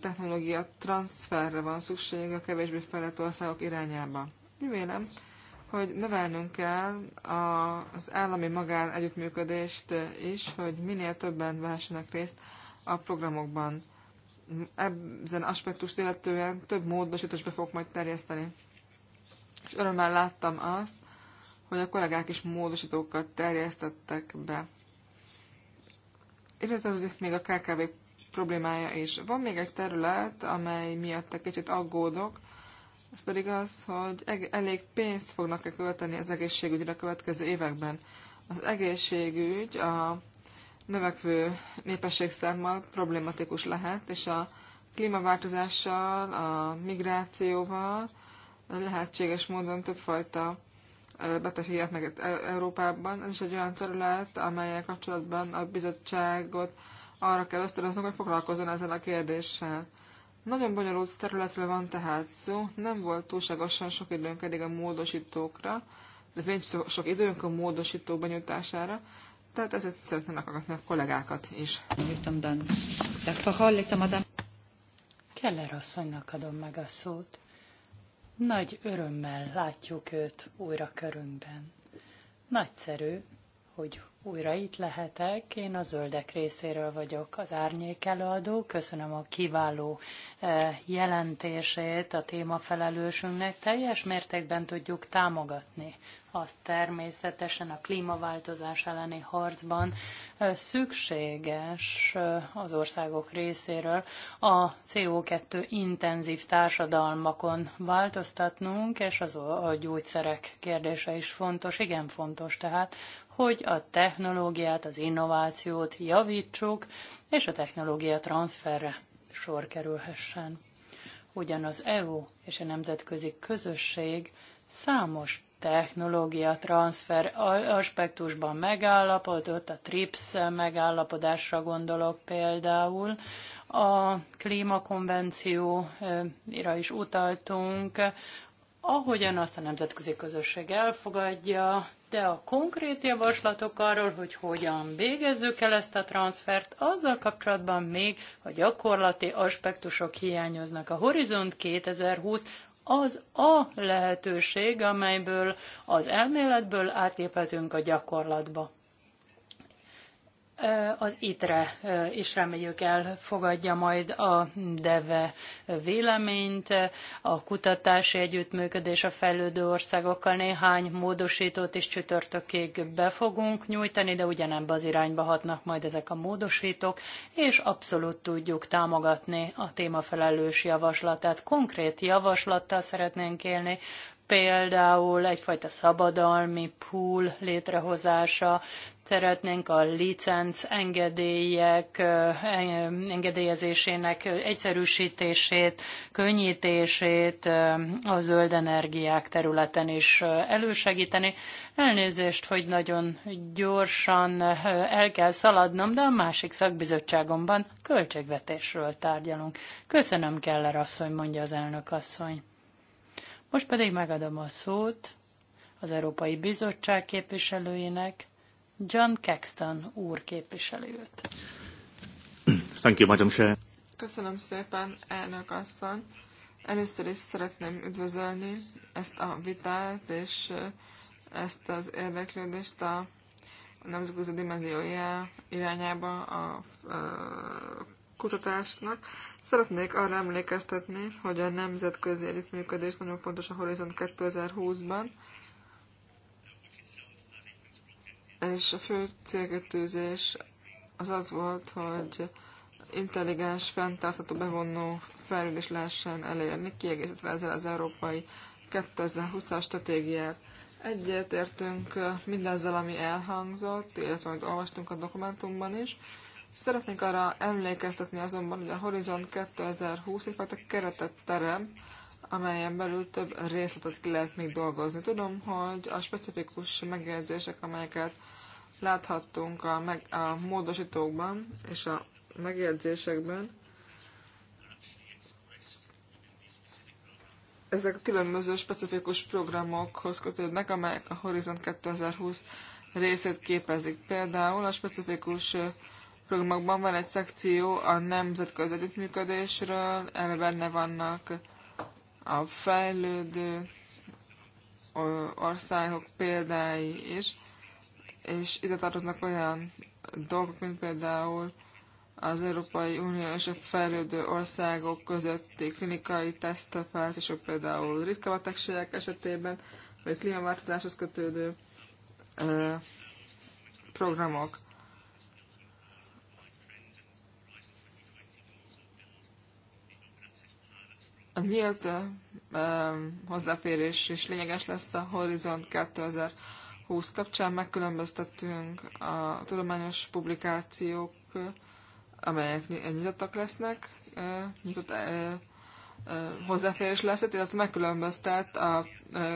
S3: technológia transferre van szükség a kevésbé fejlett országok irányába. Mi vélem, hogy növelnünk kell az állami magán együttműködést is, hogy minél többen vehessenek részt a programokban. Ezen aspektust illetően több be fogok majd terjeszteni. És örömmel láttam azt, hogy a kollégák is módosítókat terjesztettek be. Illetve azért még a KKV problémája is. Van még egy terület, amely miatt egy kicsit aggódok, ez pedig az, hogy elég pénzt fognak-e költeni az egészségügyre a következő években. Az egészségügy a növekvő népesség számmal problématikus lehet, és a klímaváltozással, a migrációval lehetséges módon többfajta betegségek meg e- Európában. Ez is egy olyan terület, amelyel kapcsolatban a bizottságot arra kell ösztönöznünk, hogy foglalkozzon ezzel a kérdéssel. Nagyon bonyolult területről van tehát szó, nem volt túlságosan sok időnk eddig a módosítókra, ez nincs sok időnk a módosítók benyújtására, tehát ezért szeretném meghallgatni a kollégákat is.
S2: Keller asszonynak adom meg a szót. Nagy örömmel látjuk őt újra körünkben. Nagyszerű, hogy újra itt lehetek. Én a zöldek részéről vagyok az árnyék előadó. Köszönöm a kiváló eh, jelentését a témafelelősünknek. Teljes mértékben tudjuk támogatni azt természetesen a klímaváltozás elleni harcban eh, szükséges eh, az országok részéről a CO2 intenzív társadalmakon változtatnunk, és az a gyógyszerek kérdése is fontos, igen fontos tehát, hogy a technológiát, az innovációt javítsuk, és a technológia transferre sor kerülhessen. Ugyan az EU és a nemzetközi közösség számos technológia transfer aspektusban megállapodott, a TRIPS megállapodásra gondolok például, a klímakonvencióra is utaltunk, ahogyan azt a nemzetközi közösség elfogadja, de a konkrét javaslatok arról, hogy hogyan végezzük el ezt a transfert, azzal kapcsolatban még a gyakorlati aspektusok hiányoznak. A Horizont 2020 az a lehetőség, amelyből az elméletből átléphetünk a gyakorlatba az ITRE is reméljük elfogadja majd a DEVE véleményt, a kutatási együttműködés a fejlődő országokkal néhány módosítót is csütörtökig be fogunk nyújtani, de ugyanebbe az irányba hatnak majd ezek a módosítók, és abszolút tudjuk támogatni a témafelelős javaslatát. Konkrét javaslattal szeretnénk élni, például egyfajta szabadalmi pool létrehozása, szeretnénk a licenc engedélyek e, engedélyezésének egyszerűsítését, könnyítését a zöld energiák területen is elősegíteni. Elnézést, hogy nagyon gyorsan el kell szaladnom, de a másik szakbizottságomban költségvetésről tárgyalunk. Köszönöm, Keller asszony, mondja az elnök asszony. Most pedig megadom a szót az Európai Bizottság képviselőjének, John Caxton úr képviselőt.
S1: Thank you, Madam Chair.
S2: Köszönöm
S3: szépen, elnök asszony. Először is szeretném üdvözölni ezt a vitát és eh, ezt az érdeklődést a nemzetközi dimenziója irányába a eh, kutatásnak. Szeretnék arra emlékeztetni, hogy a nemzetközi együttműködés nagyon fontos a Horizon 2020-ban, és a fő célkötőzés az az volt, hogy intelligens, fenntartható, bevonó fejlődés lehessen elérni, kiegészítve ezzel az európai 2020-as stratégiát. Egyetértünk eh, mindazzal, ami elhangzott, illetve amit olvastunk a dokumentumban is. Szeretnék arra emlékeztetni azonban, hogy a Horizon 2020 egyfajta keretet terem, amelyen belül több részletet ki lehet még dolgozni. Tudom, hogy a specifikus megjegyzések, amelyeket láthattunk a, meg, a módosítókban és a megjegyzésekben, ezek a különböző specifikus programokhoz kötődnek, amelyek a Horizon 2020 részét képezik. Például a specifikus programokban van egy szekció a nemzetközi együttműködésről, ebben benne vannak a fejlődő országok példái is, és ide tartoznak olyan dolgok, mint például az Európai Unió és a fejlődő országok közötti klinikai tesztfázisok, például ritka betegségek esetében, vagy klímaváltozáshoz kötődő ö, programok. A nyílt hozzáférés is lényeges lesz a Horizont 2020 kapcsán. Megkülönböztetünk a tudományos publikációk, amelyek nyitottak lesznek, nyitott hozzáférés lesz, illetve megkülönböztet a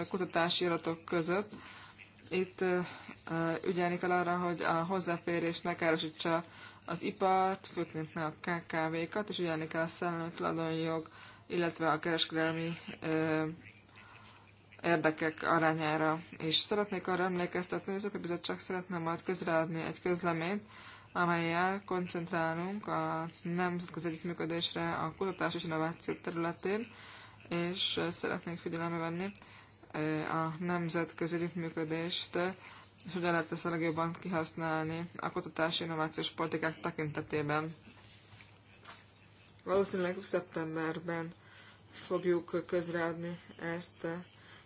S3: kutatási iratok között. Itt ügyelni kell arra, hogy a hozzáférés ne károsítsa az ipart, főként ne a KKV-kat, és ügyelni kell a szellemi tulajdonjog illetve a kereskedelmi érdekek arányára. És szeretnék arra emlékeztetni, hogy az bizottság szeretne majd közreadni egy közleményt, amelyel koncentrálunk a nemzetközi együttműködésre a kutatás és innováció területén, és szeretnénk figyelembe venni a nemzetközi együttműködést, és hogyan lehet ezt a legjobban kihasználni a kutatási innovációs politikák tekintetében. Valószínűleg szeptemberben fogjuk közreadni ezt,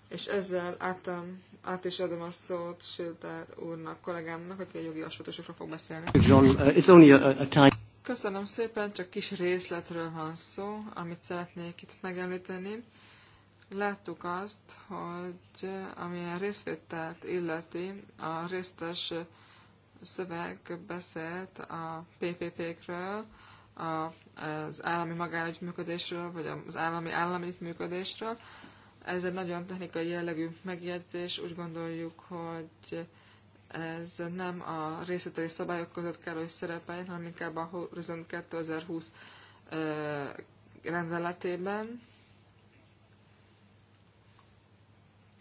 S3: és ezzel átam, át is adom a szót Sőtár úrnak, kollégámnak, aki a jogi aspektusokra fog beszélni. John, uh, it's only a, Köszönöm szépen, csak kis részletről van szó, amit szeretnék itt megemlíteni. Láttuk azt, hogy amilyen részvételt illeti, a résztes szöveg beszélt a PPP-kről, a, az állami magánügyműködésről, vagy az állami állami működésről. Ez egy nagyon technikai jellegű megjegyzés, úgy gondoljuk, hogy ez nem a részleteli szabályok között kell, hogy szerepeljen, hanem inkább a Horizon 2020 rendeletében.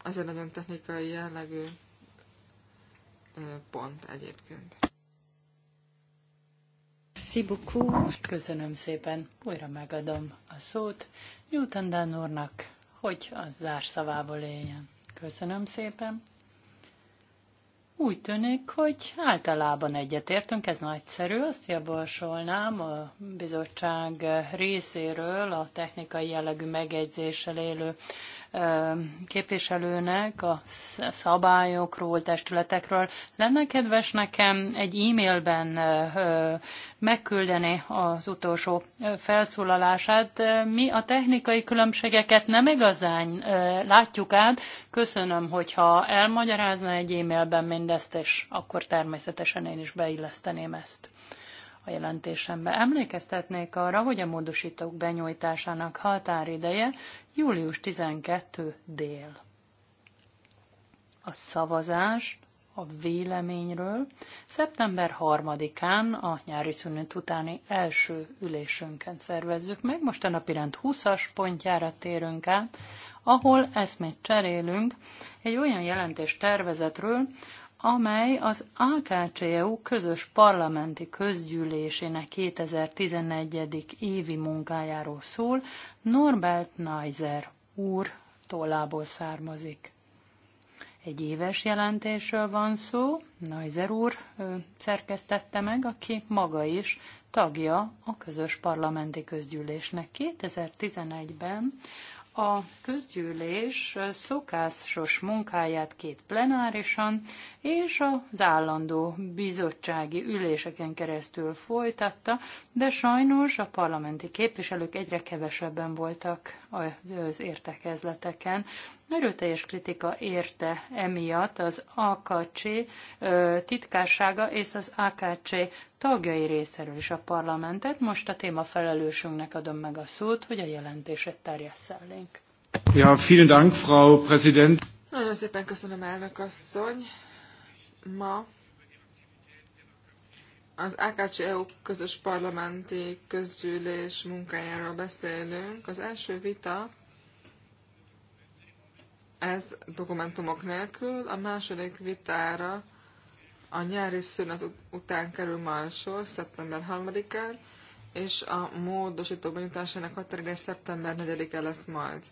S3: Ez egy nagyon technikai jellegű pont egyébként.
S2: Szibukú, köszönöm szépen, újra megadom a szót Newton Dan úrnak, hogy a zárszavából éljen. Köszönöm szépen. Úgy tűnik, hogy általában egyetértünk, ez nagyszerű. Azt javasolnám a bizottság részéről a technikai jellegű megjegyzéssel élő képviselőnek a szabályokról, testületekről. Lenne kedves nekem egy e-mailben megküldeni az utolsó felszólalását. Mi a technikai különbségeket nem igazán látjuk át. Köszönöm, hogyha elmagyarázna egy e-mailben mindezt, és akkor természetesen én is beilleszteném ezt a jelentésembe. Emlékeztetnék arra, hogy a módosítók benyújtásának határideje július 12 dél. A szavazást a véleményről szeptember 3-án a nyári szünet utáni első ülésünken szervezzük meg. Most a napirend 20-as pontjára térünk át, ahol eszmét cserélünk egy olyan jelentés tervezetről, amely az AKCEU közös parlamenti közgyűlésének 2011. évi munkájáról szól, Norbert Neiser úr tollából származik. Egy éves jelentésről van szó, Neiser úr szerkesztette meg, aki maga is tagja a közös parlamenti közgyűlésnek 2011-ben a közgyűlés szokásos munkáját két plenárisan és az állandó bizottsági üléseken keresztül folytatta, de sajnos a parlamenti képviselők egyre kevesebben voltak az értekezleteken, erőteljes kritika érte emiatt az AKC titkársága és az AKC tagjai részéről is a parlamentet. Most a felelősünknek adom meg a szót, hogy a jelentéset terjesszelnénk. Ja, vielen Dank, Frau Präsident. Nagyon szépen köszönöm, elnök asszony. Ma
S3: az AKC-EU közös parlamenti közgyűlés munkájáról beszélünk. Az első vita ez dokumentumok nélkül. A második vitára a nyári szünet után kerül majd sor, szeptember 3-án, és a módosító benyújtásának határideje szeptember 4-e lesz majd.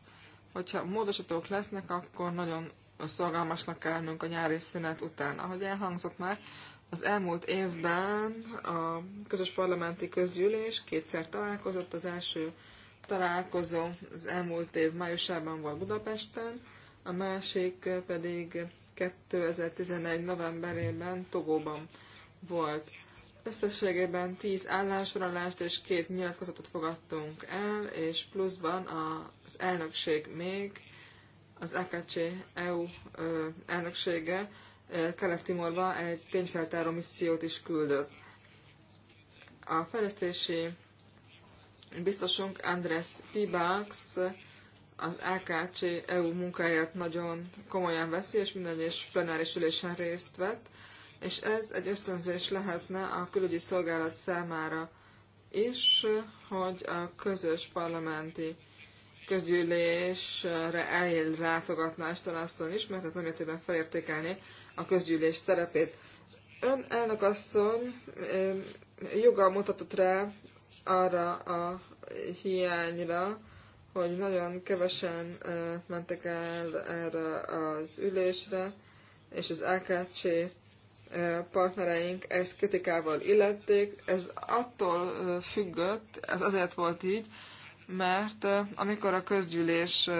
S3: Hogyha módosítók lesznek, akkor nagyon szolgálmasnak kell lennünk a nyári szünet után. Ahogy elhangzott már, az elmúlt évben a közös parlamenti közgyűlés kétszer találkozott, az első találkozó az elmúlt év májusában volt Budapesten, a másik pedig 2011. novemberében Togóban volt. Összességében 10 állásfoglalást és két nyilatkozatot fogadtunk el, és pluszban az elnökség még, az AKC EU elnöksége Kelet-Timorba egy tényfeltáró missziót is küldött. A fejlesztési biztosunk Andres Pibax az AKC EU munkáját nagyon komolyan veszi, és minden egyes plenáris ülésen részt vett, és ez egy ösztönzés lehetne a külügyi szolgálat számára is, hogy a közös parlamenti közgyűlésre ellátogatná Istenasszony is, mert ez nem értében felértékelni a közgyűlés szerepét. Ön elnök asszony joga mutatott rá arra a hiányra, hogy nagyon kevesen mentek el erre az ülésre, és az AKC partnereink ezt kritikával illették. Ez attól függött, ez azért volt így, mert amikor a közgyűlés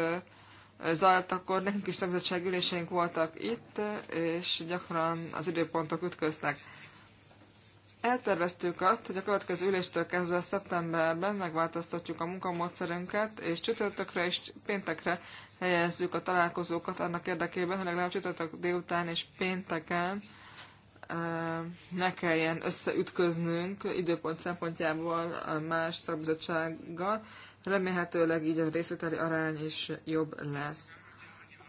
S3: zajlott, akkor nekünk is szakbizottságüléseink voltak itt, és gyakran az időpontok ütköznek. Elterveztük azt, hogy a következő üléstől kezdve szeptemberben megváltoztatjuk a munkamódszerünket, és csütörtökre és péntekre helyezzük a találkozókat annak érdekében, hogy legalább csütörtök délután és pénteken ne kelljen összeütköznünk időpont szempontjából más szakbizottsággal. Remélhetőleg így a részvételi arány is jobb lesz.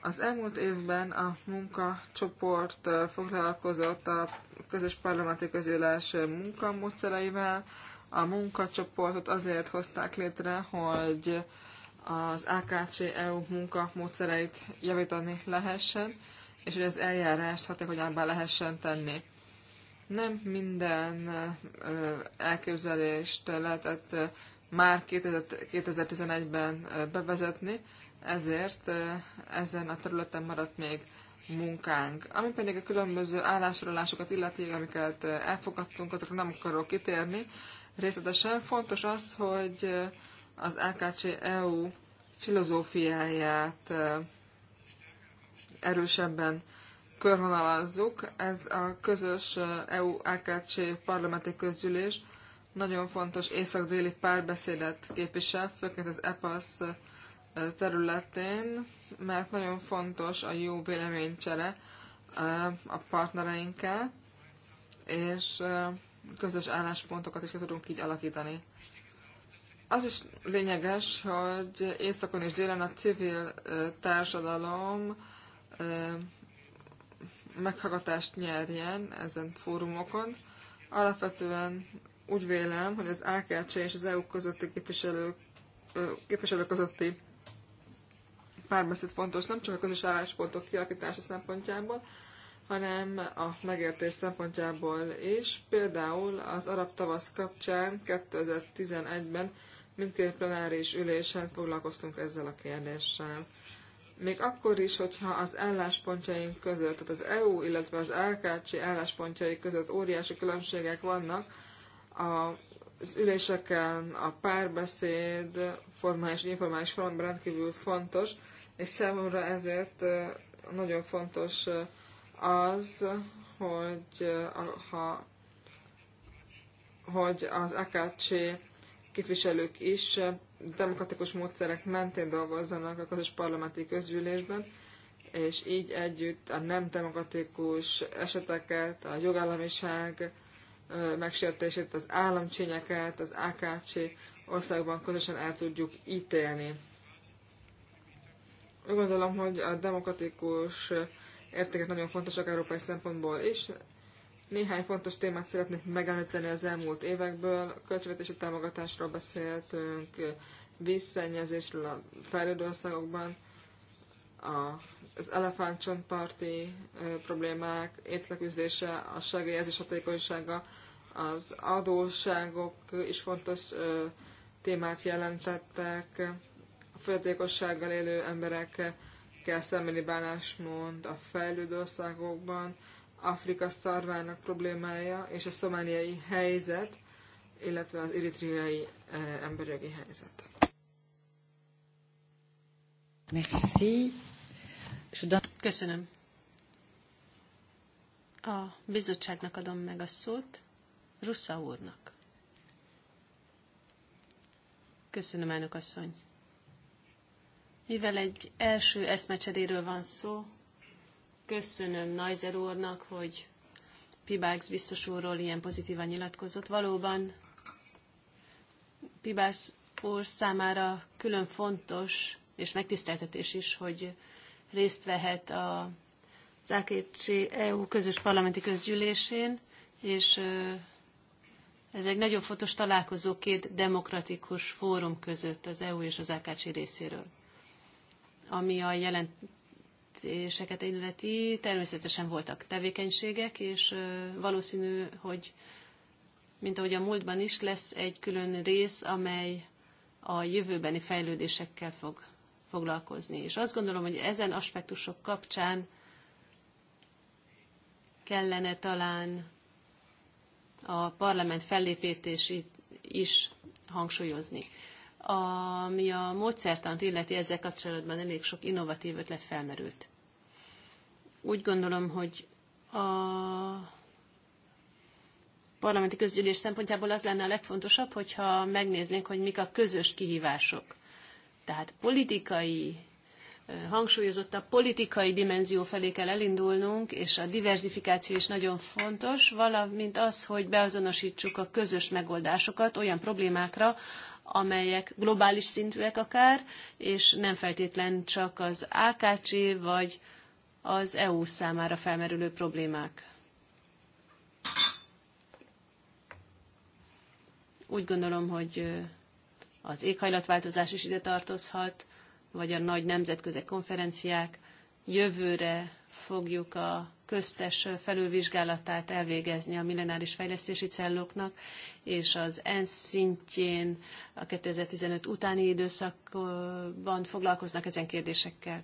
S3: Az elmúlt évben a munkacsoport foglalkozott a közös parlamenti közülés munkamódszereivel. A munkacsoportot azért hozták létre, hogy az AKC EU munkamódszereit javítani lehessen, és hogy az eljárást hatékonyabbá lehessen tenni. Nem minden elképzelést lehetett már 2011-ben bevezetni, ezért ezen a területen maradt még munkánk. Ami pedig a különböző állásolásokat illeti, amiket elfogadtunk, azokra nem akarok kitérni. Részletesen fontos az, hogy az AKC EU filozófiáját erősebben körvonalazzuk. Ez a közös EU-AKC parlamenti közgyűlés nagyon fontos észak-déli párbeszédet képvisel, főként az EPASZ területén, mert nagyon fontos a jó véleménycsere a partnereinkkel, és közös álláspontokat is tudunk így alakítani. Az is lényeges, hogy északon és délen a civil társadalom meghagatást nyerjen ezen fórumokon. Alapvetően úgy vélem, hogy az AKC és az EU közötti képviselők, képviselők közötti párbeszéd fontos nem csak a közös álláspontok kialakítása szempontjából, hanem a megértés szempontjából is. Például az arab tavasz kapcsán 2011-ben mindkét plenáris ülésen foglalkoztunk ezzel a kérdéssel. Még akkor is, hogyha az álláspontjaink között, tehát az EU, illetve az LKC álláspontjai között óriási különbségek vannak, az üléseken a párbeszéd formális és informális formában rendkívül fontos, és számomra ezért nagyon fontos az, hogy, ha, hogy az AKC képviselők is demokratikus módszerek mentén dolgozzanak a közös parlamenti közgyűlésben, és így együtt a nem demokratikus eseteket, a jogállamiság megsértését, az államcsényeket, az AKC országban közösen el tudjuk ítélni. Gondolom, hogy a demokratikus értékek nagyon fontosak európai szempontból is. Néhány fontos témát szeretnék megemlíteni az elmúlt évekből. A költségvetési támogatásról beszéltünk, vízszennyezésről a fejlődő országokban, az elefántcsontparti problémák, étleküzdése, a segélyezés hatékonysága, az adósságok is fontos témát jelentettek, fogyatékossággal élő emberekkel szembeni bánásmód a fejlődő országokban, Afrika szarvának problémája és a szomáliai helyzet, illetve az eritriai eh, emberjogi helyzet.
S4: Merci. Köszönöm. A bizottságnak adom meg a szót, Russza úrnak. Köszönöm, elnök asszony. Mivel egy első eszmecseréről van szó, köszönöm Najzer úrnak, hogy Pibáx biztos úrról ilyen pozitívan nyilatkozott. Valóban Pibáx úr számára külön fontos és megtiszteltetés is, hogy részt vehet a Zákécsi EU közös parlamenti közgyűlésén, és ez egy nagyon fontos találkozó két demokratikus fórum között az EU és az AKC részéről. Ami a jelentéseket illeti, természetesen voltak tevékenységek, és valószínű, hogy mint ahogy a múltban is lesz egy külön rész, amely a jövőbeni fejlődésekkel fog foglalkozni. És azt gondolom, hogy ezen aspektusok kapcsán kellene talán a parlament fellépítését is hangsúlyozni ami a módszertant illeti ezzel kapcsolatban elég sok innovatív ötlet felmerült. Úgy gondolom, hogy a parlamenti közgyűlés szempontjából az lenne a legfontosabb, hogyha megnéznénk, hogy mik a közös kihívások. Tehát politikai, a politikai dimenzió felé kell elindulnunk, és a diversifikáció is nagyon fontos, valamint az, hogy beazonosítsuk a közös megoldásokat olyan problémákra, amelyek globális szintűek akár, és nem feltétlen csak az AKC vagy az EU számára felmerülő problémák. Úgy gondolom, hogy az éghajlatváltozás is ide tartozhat, vagy a nagy nemzetközi konferenciák jövőre fogjuk a köztes felülvizsgálatát elvégezni a millenáris fejlesztési celloknak, és az ENSZ szintjén a 2015 utáni időszakban foglalkoznak ezen kérdésekkel.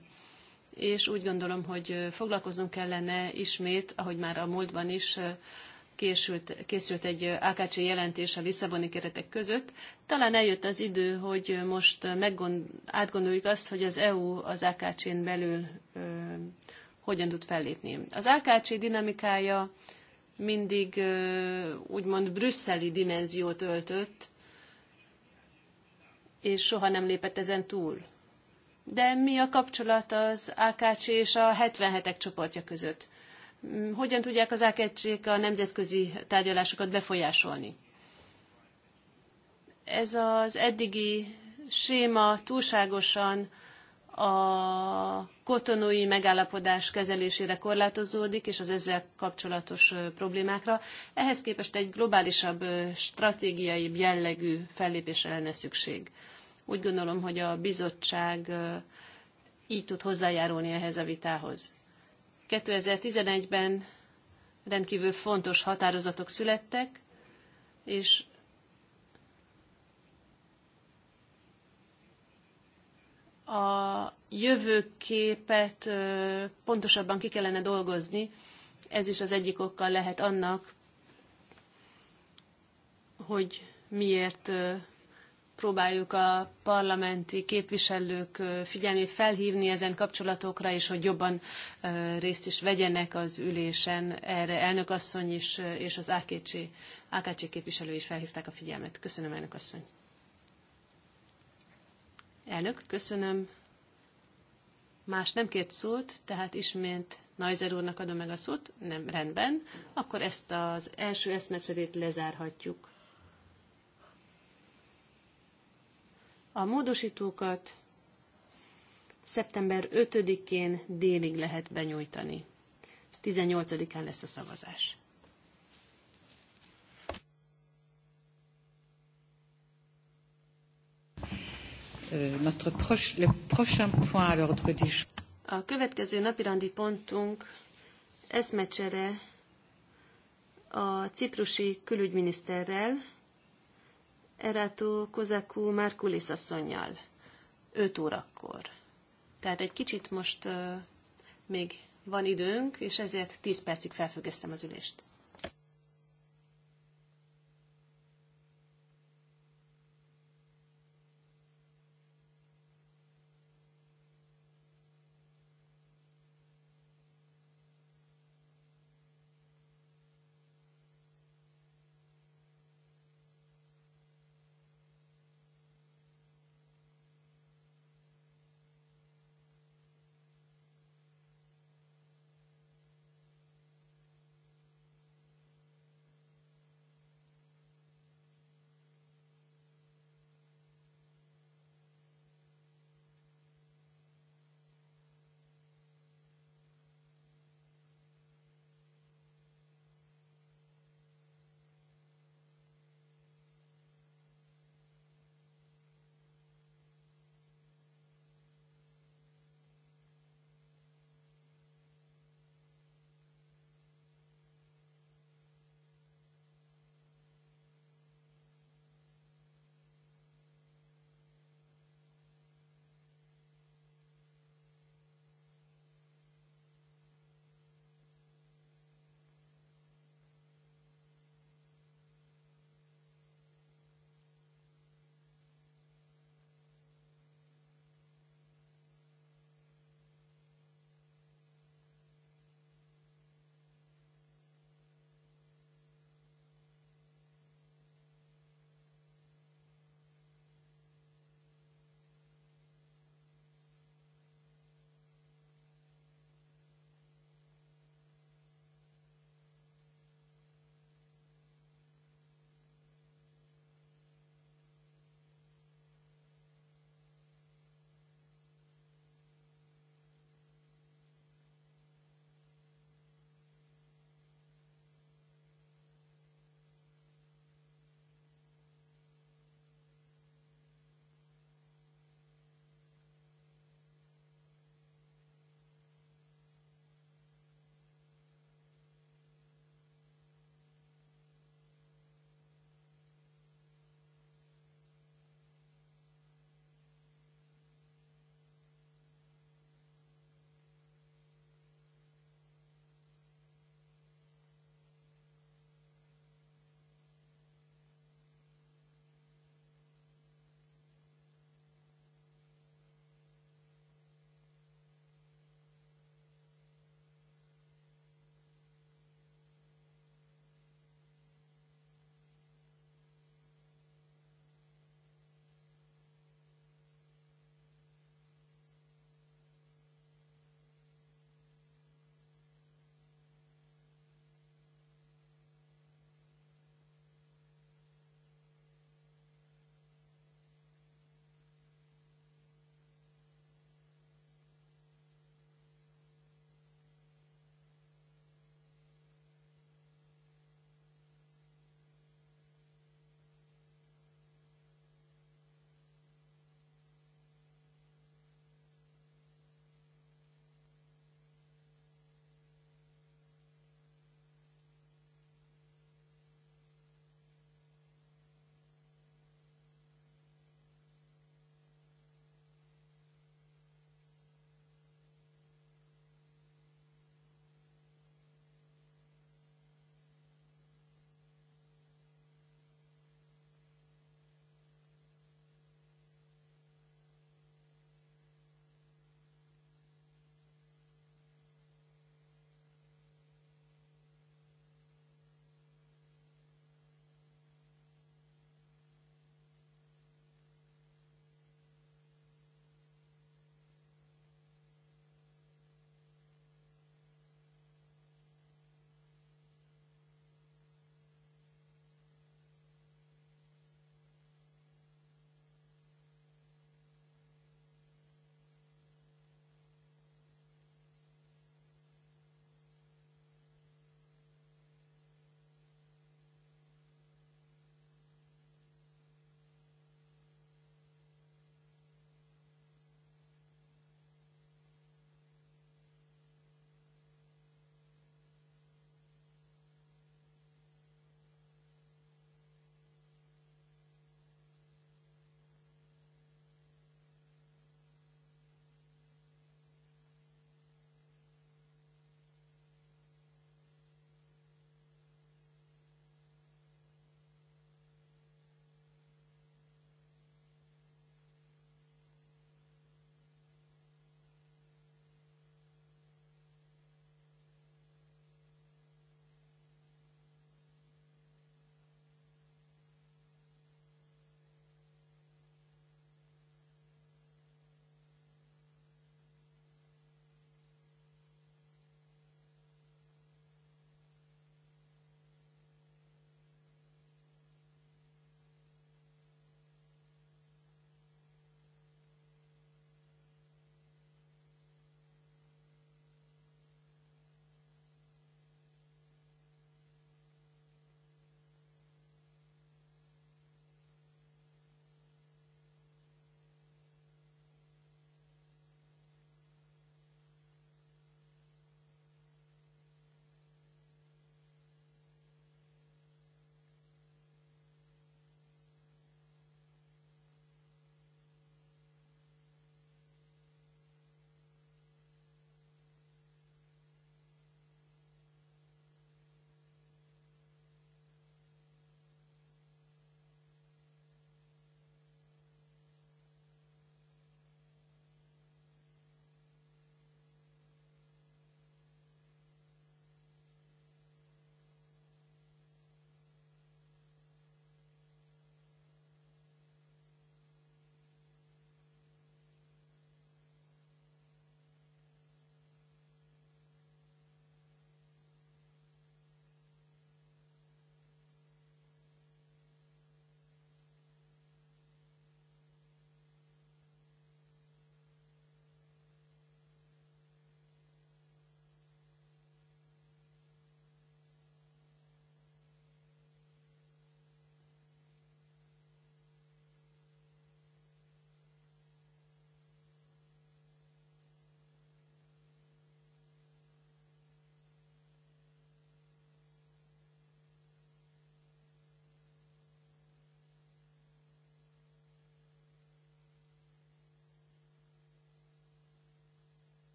S4: És úgy gondolom, hogy foglalkoznunk kellene ismét, ahogy már a múltban is készült, készült egy AKC jelentés a Lisszaboni keretek között. Talán eljött az idő, hogy most meggond, átgondoljuk azt, hogy az EU az AKC-n belül ö, hogyan tud fellépni. Az AKC dinamikája mindig úgymond brüsszeli dimenziót öltött, és soha nem lépett ezen túl. De mi a kapcsolat az AKC és a 77-ek csoportja között? Hogyan tudják az akc a nemzetközi tárgyalásokat befolyásolni? Ez az eddigi séma túlságosan a kotonói megállapodás kezelésére korlátozódik, és az ezzel kapcsolatos problémákra. Ehhez képest egy globálisabb, stratégiai jellegű fellépésre lenne szükség. Úgy gondolom, hogy a bizottság így tud hozzájárulni ehhez a vitához. 2011-ben rendkívül fontos határozatok születtek, és a jövőképet pontosabban ki kellene dolgozni. Ez is az egyik okkal lehet annak, hogy miért próbáljuk a parlamenti képviselők figyelmét felhívni ezen kapcsolatokra, és hogy jobban részt is vegyenek az ülésen. Erre elnök asszony is, és az AKC, AKC képviselő is felhívták a figyelmet. Köszönöm, elnök asszony. Elnök, köszönöm. Más nem kért szót, tehát ismét Najzer úrnak adom meg a szót. Nem, rendben. Akkor ezt az első eszmecserét lezárhatjuk. A módosítókat szeptember 5-én délig lehet benyújtani. 18-án lesz a szavazás.
S1: Euh, notre proche, le prochain point à l'ordre du jour.
S4: A következő napirendi pontunk eszmecsere a ciprusi külügyminiszterrel, Erato Kozaku Markulis asszonynal, 5 órakor. Tehát egy kicsit most uh, még van időnk, és ezért 10 percig felfüggesztem az ülést.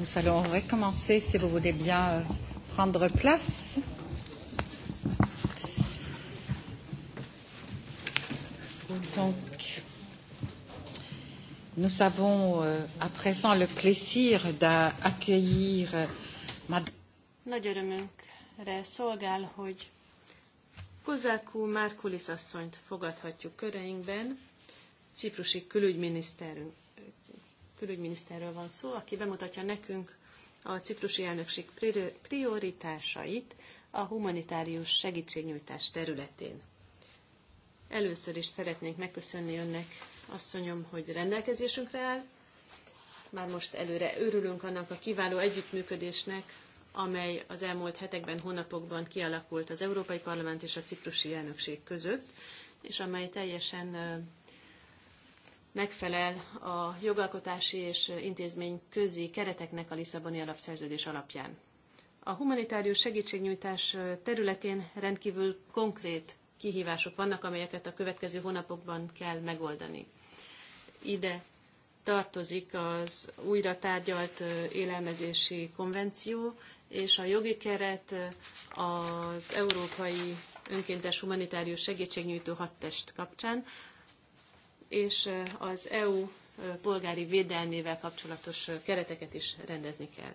S1: Nous allons recommencer si vous voulez bien euh, prendre place. Donc, nous avons euh, à présent le plaisir d'accueillir euh, Madame.
S4: Nagy örömünkre szolgál, hogy Kozákú Márkulis asszonyt fogadhatjuk köreinkben, ciprusi külügyminiszterünk külügyminiszterről van szó, aki bemutatja nekünk a ciprusi elnökség prioritásait a humanitárius segítségnyújtás területén. Először is szeretnénk megköszönni önnek, asszonyom, hogy rendelkezésünkre áll. Már most előre örülünk annak a kiváló együttműködésnek, amely az elmúlt hetekben, hónapokban kialakult az Európai Parlament és a ciprusi elnökség között, és amely teljesen megfelel a jogalkotási és intézmény közi kereteknek a Lisszaboni alapszerződés alapján. A humanitárius segítségnyújtás területén rendkívül konkrét kihívások vannak, amelyeket a következő hónapokban kell megoldani. Ide tartozik az újra tárgyalt élelmezési konvenció, és a jogi keret az Európai Önkéntes Humanitárius Segítségnyújtó Hattest kapcsán, és az EU polgári védelmével kapcsolatos kereteket is rendezni kell.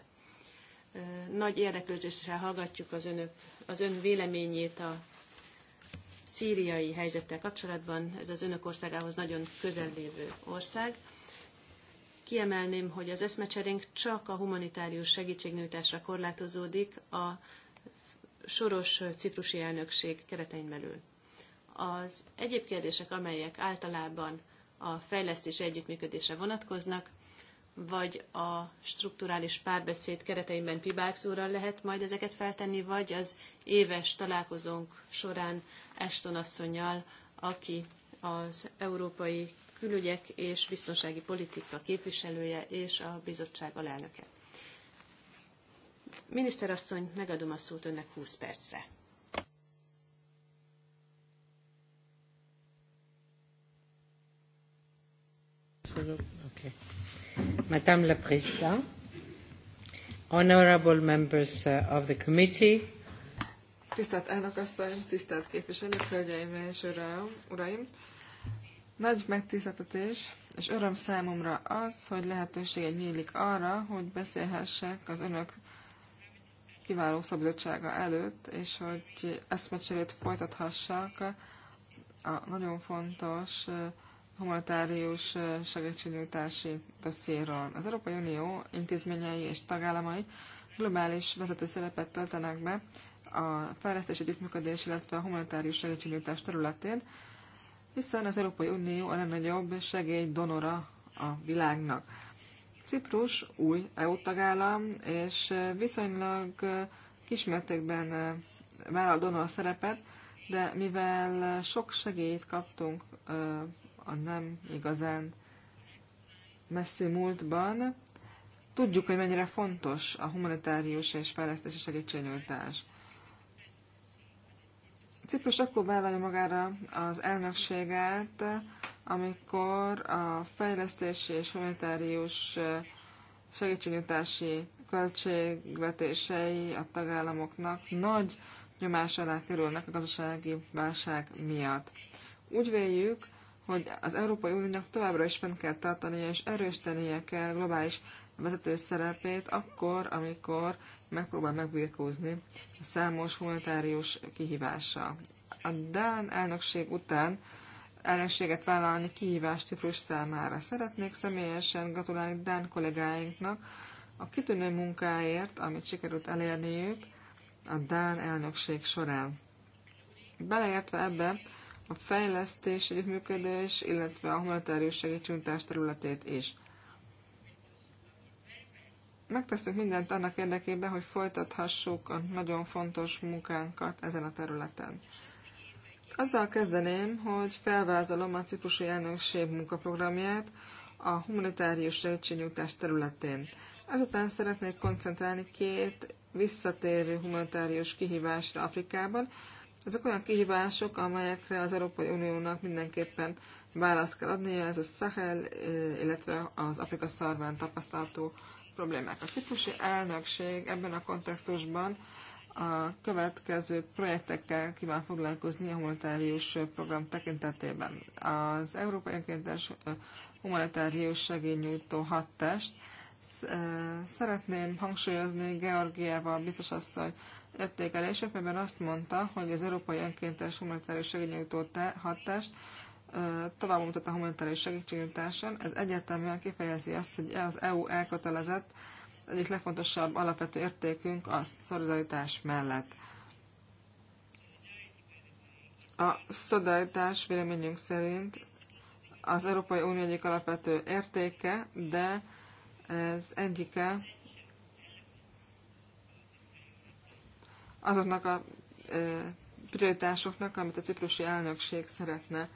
S4: Nagy érdeklődéssel hallgatjuk az, önök, az ön véleményét a szíriai helyzettel kapcsolatban. Ez az önök országához nagyon közel lévő ország. Kiemelném, hogy az eszmecserénk csak a humanitárius segítségnyújtásra korlátozódik a soros ciprusi elnökség keretein belül. Az egyéb kérdések, amelyek általában a fejlesztés együttműködésre vonatkoznak, vagy a strukturális párbeszéd kereteimben Pibák lehet majd ezeket feltenni, vagy az éves találkozónk során Eston asszonyjal, aki az európai külügyek és biztonsági politika képviselője és a bizottság alelnöke. Miniszterasszony, megadom a szót önnek 20 percre.
S1: solo. Okay. Madame la Présidente, honorable members uh, of the committee,
S3: Tisztelt elnökasszony, tisztelt képviselők, hölgyeim és uram, uraim! Nagy megtiszteltetés és öröm számomra az, hogy lehetőség nyílik arra, hogy beszélhessek az önök kiváló szabadsága előtt, és hogy eszmecserét folytathassak a nagyon fontos uh, humanitárius segítségnyújtási dossziéről. Az Európai Unió intézményei és tagállamai globális vezető szerepet töltenek be a fejlesztés együttműködés, illetve a humanitárius segítségnyújtás területén, hiszen az Európai Unió a legnagyobb segélydonora a világnak. Ciprus új EU tagállam, és viszonylag kismértékben vállal donor szerepet, de mivel sok segélyt kaptunk a nem igazán messzi múltban, tudjuk, hogy mennyire fontos a humanitárius és fejlesztési segítségnyújtás. Ciprus akkor vállalja magára az elnökséget, amikor a fejlesztési és humanitárius segítségnyújtási költségvetései a tagállamoknak nagy nyomás alá kerülnek a gazdasági válság miatt. Úgy véljük, hogy az Európai Uniónak továbbra is fenn kell tartania és erősítenie kell globális vezető szerepét akkor, amikor megpróbál megbirkózni a számos humanitárius kihívással. A Dán elnökség után ellenséget vállalni kihívást Ciprus számára. Szeretnék személyesen gratulálni Dán kollégáinknak a kitűnő munkáért, amit sikerült elérniük a Dán elnökség során. Beleértve ebbe a fejlesztés, együttműködés, illetve a humanitárius segítségnyújtás területét is. Megteszünk mindent annak érdekében, hogy folytathassuk a nagyon fontos munkánkat ezen a területen. Azzal kezdeném, hogy felvázolom a ciprusi elnökség munkaprogramját a humanitárius segítségnyújtás területén. Ezután szeretnék koncentrálni két visszatérő humanitárius kihívásra Afrikában, ezek olyan kihívások, amelyekre az Európai Uniónak mindenképpen választ kell adnia, ez a Sahel, illetve az Afrika szarván tapasztalható problémák. A ciprusi elnökség ebben a kontextusban a következő projektekkel kíván foglalkozni a humanitárius program tekintetében. Az Európai Önkéntes Humanitárius Segényújtó Hattest szeretném hangsúlyozni Georgiával, biztos asszony értékelések, melyben azt mondta, hogy az Európai Önkéntes Humanitárius Segélynyújtó hatást tovább mutat a humanitárius segítségnyújtáson. Ez egyértelműen kifejezi azt, hogy az EU elkötelezett egyik legfontosabb alapvető értékünk a szolidaritás mellett. A szolidaritás véleményünk szerint az Európai Unió egyik alapvető értéke, de ez egyike azoknak a prioritásoknak, amit a ciprusi elnökség szeretne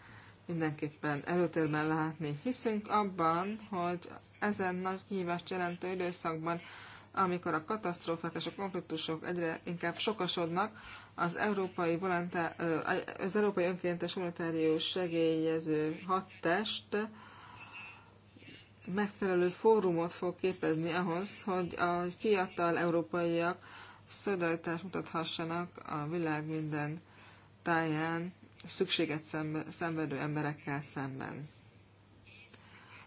S3: mindenképpen előtérben látni. Hiszünk abban, hogy ezen nagy kihívást jelentő időszakban, amikor a katasztrófák és a konfliktusok egyre inkább sokasodnak, az európai, volantá, az európai önkéntes volontárius segélyező hadtest megfelelő fórumot fog képezni ahhoz, hogy a fiatal európaiak szolidaritást mutathassanak a világ minden táján szükséget szenvedő emberekkel szemben.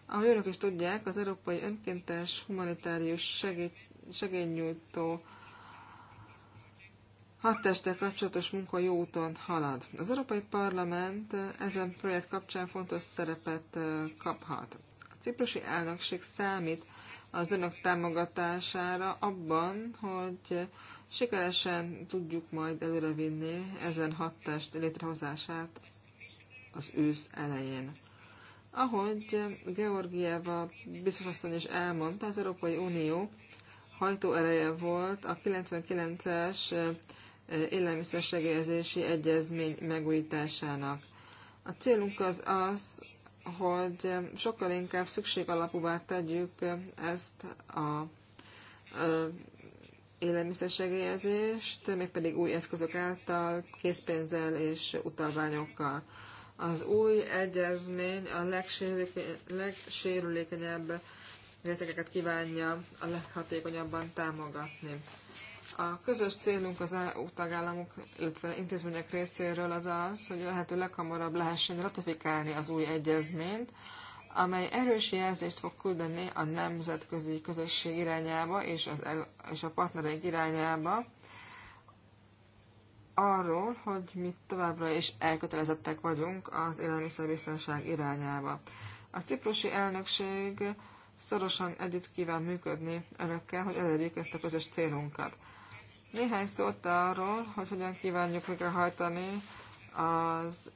S3: Ahogy önök is tudják, az Európai Önkéntes Humanitárius Segélynyújtó hadtestek kapcsolatos munka jó úton halad. Az Európai Parlament ezen projekt kapcsán fontos szerepet kaphat. A ciprusi elnökség számít az önök támogatására abban, hogy sikeresen tudjuk majd előrevinni ezen hatást, létrehozását az ősz elején. Ahogy Georgieva biztos asszony is elmondta, az Európai Unió hajtóereje volt a 99-es élelmiszersegélyezési egyezmény megújításának. A célunk az az, hogy sokkal inkább szükség alapúvá tegyük ezt a élelmiszersegélyezést, mégpedig új eszközök által, készpénzzel és utalványokkal. Az új egyezmény a legsérülékenyebb rétegeket kívánja a leghatékonyabban támogatni. A közös célunk az EU tagállamok, illetve intézmények részéről az az, hogy lehető leghamarabb lehessen ratifikálni az új egyezményt, amely erős jelzést fog küldeni a nemzetközi közösség irányába és, az, és a partnereik irányába arról, hogy mi továbbra is elkötelezettek vagyunk az élelmiszerbiztonság irányába. A ciprusi elnökség szorosan együtt kíván működni önökkel, hogy elérjük ezt a közös célunkat. Néhány szót arról, hogy hogyan kívánjuk végrehajtani az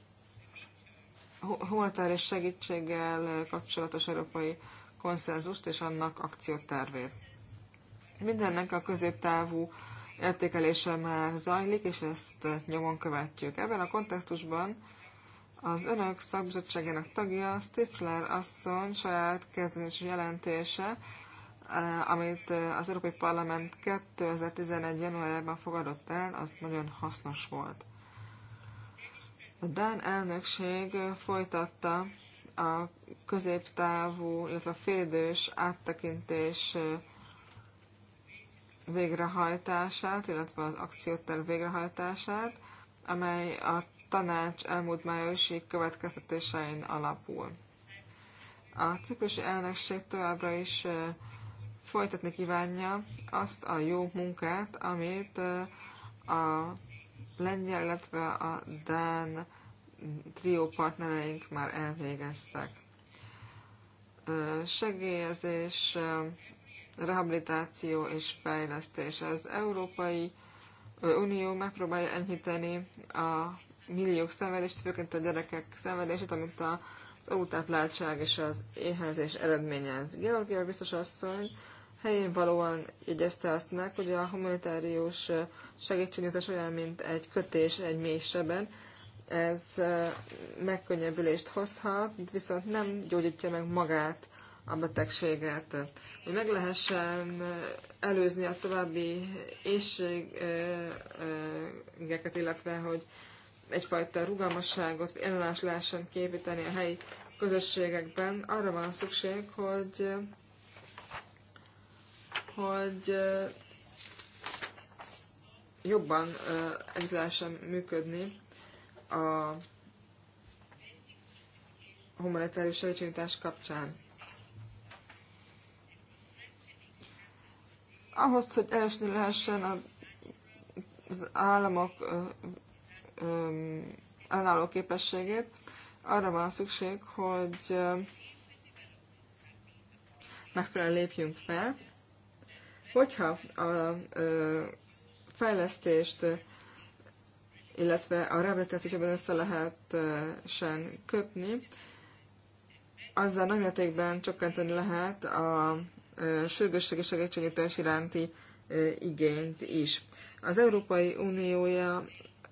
S3: humanitáris segítséggel kapcsolatos európai konszenzust és annak akciótervét. Mindennek a középtávú értékelése már zajlik, és ezt nyomon követjük. Ebben a kontextusban az önök szakbizottságának tagja Stifler asszony saját kezdeményező jelentése, eh, amit eh, az Európai Parlament 2011. januárjában fogadott el, az nagyon hasznos volt. A Dán elnökség folytatta a középtávú, illetve a félidős áttekintés végrehajtását, illetve az akcióterv végrehajtását, amely a tanács elmúlt májusi következtetésein alapul. A ciprusi elnökség továbbra is folytatni kívánja azt a jó munkát, amit a lengyel, illetve a Dán trió partnereink már elvégeztek. Segélyezés, rehabilitáció és fejlesztés. Az Európai Unió megpróbálja enyhíteni a milliók szenvedést, főként a gyerekek szenvedését, amit az alultápláltság és az éhezés eredményez. Georgia biztos asszony helyén valóan jegyezte azt meg, hogy a humanitárius segítségnyújtás olyan, mint egy kötés egy mély Ez megkönnyebbülést hozhat, viszont nem gyógyítja meg magát a betegséget. Hogy meg lehessen előzni a további éjségeket, illetve hogy egyfajta rugalmasságot, ellenállást lehessen képíteni a helyi közösségekben, arra van szükség, hogy hogy jobban együtt lehessen működni a humanitárius segítségnyújtás kapcsán. Ahhoz, hogy elesni lehessen az államok ellenálló képességét, arra van szükség, hogy megfelelően lépjünk fel, Hogyha a fejlesztést, illetve a rehabilitációt össze lehet sen kötni, azzal nagy mértékben csökkenteni lehet a sürgősségi segítségnyújtás iránti igényt is. Az Európai Uniója,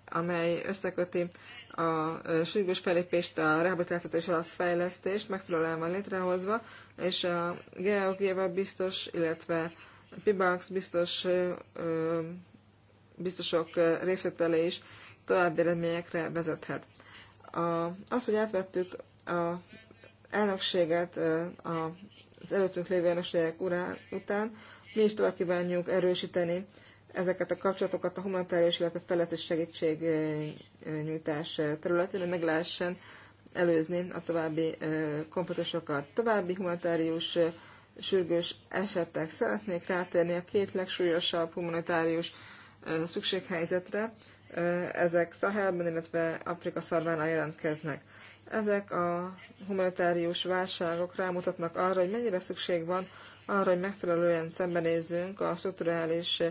S3: amely összeköti a sürgős felépést, a rehabilitációt és a fejlesztést megfelelően van létrehozva, és a Georgieva biztos, illetve Pibax biztos, biztosok részvétele is további eredményekre vezethet. A, az, hogy átvettük a elnökséget az előttünk lévő elnökségek után, mi is tovább kívánjuk erősíteni ezeket a kapcsolatokat a humanitárius, illetve fejlesztés nyújtás területén, hogy meg lehessen előzni a további kompetensokat. További humanitárius sürgős esetek. Szeretnék rátérni a két legsúlyosabb humanitárius szükséghelyzetre. Ezek Szahelben, illetve Afrika szarvánál jelentkeznek. Ezek a humanitárius válságok rámutatnak arra, hogy mennyire szükség van arra, hogy megfelelően szembenézzünk a strukturális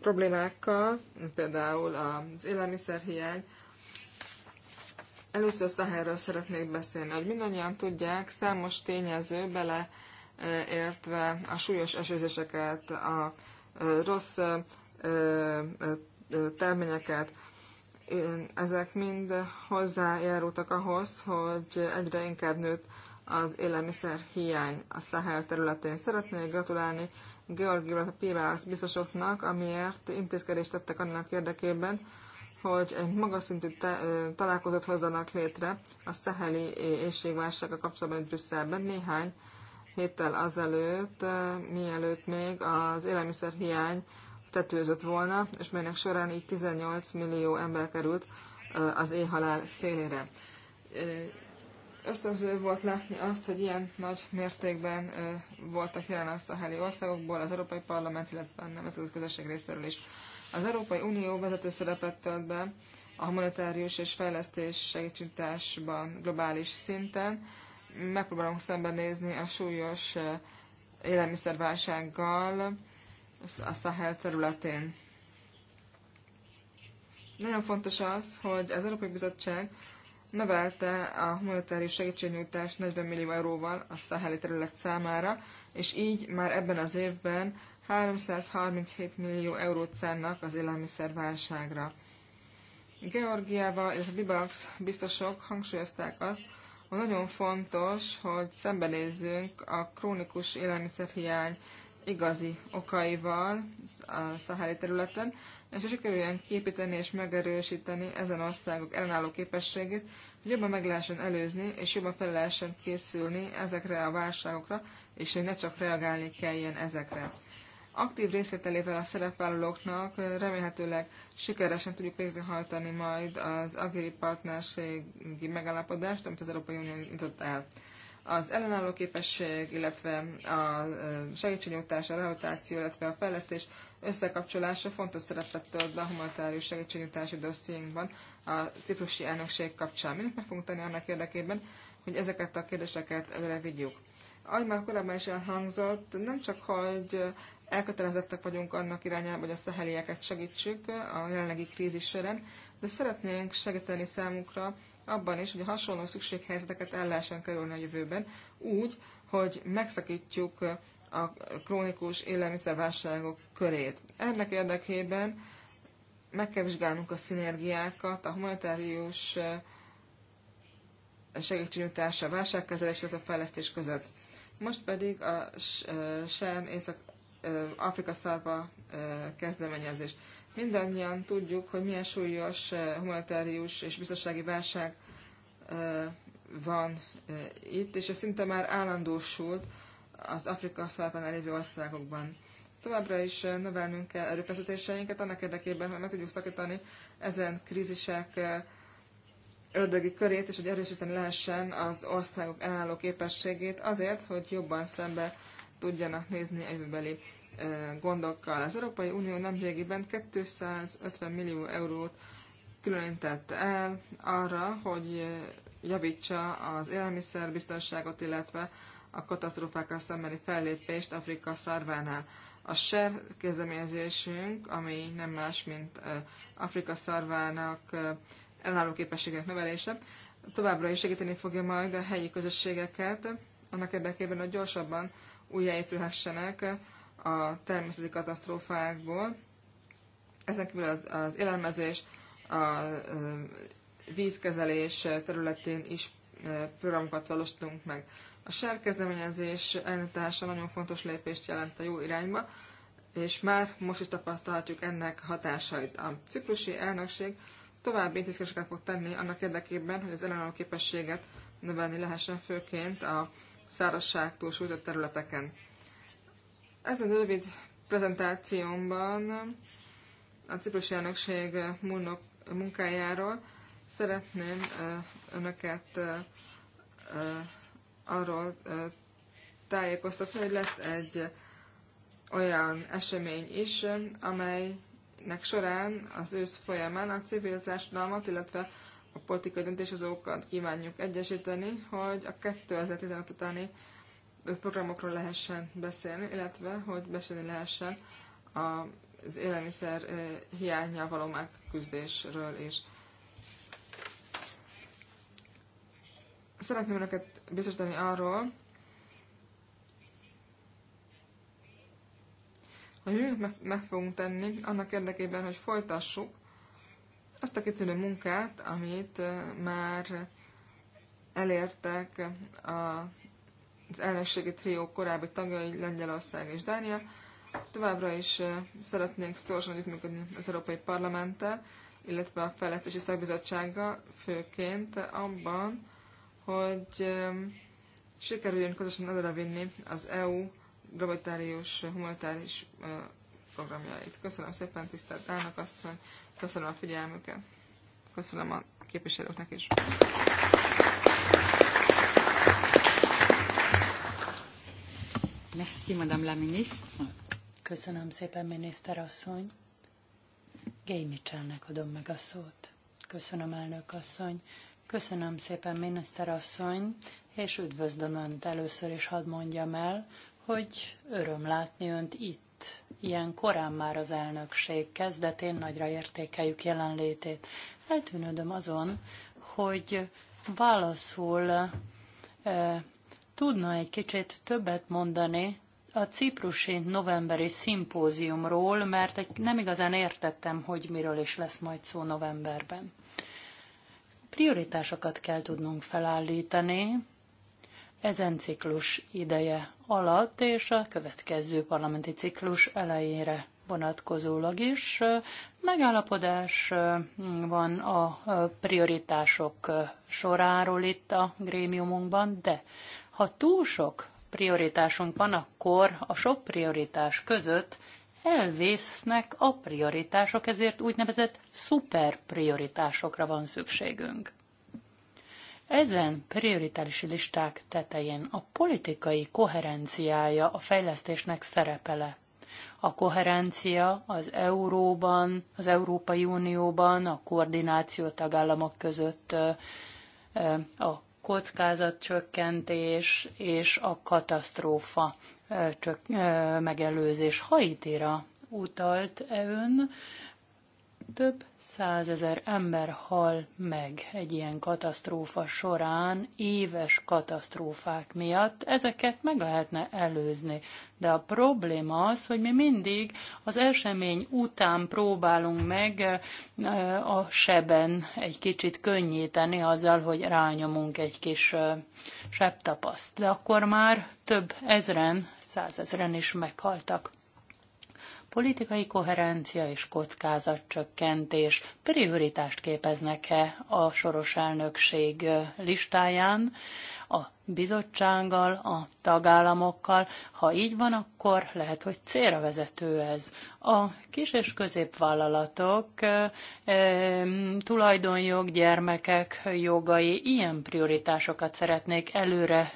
S3: problémákkal, például az élelmiszerhiány, Először Szahelről szeretnék beszélni. Hogy mindannyian tudják, számos tényező beleértve a súlyos esőzéseket, a rossz terményeket, ezek mind hozzájárultak ahhoz, hogy egyre inkább nőtt az élelmiszer hiány a Szahel területén. Szeretnék gratulálni Georgi Pivász biztosoknak, amiért intézkedést tettek annak érdekében, hogy egy magas szintű találkozót hozzanak létre a szeheli éjségválsága kapcsolatban itt Brüsszelben néhány héttel azelőtt, mielőtt még az élelmiszerhiány tetőzött volna, és melynek során így 18 millió ember került az éhhalál szélére. Ösztönző volt látni azt, hogy ilyen nagy mértékben voltak jelen a szaheli országokból, az Európai Parlament, illetve a nemzetközi közösség részéről is. Az Európai Unió vezető szerepet tölt be a monetárius és fejlesztés segítségtársban globális szinten. Megpróbálunk szembenézni a súlyos eh, élelmiszerválsággal a Sahel területén. Nagyon fontos az, hogy az Európai Bizottság növelte a humanitárius segítségnyújtást 40 millió euróval a száheli terület számára, és így már ebben az évben 337 millió eurót szánnak az élelmiszerválságra. Georgiával és Bibax biztosok hangsúlyozták azt, hogy nagyon fontos, hogy szembenézzünk a krónikus élelmiszerhiány igazi okaival a szaháli területen, és hogy sikerüljen képíteni és megerősíteni ezen országok ellenálló képességét, hogy jobban meg lehessen előzni, és jobban fel lehessen készülni ezekre a válságokra, és hogy ne csak reagálni kelljen ezekre aktív részvételével a szerepvállalóknak remélhetőleg sikeresen tudjuk végrehajtani majd az agri partnerségi megállapodást, amit az Európai Unió nyitott el. Az ellenálló képesség, illetve a segítségnyújtás, a rehabilitáció, illetve a fejlesztés összekapcsolása fontos szerepet tölt a humanitárius segítségnyújtási dossziénkban a ciprusi elnökség kapcsán. Mindent meg fogunk tenni annak érdekében, hogy ezeket a kérdéseket előre vigyük ahogy már korábban is elhangzott, nem csak, hogy Elkötelezettek vagyunk annak irányába, hogy a szahelieket segítsük a jelenlegi krízis során, de szeretnénk segíteni számukra abban is, hogy a hasonló szükséghelyzeteket el lehessen kerülni a jövőben, úgy, hogy megszakítjuk a krónikus élelmiszerválságok körét. Ennek érdekében meg kell vizsgálnunk a szinergiákat, a humanitárius eh, segítségnyújtása, válságkezelés, illetve a fejlesztés között. Most pedig a eh, Sern észak Afrika szarva kezdeményezés. Mindannyian tudjuk, hogy milyen súlyos humanitárius és biztonsági válság van itt, és ez szinte már állandósult az Afrika szarvan elévő országokban. Továbbra is növelnünk kell erőfeszítéseinket annak érdekében, hogy meg tudjuk szakítani ezen krízisek ördögi körét, és hogy erősíteni lehessen az országok elálló képességét azért, hogy jobban szembe tudjanak nézni a jövőbeli gondokkal. Az Európai Unió nemrégiben 250 millió eurót különített el arra, hogy javítsa az élelmiszerbiztonságot, illetve a katasztrófákkal szembeni fellépést Afrika szarvánál. A SER kezdeményezésünk, ami nem más, mint Afrika szarvának elálló képességek növelése, továbbra is segíteni fogja majd a helyi közösségeket, annak érdekében, hogy gyorsabban újjáépülhessenek a természeti katasztrófákból. Ezen kívül az, az élelmezés, a vízkezelés területén is programokat valósítunk meg. A SER kezdeményezés elnyitása nagyon fontos lépést jelent a jó irányba, és már most is tapasztalhatjuk ennek hatásait. A ciklusi elnökség további intézkedéseket fog tenni annak érdekében, hogy az ellenálló képességet növelni lehessen, főként a szárazságtól sújtott területeken. Ezen rövid prezentációmban a ciprusi elnökség munkájáról szeretném önöket arról tájékoztatni, hogy lesz egy olyan esemény is, amelynek során az ősz folyamán a civil társadalmat, illetve a politikai döntéshozókat kívánjuk egyesíteni, hogy a 2015 utáni programokról lehessen beszélni, illetve hogy beszélni lehessen az élelmiszer hiányjal való megküzdésről is. Szeretném önöket biztosítani arról, hogy mindent meg, meg fogunk tenni annak érdekében, hogy folytassuk azt a kitűnő munkát, amit már elértek az ellenségi trió korábbi tagjai, Lengyelország és Dánia. Továbbra is szeretnénk szorosan működni az Európai Parlamenttel, illetve a Felettesi Szakbizottsággal, főként abban, hogy sikerüljön közösen előrevinni az EU globalitárius humanitárius programjait. Köszönöm szépen, tisztelt elnök asszony, köszönöm a figyelmüket, köszönöm a képviselőknek is.
S2: Merci, Madame la Ministre. Köszönöm szépen, miniszter asszony. Gay Mitchellnek adom meg a szót. Köszönöm, elnök asszony. Köszönöm szépen, miniszter asszony, és üdvözlöm Önt először is hadd mondjam el, hogy öröm látni Önt itt ilyen korán már az elnökség kezdetén nagyra értékeljük jelenlétét. Feltűnődöm azon, hogy válaszul e, tudna egy kicsit többet mondani a ciprusi novemberi szimpóziumról, mert nem igazán értettem, hogy miről is lesz majd szó novemberben. Prioritásokat kell tudnunk felállítani, ezen ciklus ideje alatt és a következő parlamenti ciklus elejére vonatkozólag is megállapodás van a prioritások soráról itt a grémiumunkban, de ha túl sok prioritásunk van, akkor a sok prioritás között elvésznek a prioritások, ezért úgynevezett szuperprioritásokra van szükségünk. Ezen prioritális listák tetején a politikai koherenciája a fejlesztésnek szerepele. A koherencia az euróban, az Európai Unióban, a koordináció tagállamok között a kockázatcsökkentés és a katasztrófa megelőzés. Haitira utalt e ön, több százezer ember hal meg egy ilyen katasztrófa során, éves katasztrófák miatt. Ezeket meg lehetne előzni. De a probléma az, hogy mi mindig az esemény után próbálunk meg eh, a seben egy kicsit könnyíteni azzal, hogy rányomunk egy kis eh, sebtapaszt. De akkor már több ezren, százezren is meghaltak politikai koherencia és kockázatcsökkentés prioritást képeznek-e a soros elnökség listáján, a bizottsággal, a tagállamokkal. Ha így van, akkor lehet, hogy célra vezető ez. A kis és középvállalatok tulajdonjog, gyermekek jogai ilyen prioritásokat szeretnék előre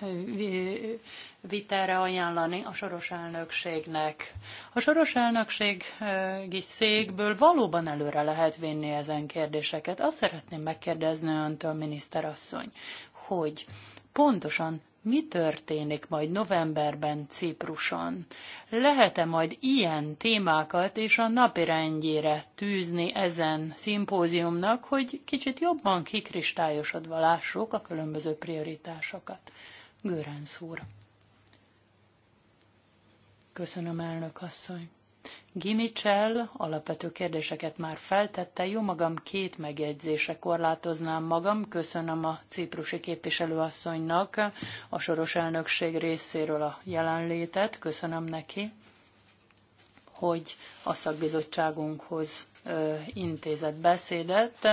S2: vitelre ajánlani a soros elnökségnek. A soros elnökségi székből valóban előre lehet vinni ezen kérdéseket. Azt szeretném megkérdezni öntől, miniszterasszony, hogy pontosan mi történik majd novemberben Cipruson. Lehet-e majd ilyen témákat és a napirendjére tűzni ezen szimpóziumnak, hogy kicsit jobban kikristályosodva lássuk a különböző prioritásokat? Görenc úr. Köszönöm, elnök asszony. Gimicsel alapvető kérdéseket már feltette, jó magam két megjegyzése korlátoznám magam. Köszönöm a ciprusi képviselőasszonynak a soros elnökség részéről a jelenlétet, köszönöm neki, hogy a szakbizottságunkhoz intézett beszédet.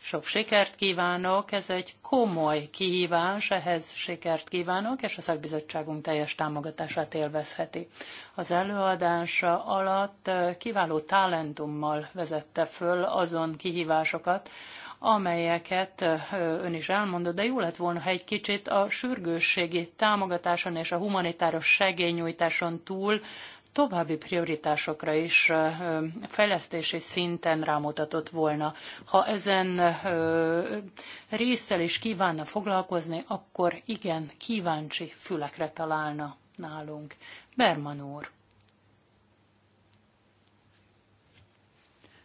S2: Sok sikert kívánok, ez egy komoly kihívás, ehhez sikert kívánok, és a szakbizottságunk teljes támogatását élvezheti. Az előadása alatt kiváló talentummal vezette föl azon kihívásokat, amelyeket ön is elmondott, de jó lett volna, ha egy kicsit a sürgősségi támogatáson és a humanitáros segélynyújtáson túl további prioritásokra is fejlesztési szinten rámutatott volna. Ha ezen résszel is kívánna foglalkozni, akkor igen, kíváncsi fülekre találna nálunk. Berman úr.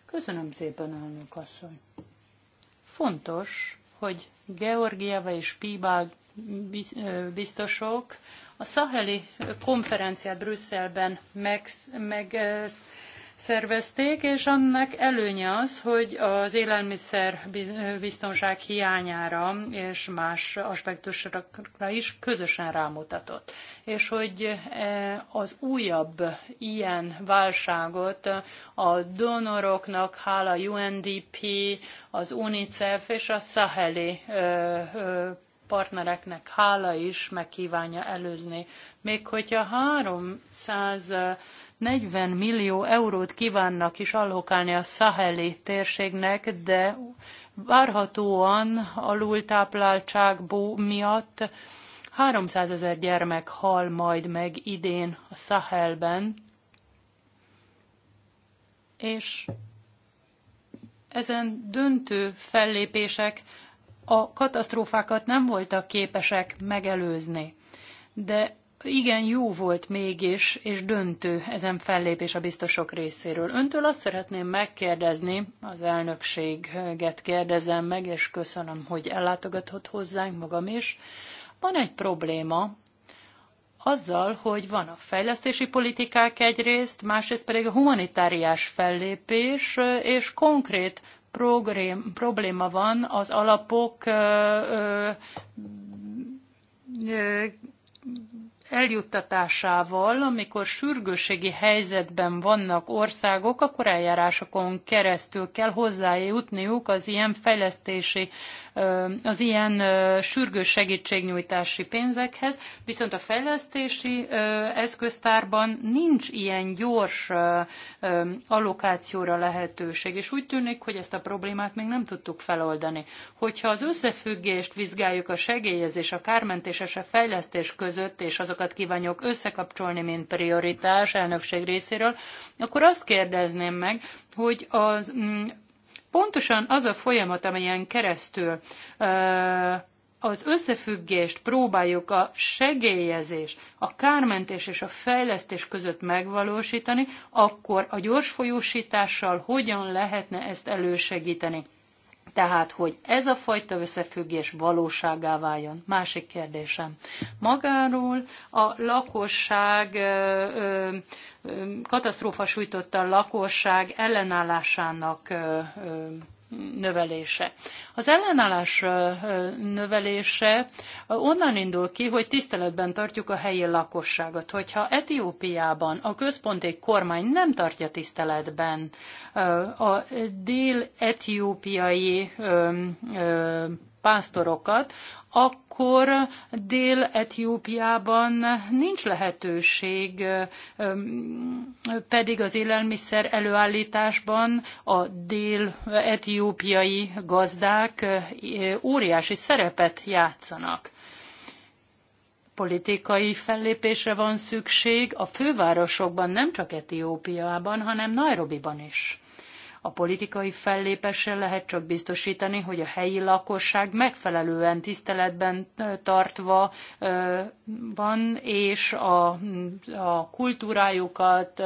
S2: Köszönöm szépen, elnök asszony. Fontos, hogy Georgieva és Píbák biztosok a Szaheli konferenciát Brüsszelben megszervezték, és annak előnye az, hogy az élelmiszer biztonság hiányára és más aspektusokra is közösen rámutatott. És hogy az újabb ilyen válságot a donoroknak, hála UNDP, az UNICEF és a Szaheli partnereknek hála is megkívánja előzni. Még hogyha 340 millió eurót kívánnak is allokálni a szaheli térségnek, de várhatóan alultápláltság miatt 300 ezer gyermek hal majd meg idén a Sahelben, és ezen döntő fellépések a katasztrófákat nem voltak képesek megelőzni. De igen, jó volt mégis, és döntő ezen fellépés a biztosok részéről. Öntől azt szeretném megkérdezni, az elnökséget kérdezem meg, és köszönöm, hogy ellátogatott hozzánk magam is. Van egy probléma azzal, hogy van a fejlesztési politikák egyrészt, másrészt pedig a humanitáriás fellépés, és konkrét progrém, probléma van az alapok ö, ö, eljuttatásával, amikor sürgősségi helyzetben vannak országok, akkor eljárásokon keresztül kell hozzájutniuk az ilyen fejlesztési, az ilyen sürgős segítségnyújtási pénzekhez, viszont a fejlesztési eszköztárban nincs ilyen gyors allokációra lehetőség, és úgy tűnik, hogy ezt a problémát még nem tudtuk feloldani. Hogyha az összefüggést vizsgáljuk a segélyezés, a kármentés és a fejlesztés között, és azok pontokat kívánjuk összekapcsolni, mint prioritás elnökség részéről, akkor azt kérdezném meg, hogy az, mm, pontosan az a folyamat, amelyen keresztül az összefüggést próbáljuk a segélyezés, a kármentés és a fejlesztés között megvalósítani, akkor a gyors folyósítással hogyan lehetne ezt elősegíteni. Tehát, hogy ez a fajta összefüggés valóságá váljon. Másik kérdésem. Magáról a lakosság, katasztrófa sújtotta lakosság ellenállásának növelése. Az ellenállás növelése onnan indul ki, hogy tiszteletben tartjuk a helyi lakosságot. Hogyha Etiópiában a központi kormány nem tartja tiszteletben a dél-etiópiai pásztorokat, akkor Dél-Etiópiában nincs lehetőség, pedig az élelmiszer előállításban a dél-etiópiai gazdák óriási szerepet játszanak politikai fellépésre van szükség a fővárosokban, nem csak Etiópiában, hanem Nairobiban is. A politikai fellépéssel lehet csak biztosítani, hogy a helyi lakosság megfelelően tiszteletben tartva van, és a, a kultúrájukat,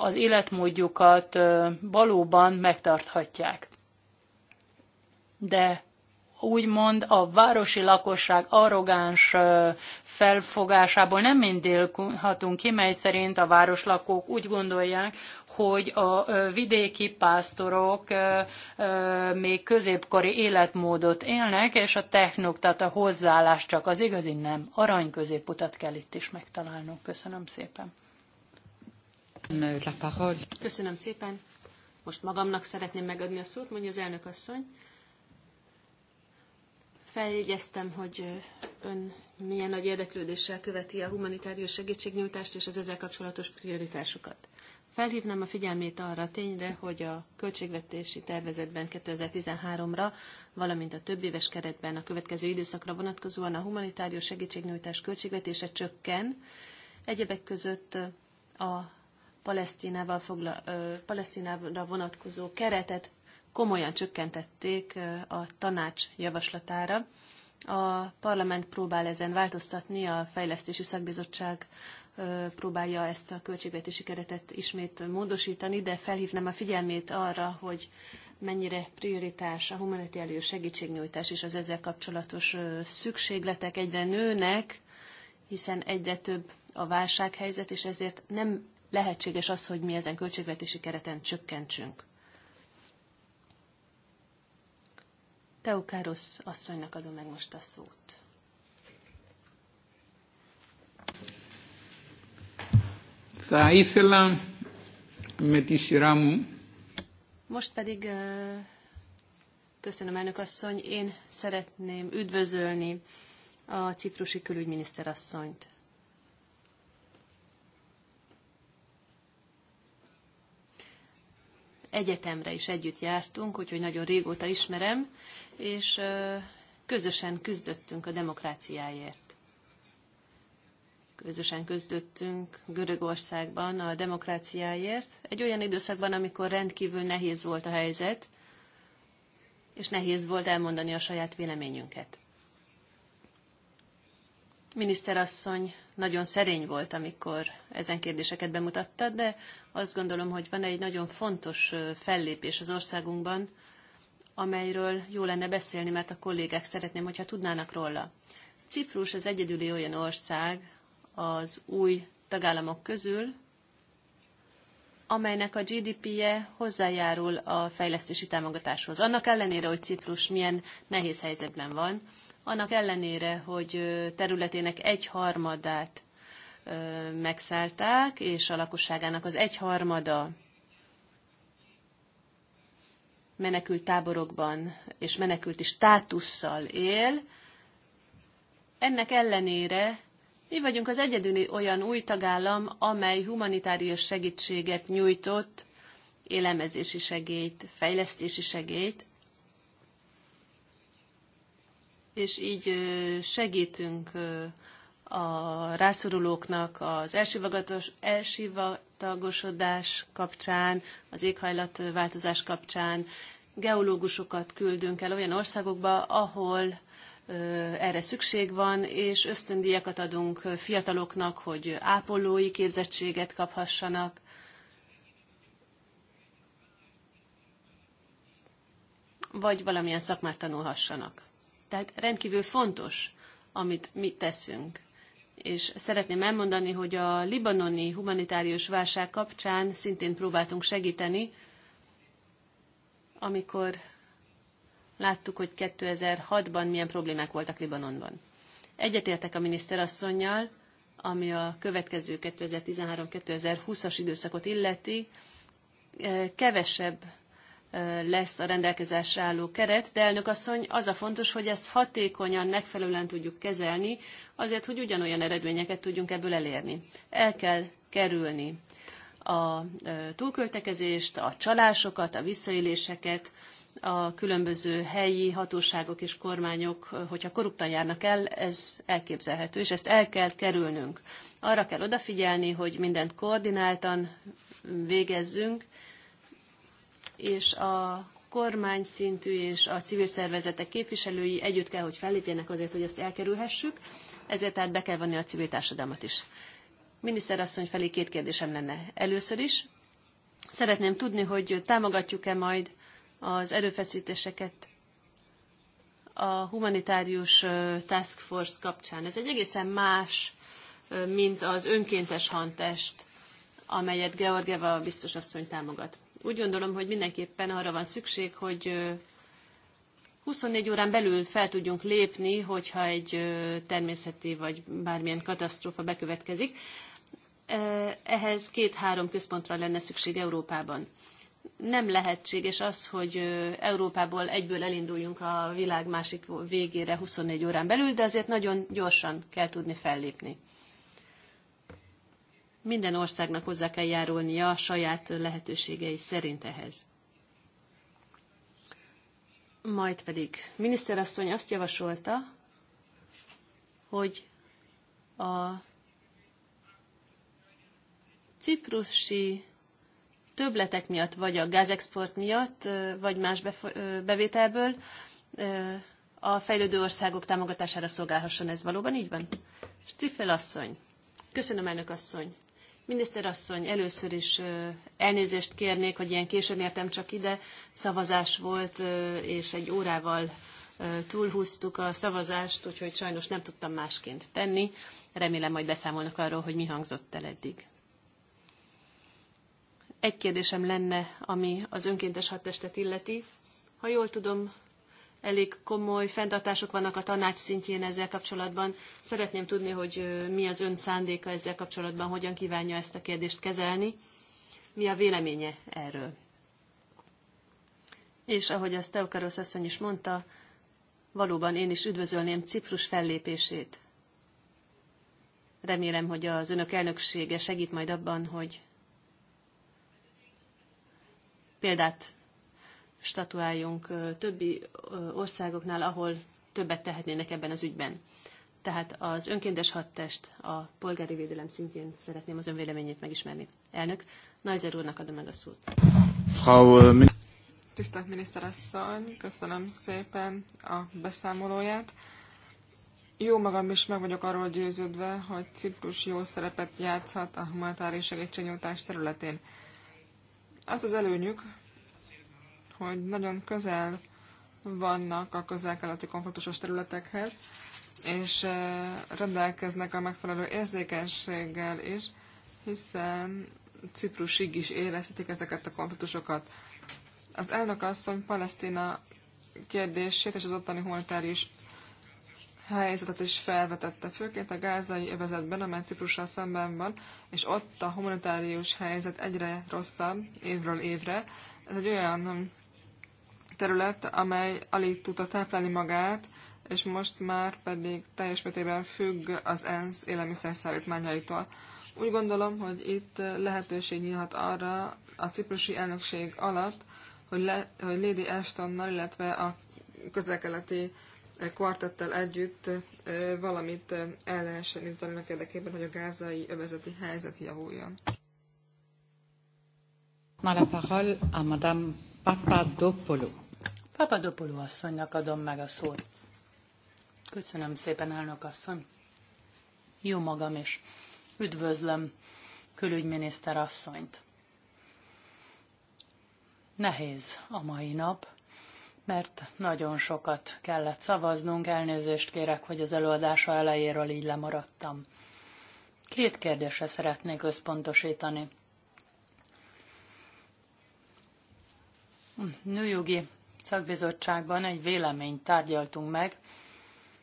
S2: az életmódjukat valóban megtarthatják. De úgymond a városi lakosság arrogáns felfogásából nem indulhatunk ki, mely szerint a városlakók úgy gondolják, hogy a vidéki pásztorok még középkori életmódot élnek, és a technokrata hozzáállás csak az igazi nem. Arany középutat
S4: kell itt is megtalálnunk. Köszönöm szépen. Köszönöm szépen. Most magamnak szeretném megadni a szót, mondja az elnök asszony. Feljegyeztem, hogy ön milyen nagy érdeklődéssel követi a humanitárius segítségnyújtást és az ezzel kapcsolatos prioritásokat. Felhívnám a figyelmét arra a tényre, hogy a költségvetési tervezetben 2013-ra, valamint a több éves keretben a következő időszakra vonatkozóan a humanitárius segítségnyújtás költségvetése csökken, egyebek között a Palesztinával fogla, Palesztinára vonatkozó keretet komolyan csökkentették a tanács javaslatára, a parlament próbál ezen változtatni, a fejlesztési szakbizottság próbálja ezt a költségvetési keretet ismét módosítani, de felhívnám a figyelmét arra, hogy mennyire prioritás a humanitárius segítségnyújtás és az ezzel kapcsolatos szükségletek egyre nőnek, hiszen egyre több a válsághelyzet, és ezért nem lehetséges az, hogy mi ezen költségvetési kereten csökkentsünk. Teukárosz asszonynak adom meg most a szót. Most pedig köszönöm elnök asszony, én szeretném üdvözölni a ciprusi külügyminiszter asszonyt. Egyetemre is együtt jártunk, úgyhogy nagyon régóta ismerem, és közösen küzdöttünk a demokráciáért. Közösen küzdöttünk Görögországban a demokráciáért, egy olyan időszakban, amikor rendkívül nehéz volt a helyzet, és nehéz volt elmondani a saját véleményünket. Miniszterasszony nagyon szerény volt, amikor ezen kérdéseket bemutatta, de azt gondolom, hogy van egy nagyon fontos fellépés az országunkban, amelyről jó lenne beszélni, mert a kollégák szeretném, hogyha tudnának róla. Ciprus az egyedüli olyan ország az új tagállamok közül, amelynek a GDP-je hozzájárul a fejlesztési támogatáshoz. Annak ellenére, hogy Ciprus milyen nehéz helyzetben van, annak ellenére, hogy területének egy harmadát megszállták, és a lakosságának az egyharmada menekült táborokban és menekülti státusszal él. Ennek ellenére mi vagyunk az egyedüli olyan új tagállam, amely humanitárius segítséget nyújtott, élemezési segélyt, fejlesztési segélyt, és így segítünk a rászorulóknak az elsivatagos, elsiva, tagosodás kapcsán, az éghajlatváltozás kapcsán geológusokat küldünk el olyan országokba, ahol erre szükség van, és ösztöndíjakat adunk fiataloknak, hogy ápolói képzettséget kaphassanak. vagy valamilyen szakmát tanulhassanak. Tehát rendkívül fontos, amit mi teszünk és szeretném elmondani, hogy a libanoni humanitárius válság kapcsán szintén próbáltunk segíteni, amikor láttuk, hogy 2006-ban milyen problémák voltak Libanonban. Egyetértek a miniszterasszonynal, ami a következő 2013-2020-as időszakot illeti, kevesebb lesz a rendelkezésre álló keret, de elnök asszony, az a fontos, hogy ezt hatékonyan, megfelelően tudjuk kezelni, azért, hogy ugyanolyan eredményeket tudjunk ebből elérni. El kell kerülni a túlköltekezést, a csalásokat, a visszaéléseket, a különböző helyi hatóságok és kormányok, hogyha korruptan járnak el, ez elképzelhető, és ezt el kell kerülnünk. Arra kell odafigyelni, hogy mindent koordináltan végezzünk, és a kormány szintű és a civil szervezetek képviselői együtt kell, hogy fellépjenek azért, hogy ezt elkerülhessük, ezért tehát be kell vonni a civil társadalmat is. Miniszterasszony felé két kérdésem lenne. Először is szeretném tudni, hogy támogatjuk-e majd az erőfeszítéseket a humanitárius task force kapcsán. Ez egy egészen más, mint az önkéntes hantest, amelyet Georgieva biztos asszony támogat. Úgy gondolom, hogy mindenképpen arra van szükség, hogy 24 órán belül fel tudjunk lépni, hogyha egy természeti vagy bármilyen katasztrófa bekövetkezik. Ehhez két-három központra lenne szükség Európában. Nem lehetséges az, hogy Európából egyből elinduljunk a világ másik végére 24 órán belül, de azért nagyon gyorsan kell tudni fellépni. Minden országnak hozzá kell járulnia a saját lehetőségei szerint ehhez. Majd pedig miniszterasszony azt javasolta, hogy a ciprusi többletek miatt, vagy a gázexport miatt, vagy más bevételből a fejlődő országok támogatására szolgálhasson. Ez valóban így van? Stifel asszony. Köszönöm, elnök asszony. Miniszterasszony, először is elnézést kérnék, hogy ilyen későn értem csak ide. Szavazás volt, és egy órával túlhúztuk a szavazást, úgyhogy sajnos nem tudtam másként tenni. Remélem majd beszámolnak arról, hogy mi hangzott el eddig. Egy kérdésem lenne, ami az önkéntes hadtestet illeti. Ha jól tudom, elég komoly fenntartások vannak a tanács szintjén ezzel kapcsolatban. Szeretném tudni, hogy mi az ön szándéka ezzel kapcsolatban, hogyan kívánja ezt a kérdést kezelni, mi a véleménye erről. És ahogy azt Teokarosz asszony is mondta, valóban én is üdvözölném Ciprus fellépését. Remélem, hogy az önök elnöksége segít majd abban, hogy példát statuáljunk többi országoknál, ahol többet tehetnének ebben az ügyben. Tehát az önkéntes hadtest a polgári védelem szintjén szeretném az önvéleményét megismerni. Elnök, Najzer úrnak adom meg a szót. Frau, Tisztelt miniszterasszony, köszönöm szépen
S3: a beszámolóját. Jó magam is meg vagyok arról győződve, hogy Ciprus jó szerepet játszhat a humanitári segítségnyújtás területén. Az az előnyük, hogy nagyon közel vannak a közel-keleti konfliktusos területekhez, és rendelkeznek a megfelelő érzékenységgel is, hiszen Ciprusig is érezhetik ezeket a konfliktusokat. Az elnök asszony Palesztina kérdését és az ottani humanitárius helyzetet is felvetette, főként a gázai övezetben, amely Ciprussal szemben van, és ott a humanitárius helyzet egyre rosszabb évről évre. Ez egy olyan terület, amely alig tudta táplálni magát, és most már pedig teljes mértékben függ az ENSZ élelmiszerszállítmányaitól. Úgy gondolom, hogy itt lehetőség nyílhat arra a ciprusi elnökség alatt, hogy, le, hogy Lady Ashtonnal, illetve a közelkeleti kvartettel együtt valamit el lehessen indítani a érdekében, hogy a gázai övezeti helyzet javuljon.
S1: Ma la parole à Madame Papadopoulou.
S2: Papadopoulou asszonynak adom meg a szót. Köszönöm szépen, elnök asszony. Jó magam is. Üdvözlöm külügyminiszter asszonyt. Nehéz a mai nap, mert nagyon sokat kellett szavaznunk, elnézést kérek, hogy az előadása elejéről így lemaradtam. Két kérdésre szeretnék összpontosítani. Nőjogi szakbizottságban egy véleményt tárgyaltunk meg,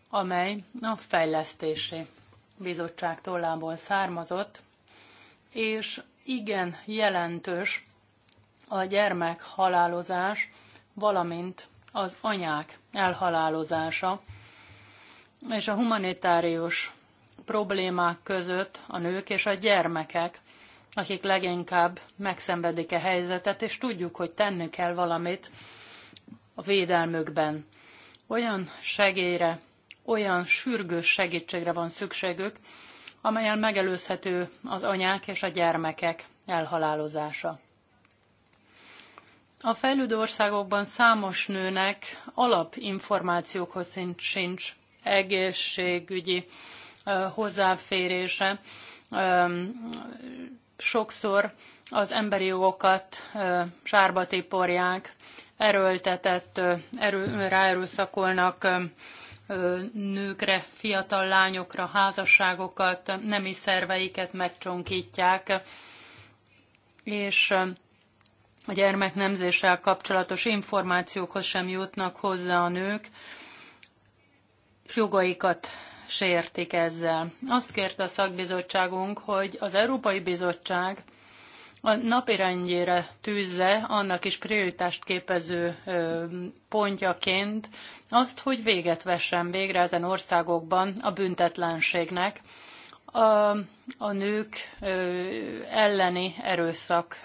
S2: amely a fejlesztési bizottság tollából származott, és igen jelentős a gyermekhalálozás, valamint az anyák elhalálozása, és a humanitárius problémák között a nők és a gyermekek, akik leginkább megszenvedik a e helyzetet, és tudjuk, hogy tenni kell valamit a védelmükben. Olyan segélyre, olyan sürgős segítségre van szükségük, amelyen megelőzhető az anyák és a gyermekek elhalálozása. A fejlődő országokban számos nőnek alapinformációkhoz sincs egészségügyi hozzáférése. Sokszor az emberi jogokat sárba tiporják, erőltetett, erő, ráerőszakolnak nőkre, fiatal lányokra, házasságokat, nemi szerveiket megcsonkítják, és a gyermeknemzéssel kapcsolatos információkhoz sem jutnak hozzá a nők, és jogaikat sértik ezzel. Azt kérte a szakbizottságunk, hogy az Európai Bizottság a napirendjére tűzze annak is prioritást képező pontjaként azt, hogy véget vessen végre ezen országokban a büntetlenségnek, a, a nők elleni erőszak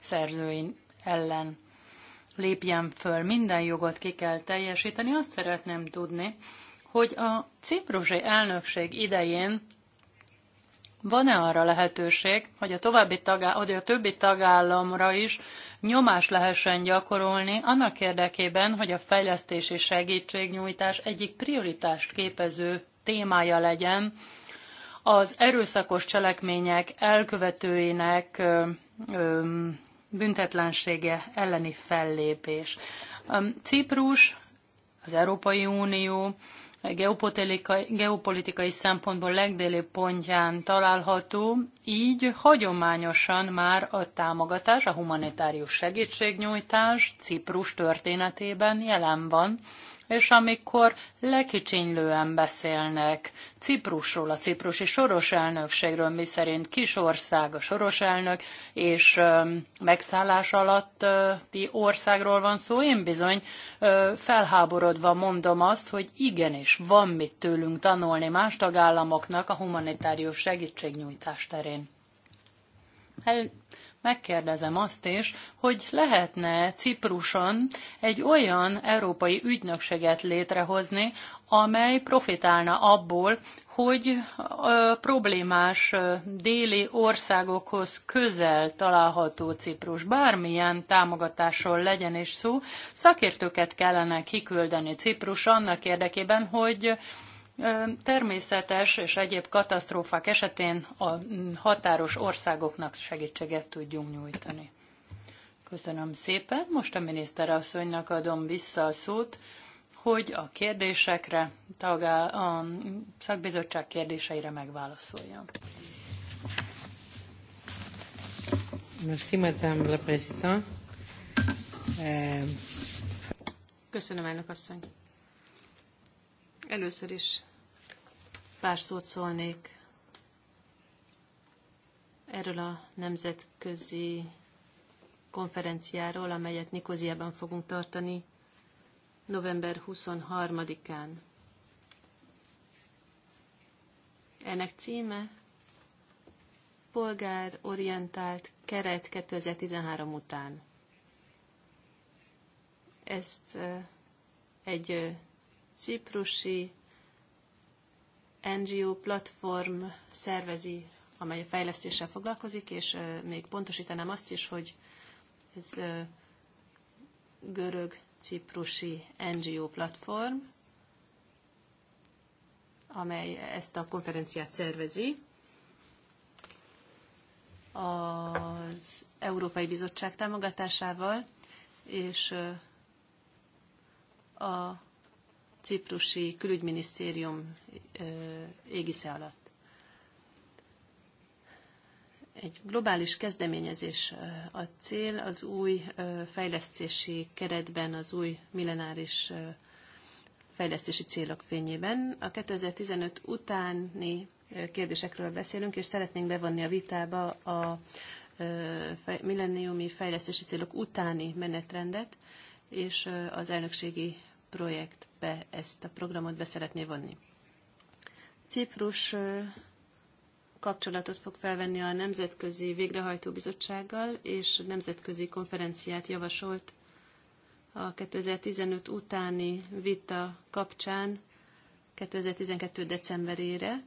S2: szerzőin ellen lépjen föl. Minden jogot ki kell teljesíteni. Azt szeretném tudni, hogy a ciprusi elnökség idején van-e arra lehetőség, hogy a, további tagá- hogy a többi tagállamra is nyomást lehessen gyakorolni annak érdekében, hogy a fejlesztési segítségnyújtás egyik prioritást képező témája legyen az erőszakos cselekmények elkövetőinek ö, ö, büntetlensége elleni fellépés. Ciprus, az Európai Unió geopolitikai szempontból legdélibb pontján található, így hagyományosan már a támogatás, a humanitárius segítségnyújtás Ciprus történetében jelen van, és amikor lekicsinylően beszélnek Ciprusról, a ciprusi soros elnökségről, miszerint ország a soros elnök, és megszállás alatti országról van szó, én bizony felháborodva mondom azt, hogy igenis van mit tőlünk tanulni más tagállamoknak a humanitárius segítségnyújtás terén. El, megkérdezem azt is, hogy lehetne Cipruson egy olyan európai ügynökséget létrehozni, amely profitálna abból, hogy a problémás déli országokhoz közel található Ciprus bármilyen támogatásról legyen is szó, szakértőket kellene kiküldeni Ciprus annak érdekében, hogy természetes és egyéb katasztrófák esetén a mm, határos országoknak segítséget tudjunk nyújtani. Köszönöm szépen. Most a miniszterasszonynak adom vissza a szót, hogy a kérdésekre, a szakbizottság kérdéseire megválaszoljon.
S1: Merci, Madame la Présidente. Euh,
S4: Köszönöm, elnök asszony. Először is Pár szót szólnék erről a nemzetközi konferenciáról, amelyet Nikoziában fogunk tartani november 23-án. Ennek címe orientált keret 2013 után. Ezt eh, egy eh, ciprusi NGO platform szervezi, amely a fejlesztéssel foglalkozik, és még pontosítanám azt is, hogy ez görög-ciprusi NGO platform, amely ezt a konferenciát szervezi. Az Európai Bizottság támogatásával, és a ciprusi külügyminisztérium égisze alatt. Egy globális kezdeményezés a cél az új fejlesztési keretben, az új millenáris fejlesztési célok fényében. A 2015 utáni kérdésekről beszélünk, és szeretnénk bevonni a vitába a milleniumi fejlesztési célok utáni menetrendet, és az elnökségi projektbe ezt a programot be szeretné vonni. Ciprus kapcsolatot fog felvenni a Nemzetközi Végrehajtó Bizottsággal, és nemzetközi konferenciát javasolt a 2015 utáni vita kapcsán 2012. decemberére.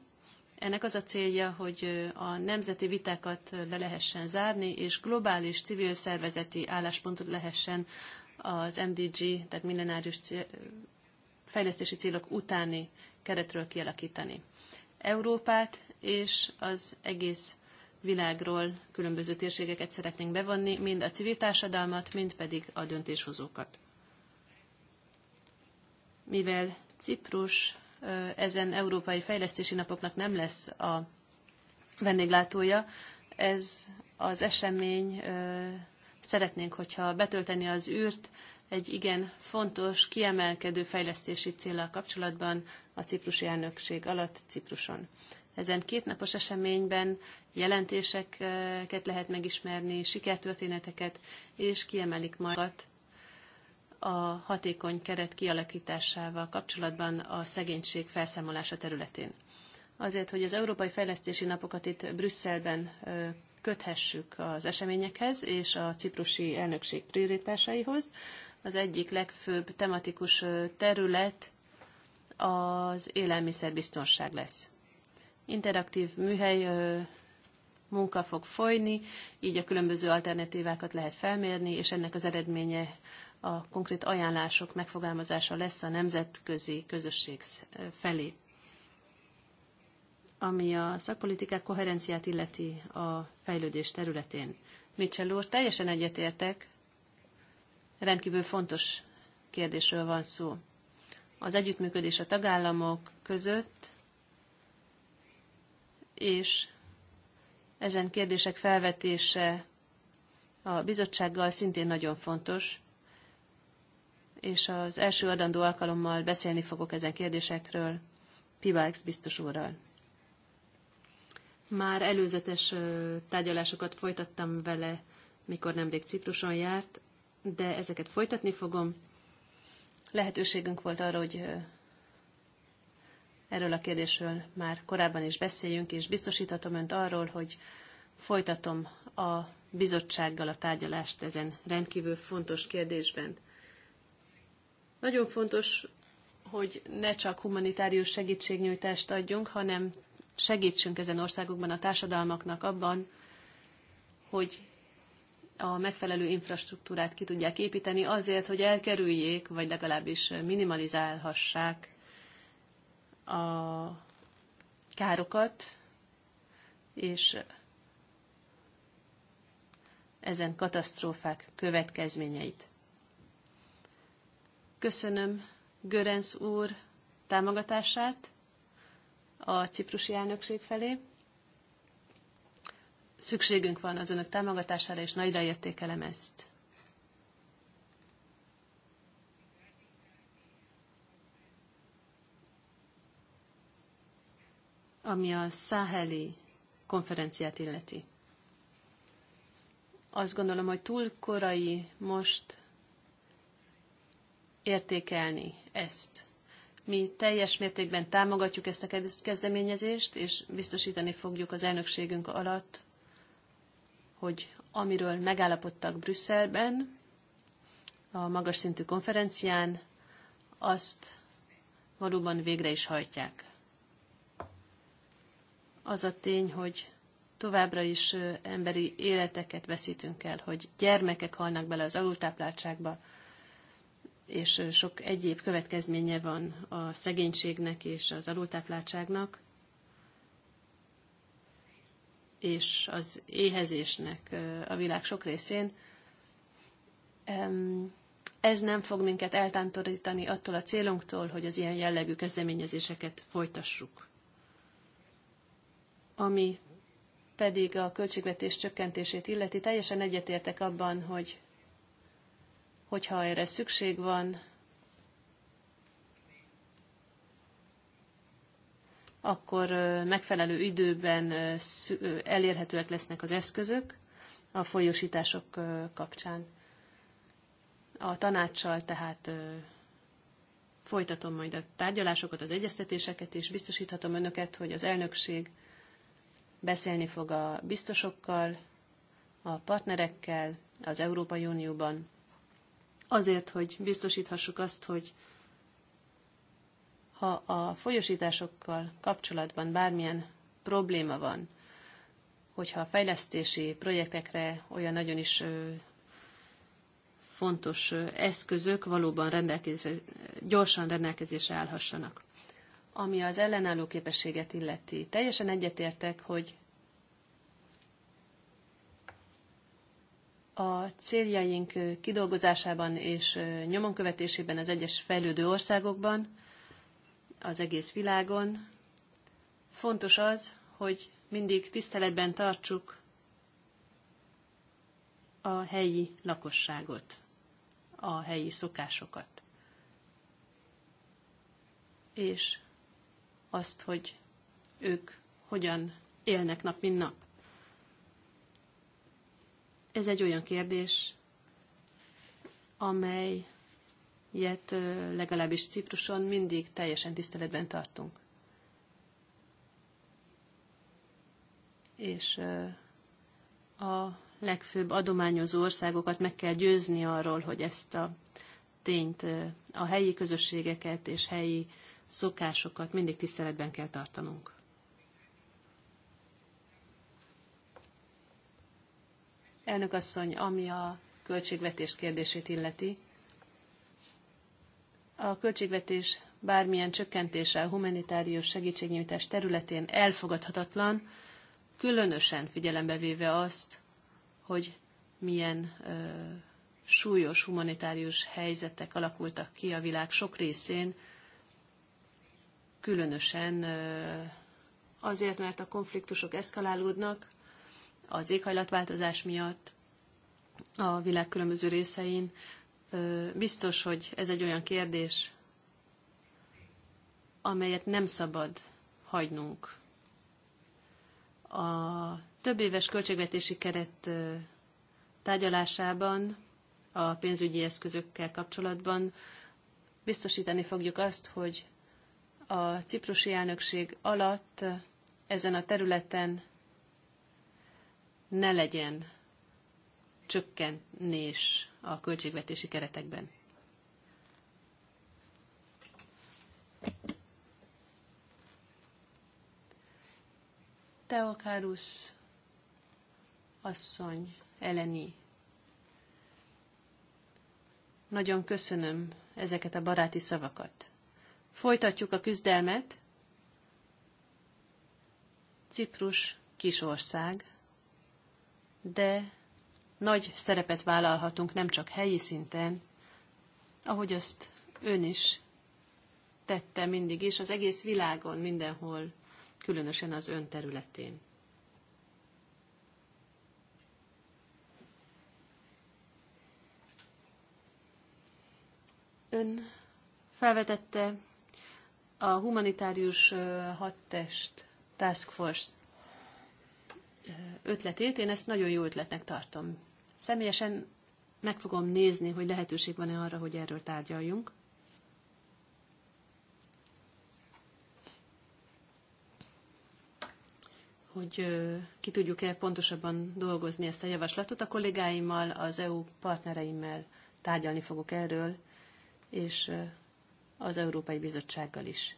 S4: Ennek az a célja, hogy a nemzeti vitákat le lehessen zárni, és globális civil szervezeti álláspontot lehessen az MDG, tehát millenárius cél, fejlesztési célok utáni keretről kialakítani. Európát és az egész világról különböző térségeket szeretnénk bevonni, mind a civil társadalmat, mind pedig a döntéshozókat. Mivel Ciprus ezen európai fejlesztési napoknak nem lesz a vendéglátója, ez az esemény Szeretnénk, hogyha betölteni az űrt egy igen fontos, kiemelkedő fejlesztési célral kapcsolatban a ciprusi elnökség alatt Cipruson. Ezen kétnapos eseményben jelentéseket lehet megismerni, sikertörténeteket, és kiemelik magat a hatékony keret kialakításával kapcsolatban a szegénység felszámolása területén. Azért, hogy az Európai Fejlesztési Napokat itt Brüsszelben köthessük az eseményekhez és a ciprusi elnökség prioritásaihoz. Az egyik legfőbb tematikus terület az élelmiszerbiztonság lesz. Interaktív műhely munka fog folyni, így a különböző alternatívákat lehet felmérni, és ennek az eredménye a konkrét ajánlások megfogalmazása lesz a nemzetközi közösség felé ami a szakpolitikák koherenciát illeti a fejlődés területén. Mitchell úr, teljesen egyetértek, rendkívül fontos kérdésről van szó. Az együttműködés a tagállamok között és ezen kérdések felvetése a bizottsággal szintén nagyon fontos, és az első adandó alkalommal beszélni fogok ezen kérdésekről Pibax biztos úrral. Már előzetes tárgyalásokat folytattam vele, mikor nemrég Cipruson járt, de ezeket folytatni fogom. Lehetőségünk volt arra, hogy erről a kérdésről már korábban is beszéljünk, és biztosíthatom önt arról, hogy folytatom a bizottsággal a tárgyalást ezen rendkívül fontos kérdésben. Nagyon fontos, hogy ne csak humanitárius segítségnyújtást adjunk, hanem segítsünk ezen országokban a társadalmaknak abban, hogy a megfelelő infrastruktúrát ki tudják építeni azért, hogy elkerüljék, vagy legalábbis minimalizálhassák a károkat, és ezen katasztrófák következményeit. Köszönöm Görenc úr támogatását, a ciprusi elnökség felé. Szükségünk van az önök támogatására, és nagyra értékelem ezt. Ami a száheli konferenciát illeti. Azt gondolom, hogy túl korai most értékelni ezt. Mi teljes mértékben támogatjuk ezt a kezdeményezést, és biztosítani fogjuk az elnökségünk alatt, hogy amiről megállapodtak Brüsszelben, a magas szintű konferencián, azt valóban végre is hajtják. Az a tény, hogy továbbra is emberi életeket veszítünk el, hogy gyermekek halnak bele az alultápláltságba, és sok egyéb következménye van a szegénységnek és az alultápláltságnak, és az éhezésnek a világ sok részén. Ez nem fog minket eltántorítani attól a célunktól, hogy az ilyen jellegű kezdeményezéseket folytassuk. Ami pedig a költségvetés csökkentését illeti, teljesen egyetértek abban, hogy hogyha erre szükség van, akkor megfelelő időben elérhetőek lesznek az eszközök a folyosítások kapcsán. A tanácssal tehát folytatom majd a tárgyalásokat, az egyeztetéseket, és biztosíthatom önöket, hogy az elnökség beszélni fog a biztosokkal, a partnerekkel az Európai Unióban azért, hogy biztosíthassuk azt, hogy ha a folyosításokkal kapcsolatban bármilyen probléma van, hogyha a fejlesztési projektekre olyan nagyon is fontos eszközök valóban rendelkezésre, gyorsan rendelkezésre állhassanak. Ami az ellenálló képességet illeti, teljesen egyetértek, hogy a céljaink kidolgozásában és nyomon követésében az egyes fejlődő országokban, az egész világon fontos az, hogy mindig tiszteletben tartsuk a helyi lakosságot, a helyi szokásokat. És azt, hogy ők hogyan élnek nap mint nap. Ez egy olyan kérdés, amelyet legalábbis Cipruson mindig teljesen tiszteletben tartunk. És a legfőbb adományozó országokat meg kell győzni arról, hogy ezt a tényt, a helyi közösségeket és helyi szokásokat mindig tiszteletben kell tartanunk. Elnök asszony, ami a költségvetés kérdését illeti, a költségvetés bármilyen csökkentése a humanitárius segítségnyújtás területén elfogadhatatlan, különösen figyelembe véve azt, hogy milyen ö, súlyos humanitárius helyzetek alakultak ki a világ sok részén, különösen ö, azért, mert a konfliktusok eszkalálódnak, az éghajlatváltozás miatt a világ különböző részein. Biztos, hogy ez egy olyan kérdés, amelyet nem szabad hagynunk. A több éves költségvetési keret tárgyalásában a pénzügyi eszközökkel kapcsolatban biztosítani fogjuk azt, hogy a ciprusi elnökség alatt ezen a területen ne legyen csökkentés a költségvetési keretekben. Teokárus asszony Eleni. Nagyon köszönöm ezeket a baráti szavakat. Folytatjuk a küzdelmet. Ciprus kisország de nagy szerepet vállalhatunk nem csak helyi szinten, ahogy azt ön is tette mindig is, az egész világon, mindenhol, különösen az ön területén. Ön felvetette a humanitárius hadtest Task Force ötletét, én ezt nagyon jó ötletnek tartom. Személyesen meg fogom nézni, hogy lehetőség van-e arra, hogy erről tárgyaljunk. hogy ki tudjuk-e pontosabban dolgozni ezt a javaslatot. A kollégáimmal, az EU partnereimmel tárgyalni fogok erről, és az Európai Bizottsággal is.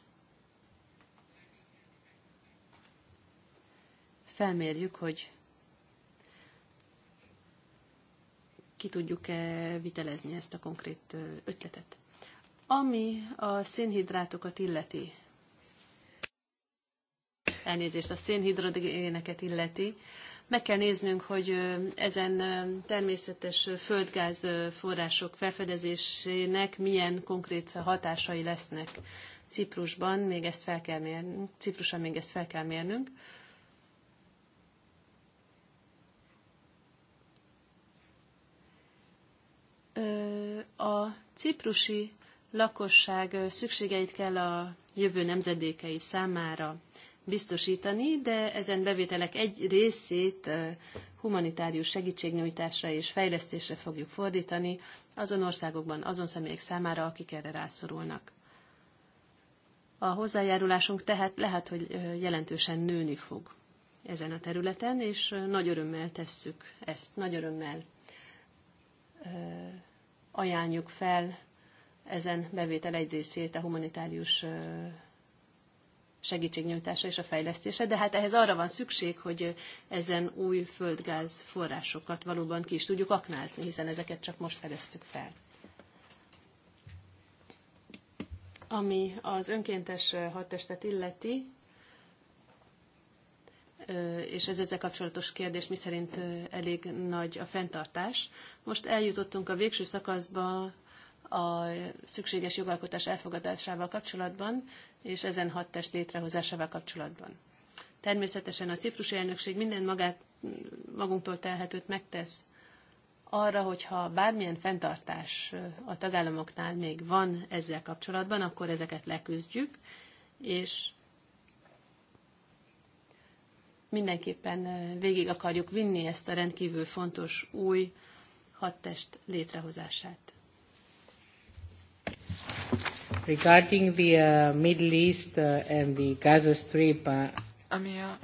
S4: felmérjük, hogy ki tudjuk-e vitelezni ezt a konkrét ötletet. Ami a szénhidrátokat illeti, elnézést, a szénhidrogéneket illeti, meg kell néznünk, hogy ezen természetes földgáz források felfedezésének milyen konkrét hatásai lesznek Ciprusban, még ezt fel kell mérnünk, Ciprusban még ezt fel kell mérnünk. a ciprusi lakosság szükségeit kell a jövő nemzedékei számára biztosítani, de ezen bevételek egy részét humanitárius segítségnyújtásra és fejlesztésre fogjuk fordítani azon országokban, azon személyek számára, akik erre rászorulnak. A hozzájárulásunk tehát lehet, hogy jelentősen nőni fog ezen a területen, és nagy örömmel tesszük ezt, nagy örömmel ajánljuk fel ezen bevétel egy részét a humanitárius segítségnyújtása és a fejlesztése, de hát ehhez arra van szükség, hogy ezen új földgáz forrásokat valóban ki is tudjuk aknázni, hiszen ezeket csak most fedeztük fel. Ami az önkéntes hadtestet illeti, és ez ezzel kapcsolatos kérdés, mi szerint elég nagy a fenntartás. Most eljutottunk a végső szakaszba a szükséges jogalkotás elfogadásával kapcsolatban, és ezen hat test létrehozásával kapcsolatban. Természetesen a ciprusi elnökség minden magát, magunktól telhetőt megtesz arra, hogyha bármilyen fenntartás a tagállamoknál még van ezzel kapcsolatban, akkor ezeket leküzdjük, és mindenképpen végig akarjuk vinni ezt a rendkívül fontos új hadtest létrehozását.
S1: Regarding the uh, Middle East uh, and the Gaza Strip, uh...
S4: ami a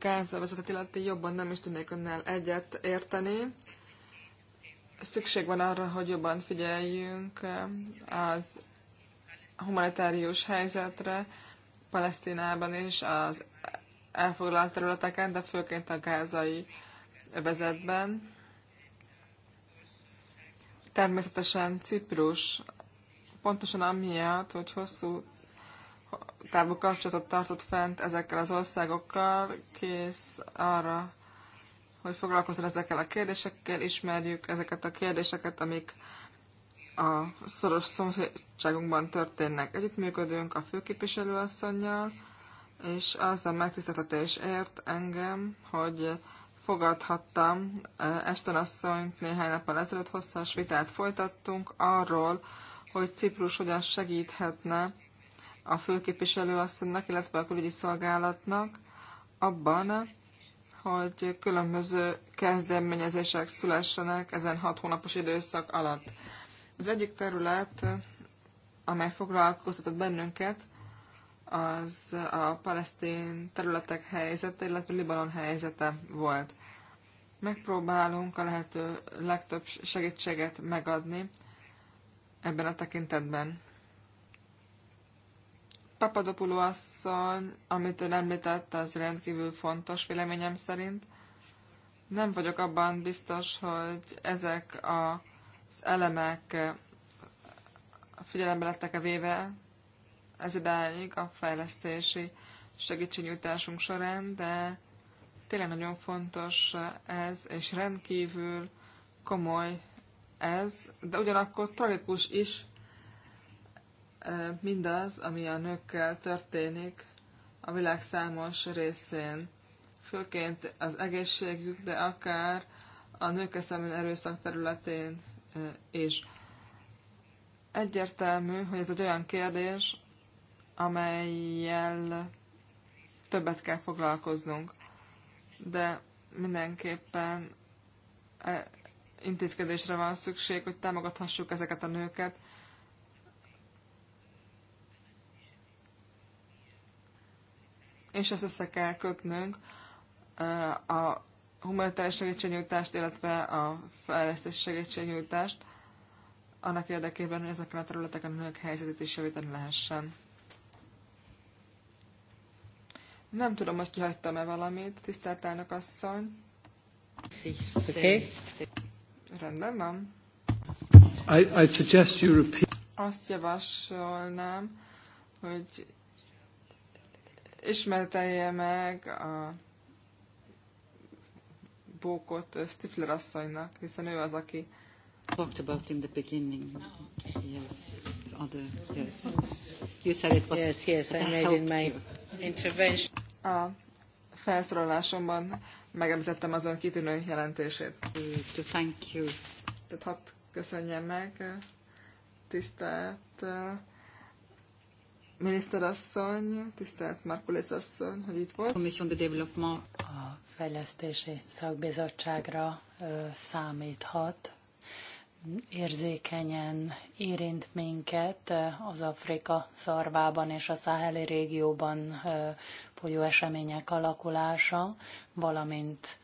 S3: Gáza vezetet illeti, jobban nem is tudnék önnel egyet érteni. Szükség van arra, hogy jobban figyeljünk az humanitárius helyzetre Palesztinában és az elfoglalt területeken, de főként a gázai övezetben. Természetesen Ciprus, pontosan amiatt, hogy hosszú távú kapcsolatot tartott fent ezekkel az országokkal, kész arra, hogy foglalkozzon ezekkel a kérdésekkel, ismerjük ezeket a kérdéseket, amik a szoros szomszédságunkban történnek. Együttműködünk a főképviselőasszonynal, és az a megtiszteltetés ért engem, hogy fogadhattam Eston asszonyt néhány nappal ezelőtt hosszas vitát folytattunk arról, hogy Ciprus hogyan segíthetne a főképviselő asszonynak, illetve a külügyi szolgálatnak abban, hogy különböző kezdeményezések szülessenek ezen hat hónapos időszak alatt. Az egyik terület, amely foglalkoztatott bennünket, az a palesztin területek helyzete, illetve Libanon helyzete volt. Megpróbálunk a lehető legtöbb segítséget megadni ebben a tekintetben. Papadopoulou asszony, amit ön említett, az rendkívül fontos véleményem szerint. Nem vagyok abban biztos, hogy ezek az elemek figyelembe lettek-e véve, ez idáig a fejlesztési segítségnyújtásunk során, de tényleg nagyon fontos ez, és rendkívül komoly ez, de ugyanakkor tragikus is mindaz, ami a nőkkel történik a világ számos részén. Főként az egészségük, de akár a nők eszemben erőszak területén is. Egyértelmű, hogy ez egy olyan kérdés, amelyel többet kell foglalkoznunk. De mindenképpen e, intézkedésre van szükség, hogy támogathassuk ezeket a nőket. És ezt össze kell kötnünk e, a humanitárius segítségnyújtást, illetve a fejlesztési segítségnyújtást annak érdekében, hogy ezeken a területeken a nők helyzetét is javítani lehessen. Nem tudom, hogy kihagytam-e valamit, tisztelt elnök asszony. Okay. Rendben van.
S4: I, I suggest you repeat.
S3: Azt javasolnám, hogy ismertelje meg a bókot Stifler asszonynak, hiszen ő az, aki talked about in the beginning. Yes. Other, yes.
S1: You said it was yes, yes, I made in my intervention
S3: a felszólalásomban megemlítettem azon kitűnő jelentését. Thank you. Tehát hadd köszönjem meg, tisztelt
S2: miniszterasszony, tisztelt Markulis asszony, hogy itt volt. Commission de Développement a fejlesztési szakbizottságra számíthat érzékenyen érint minket eh, az Afrika szarvában és a száheli régióban eh, folyó események alakulása, valamint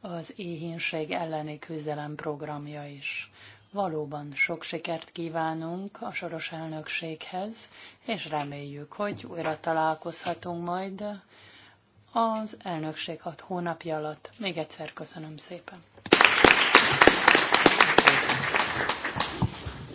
S2: az éhínség elleni küzdelem programja is. Valóban sok sikert kívánunk a soros elnökséghez, és reméljük, hogy újra találkozhatunk majd az elnökség hat hónapja alatt. Még egyszer köszönöm szépen.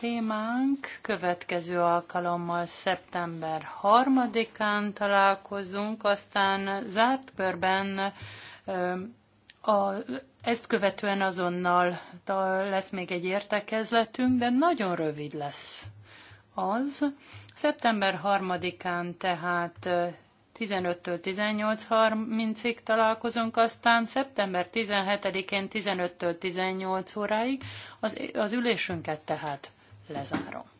S2: témánk. Következő alkalommal szeptember 3-án találkozunk, aztán zárt körben a, ezt követően azonnal lesz még egy értekezletünk, de nagyon rövid lesz az. Szeptember 3-án tehát 15-től 18.30-ig találkozunk, aztán szeptember 17-én 15-től 18 óráig az, az ülésünket tehát lezárom.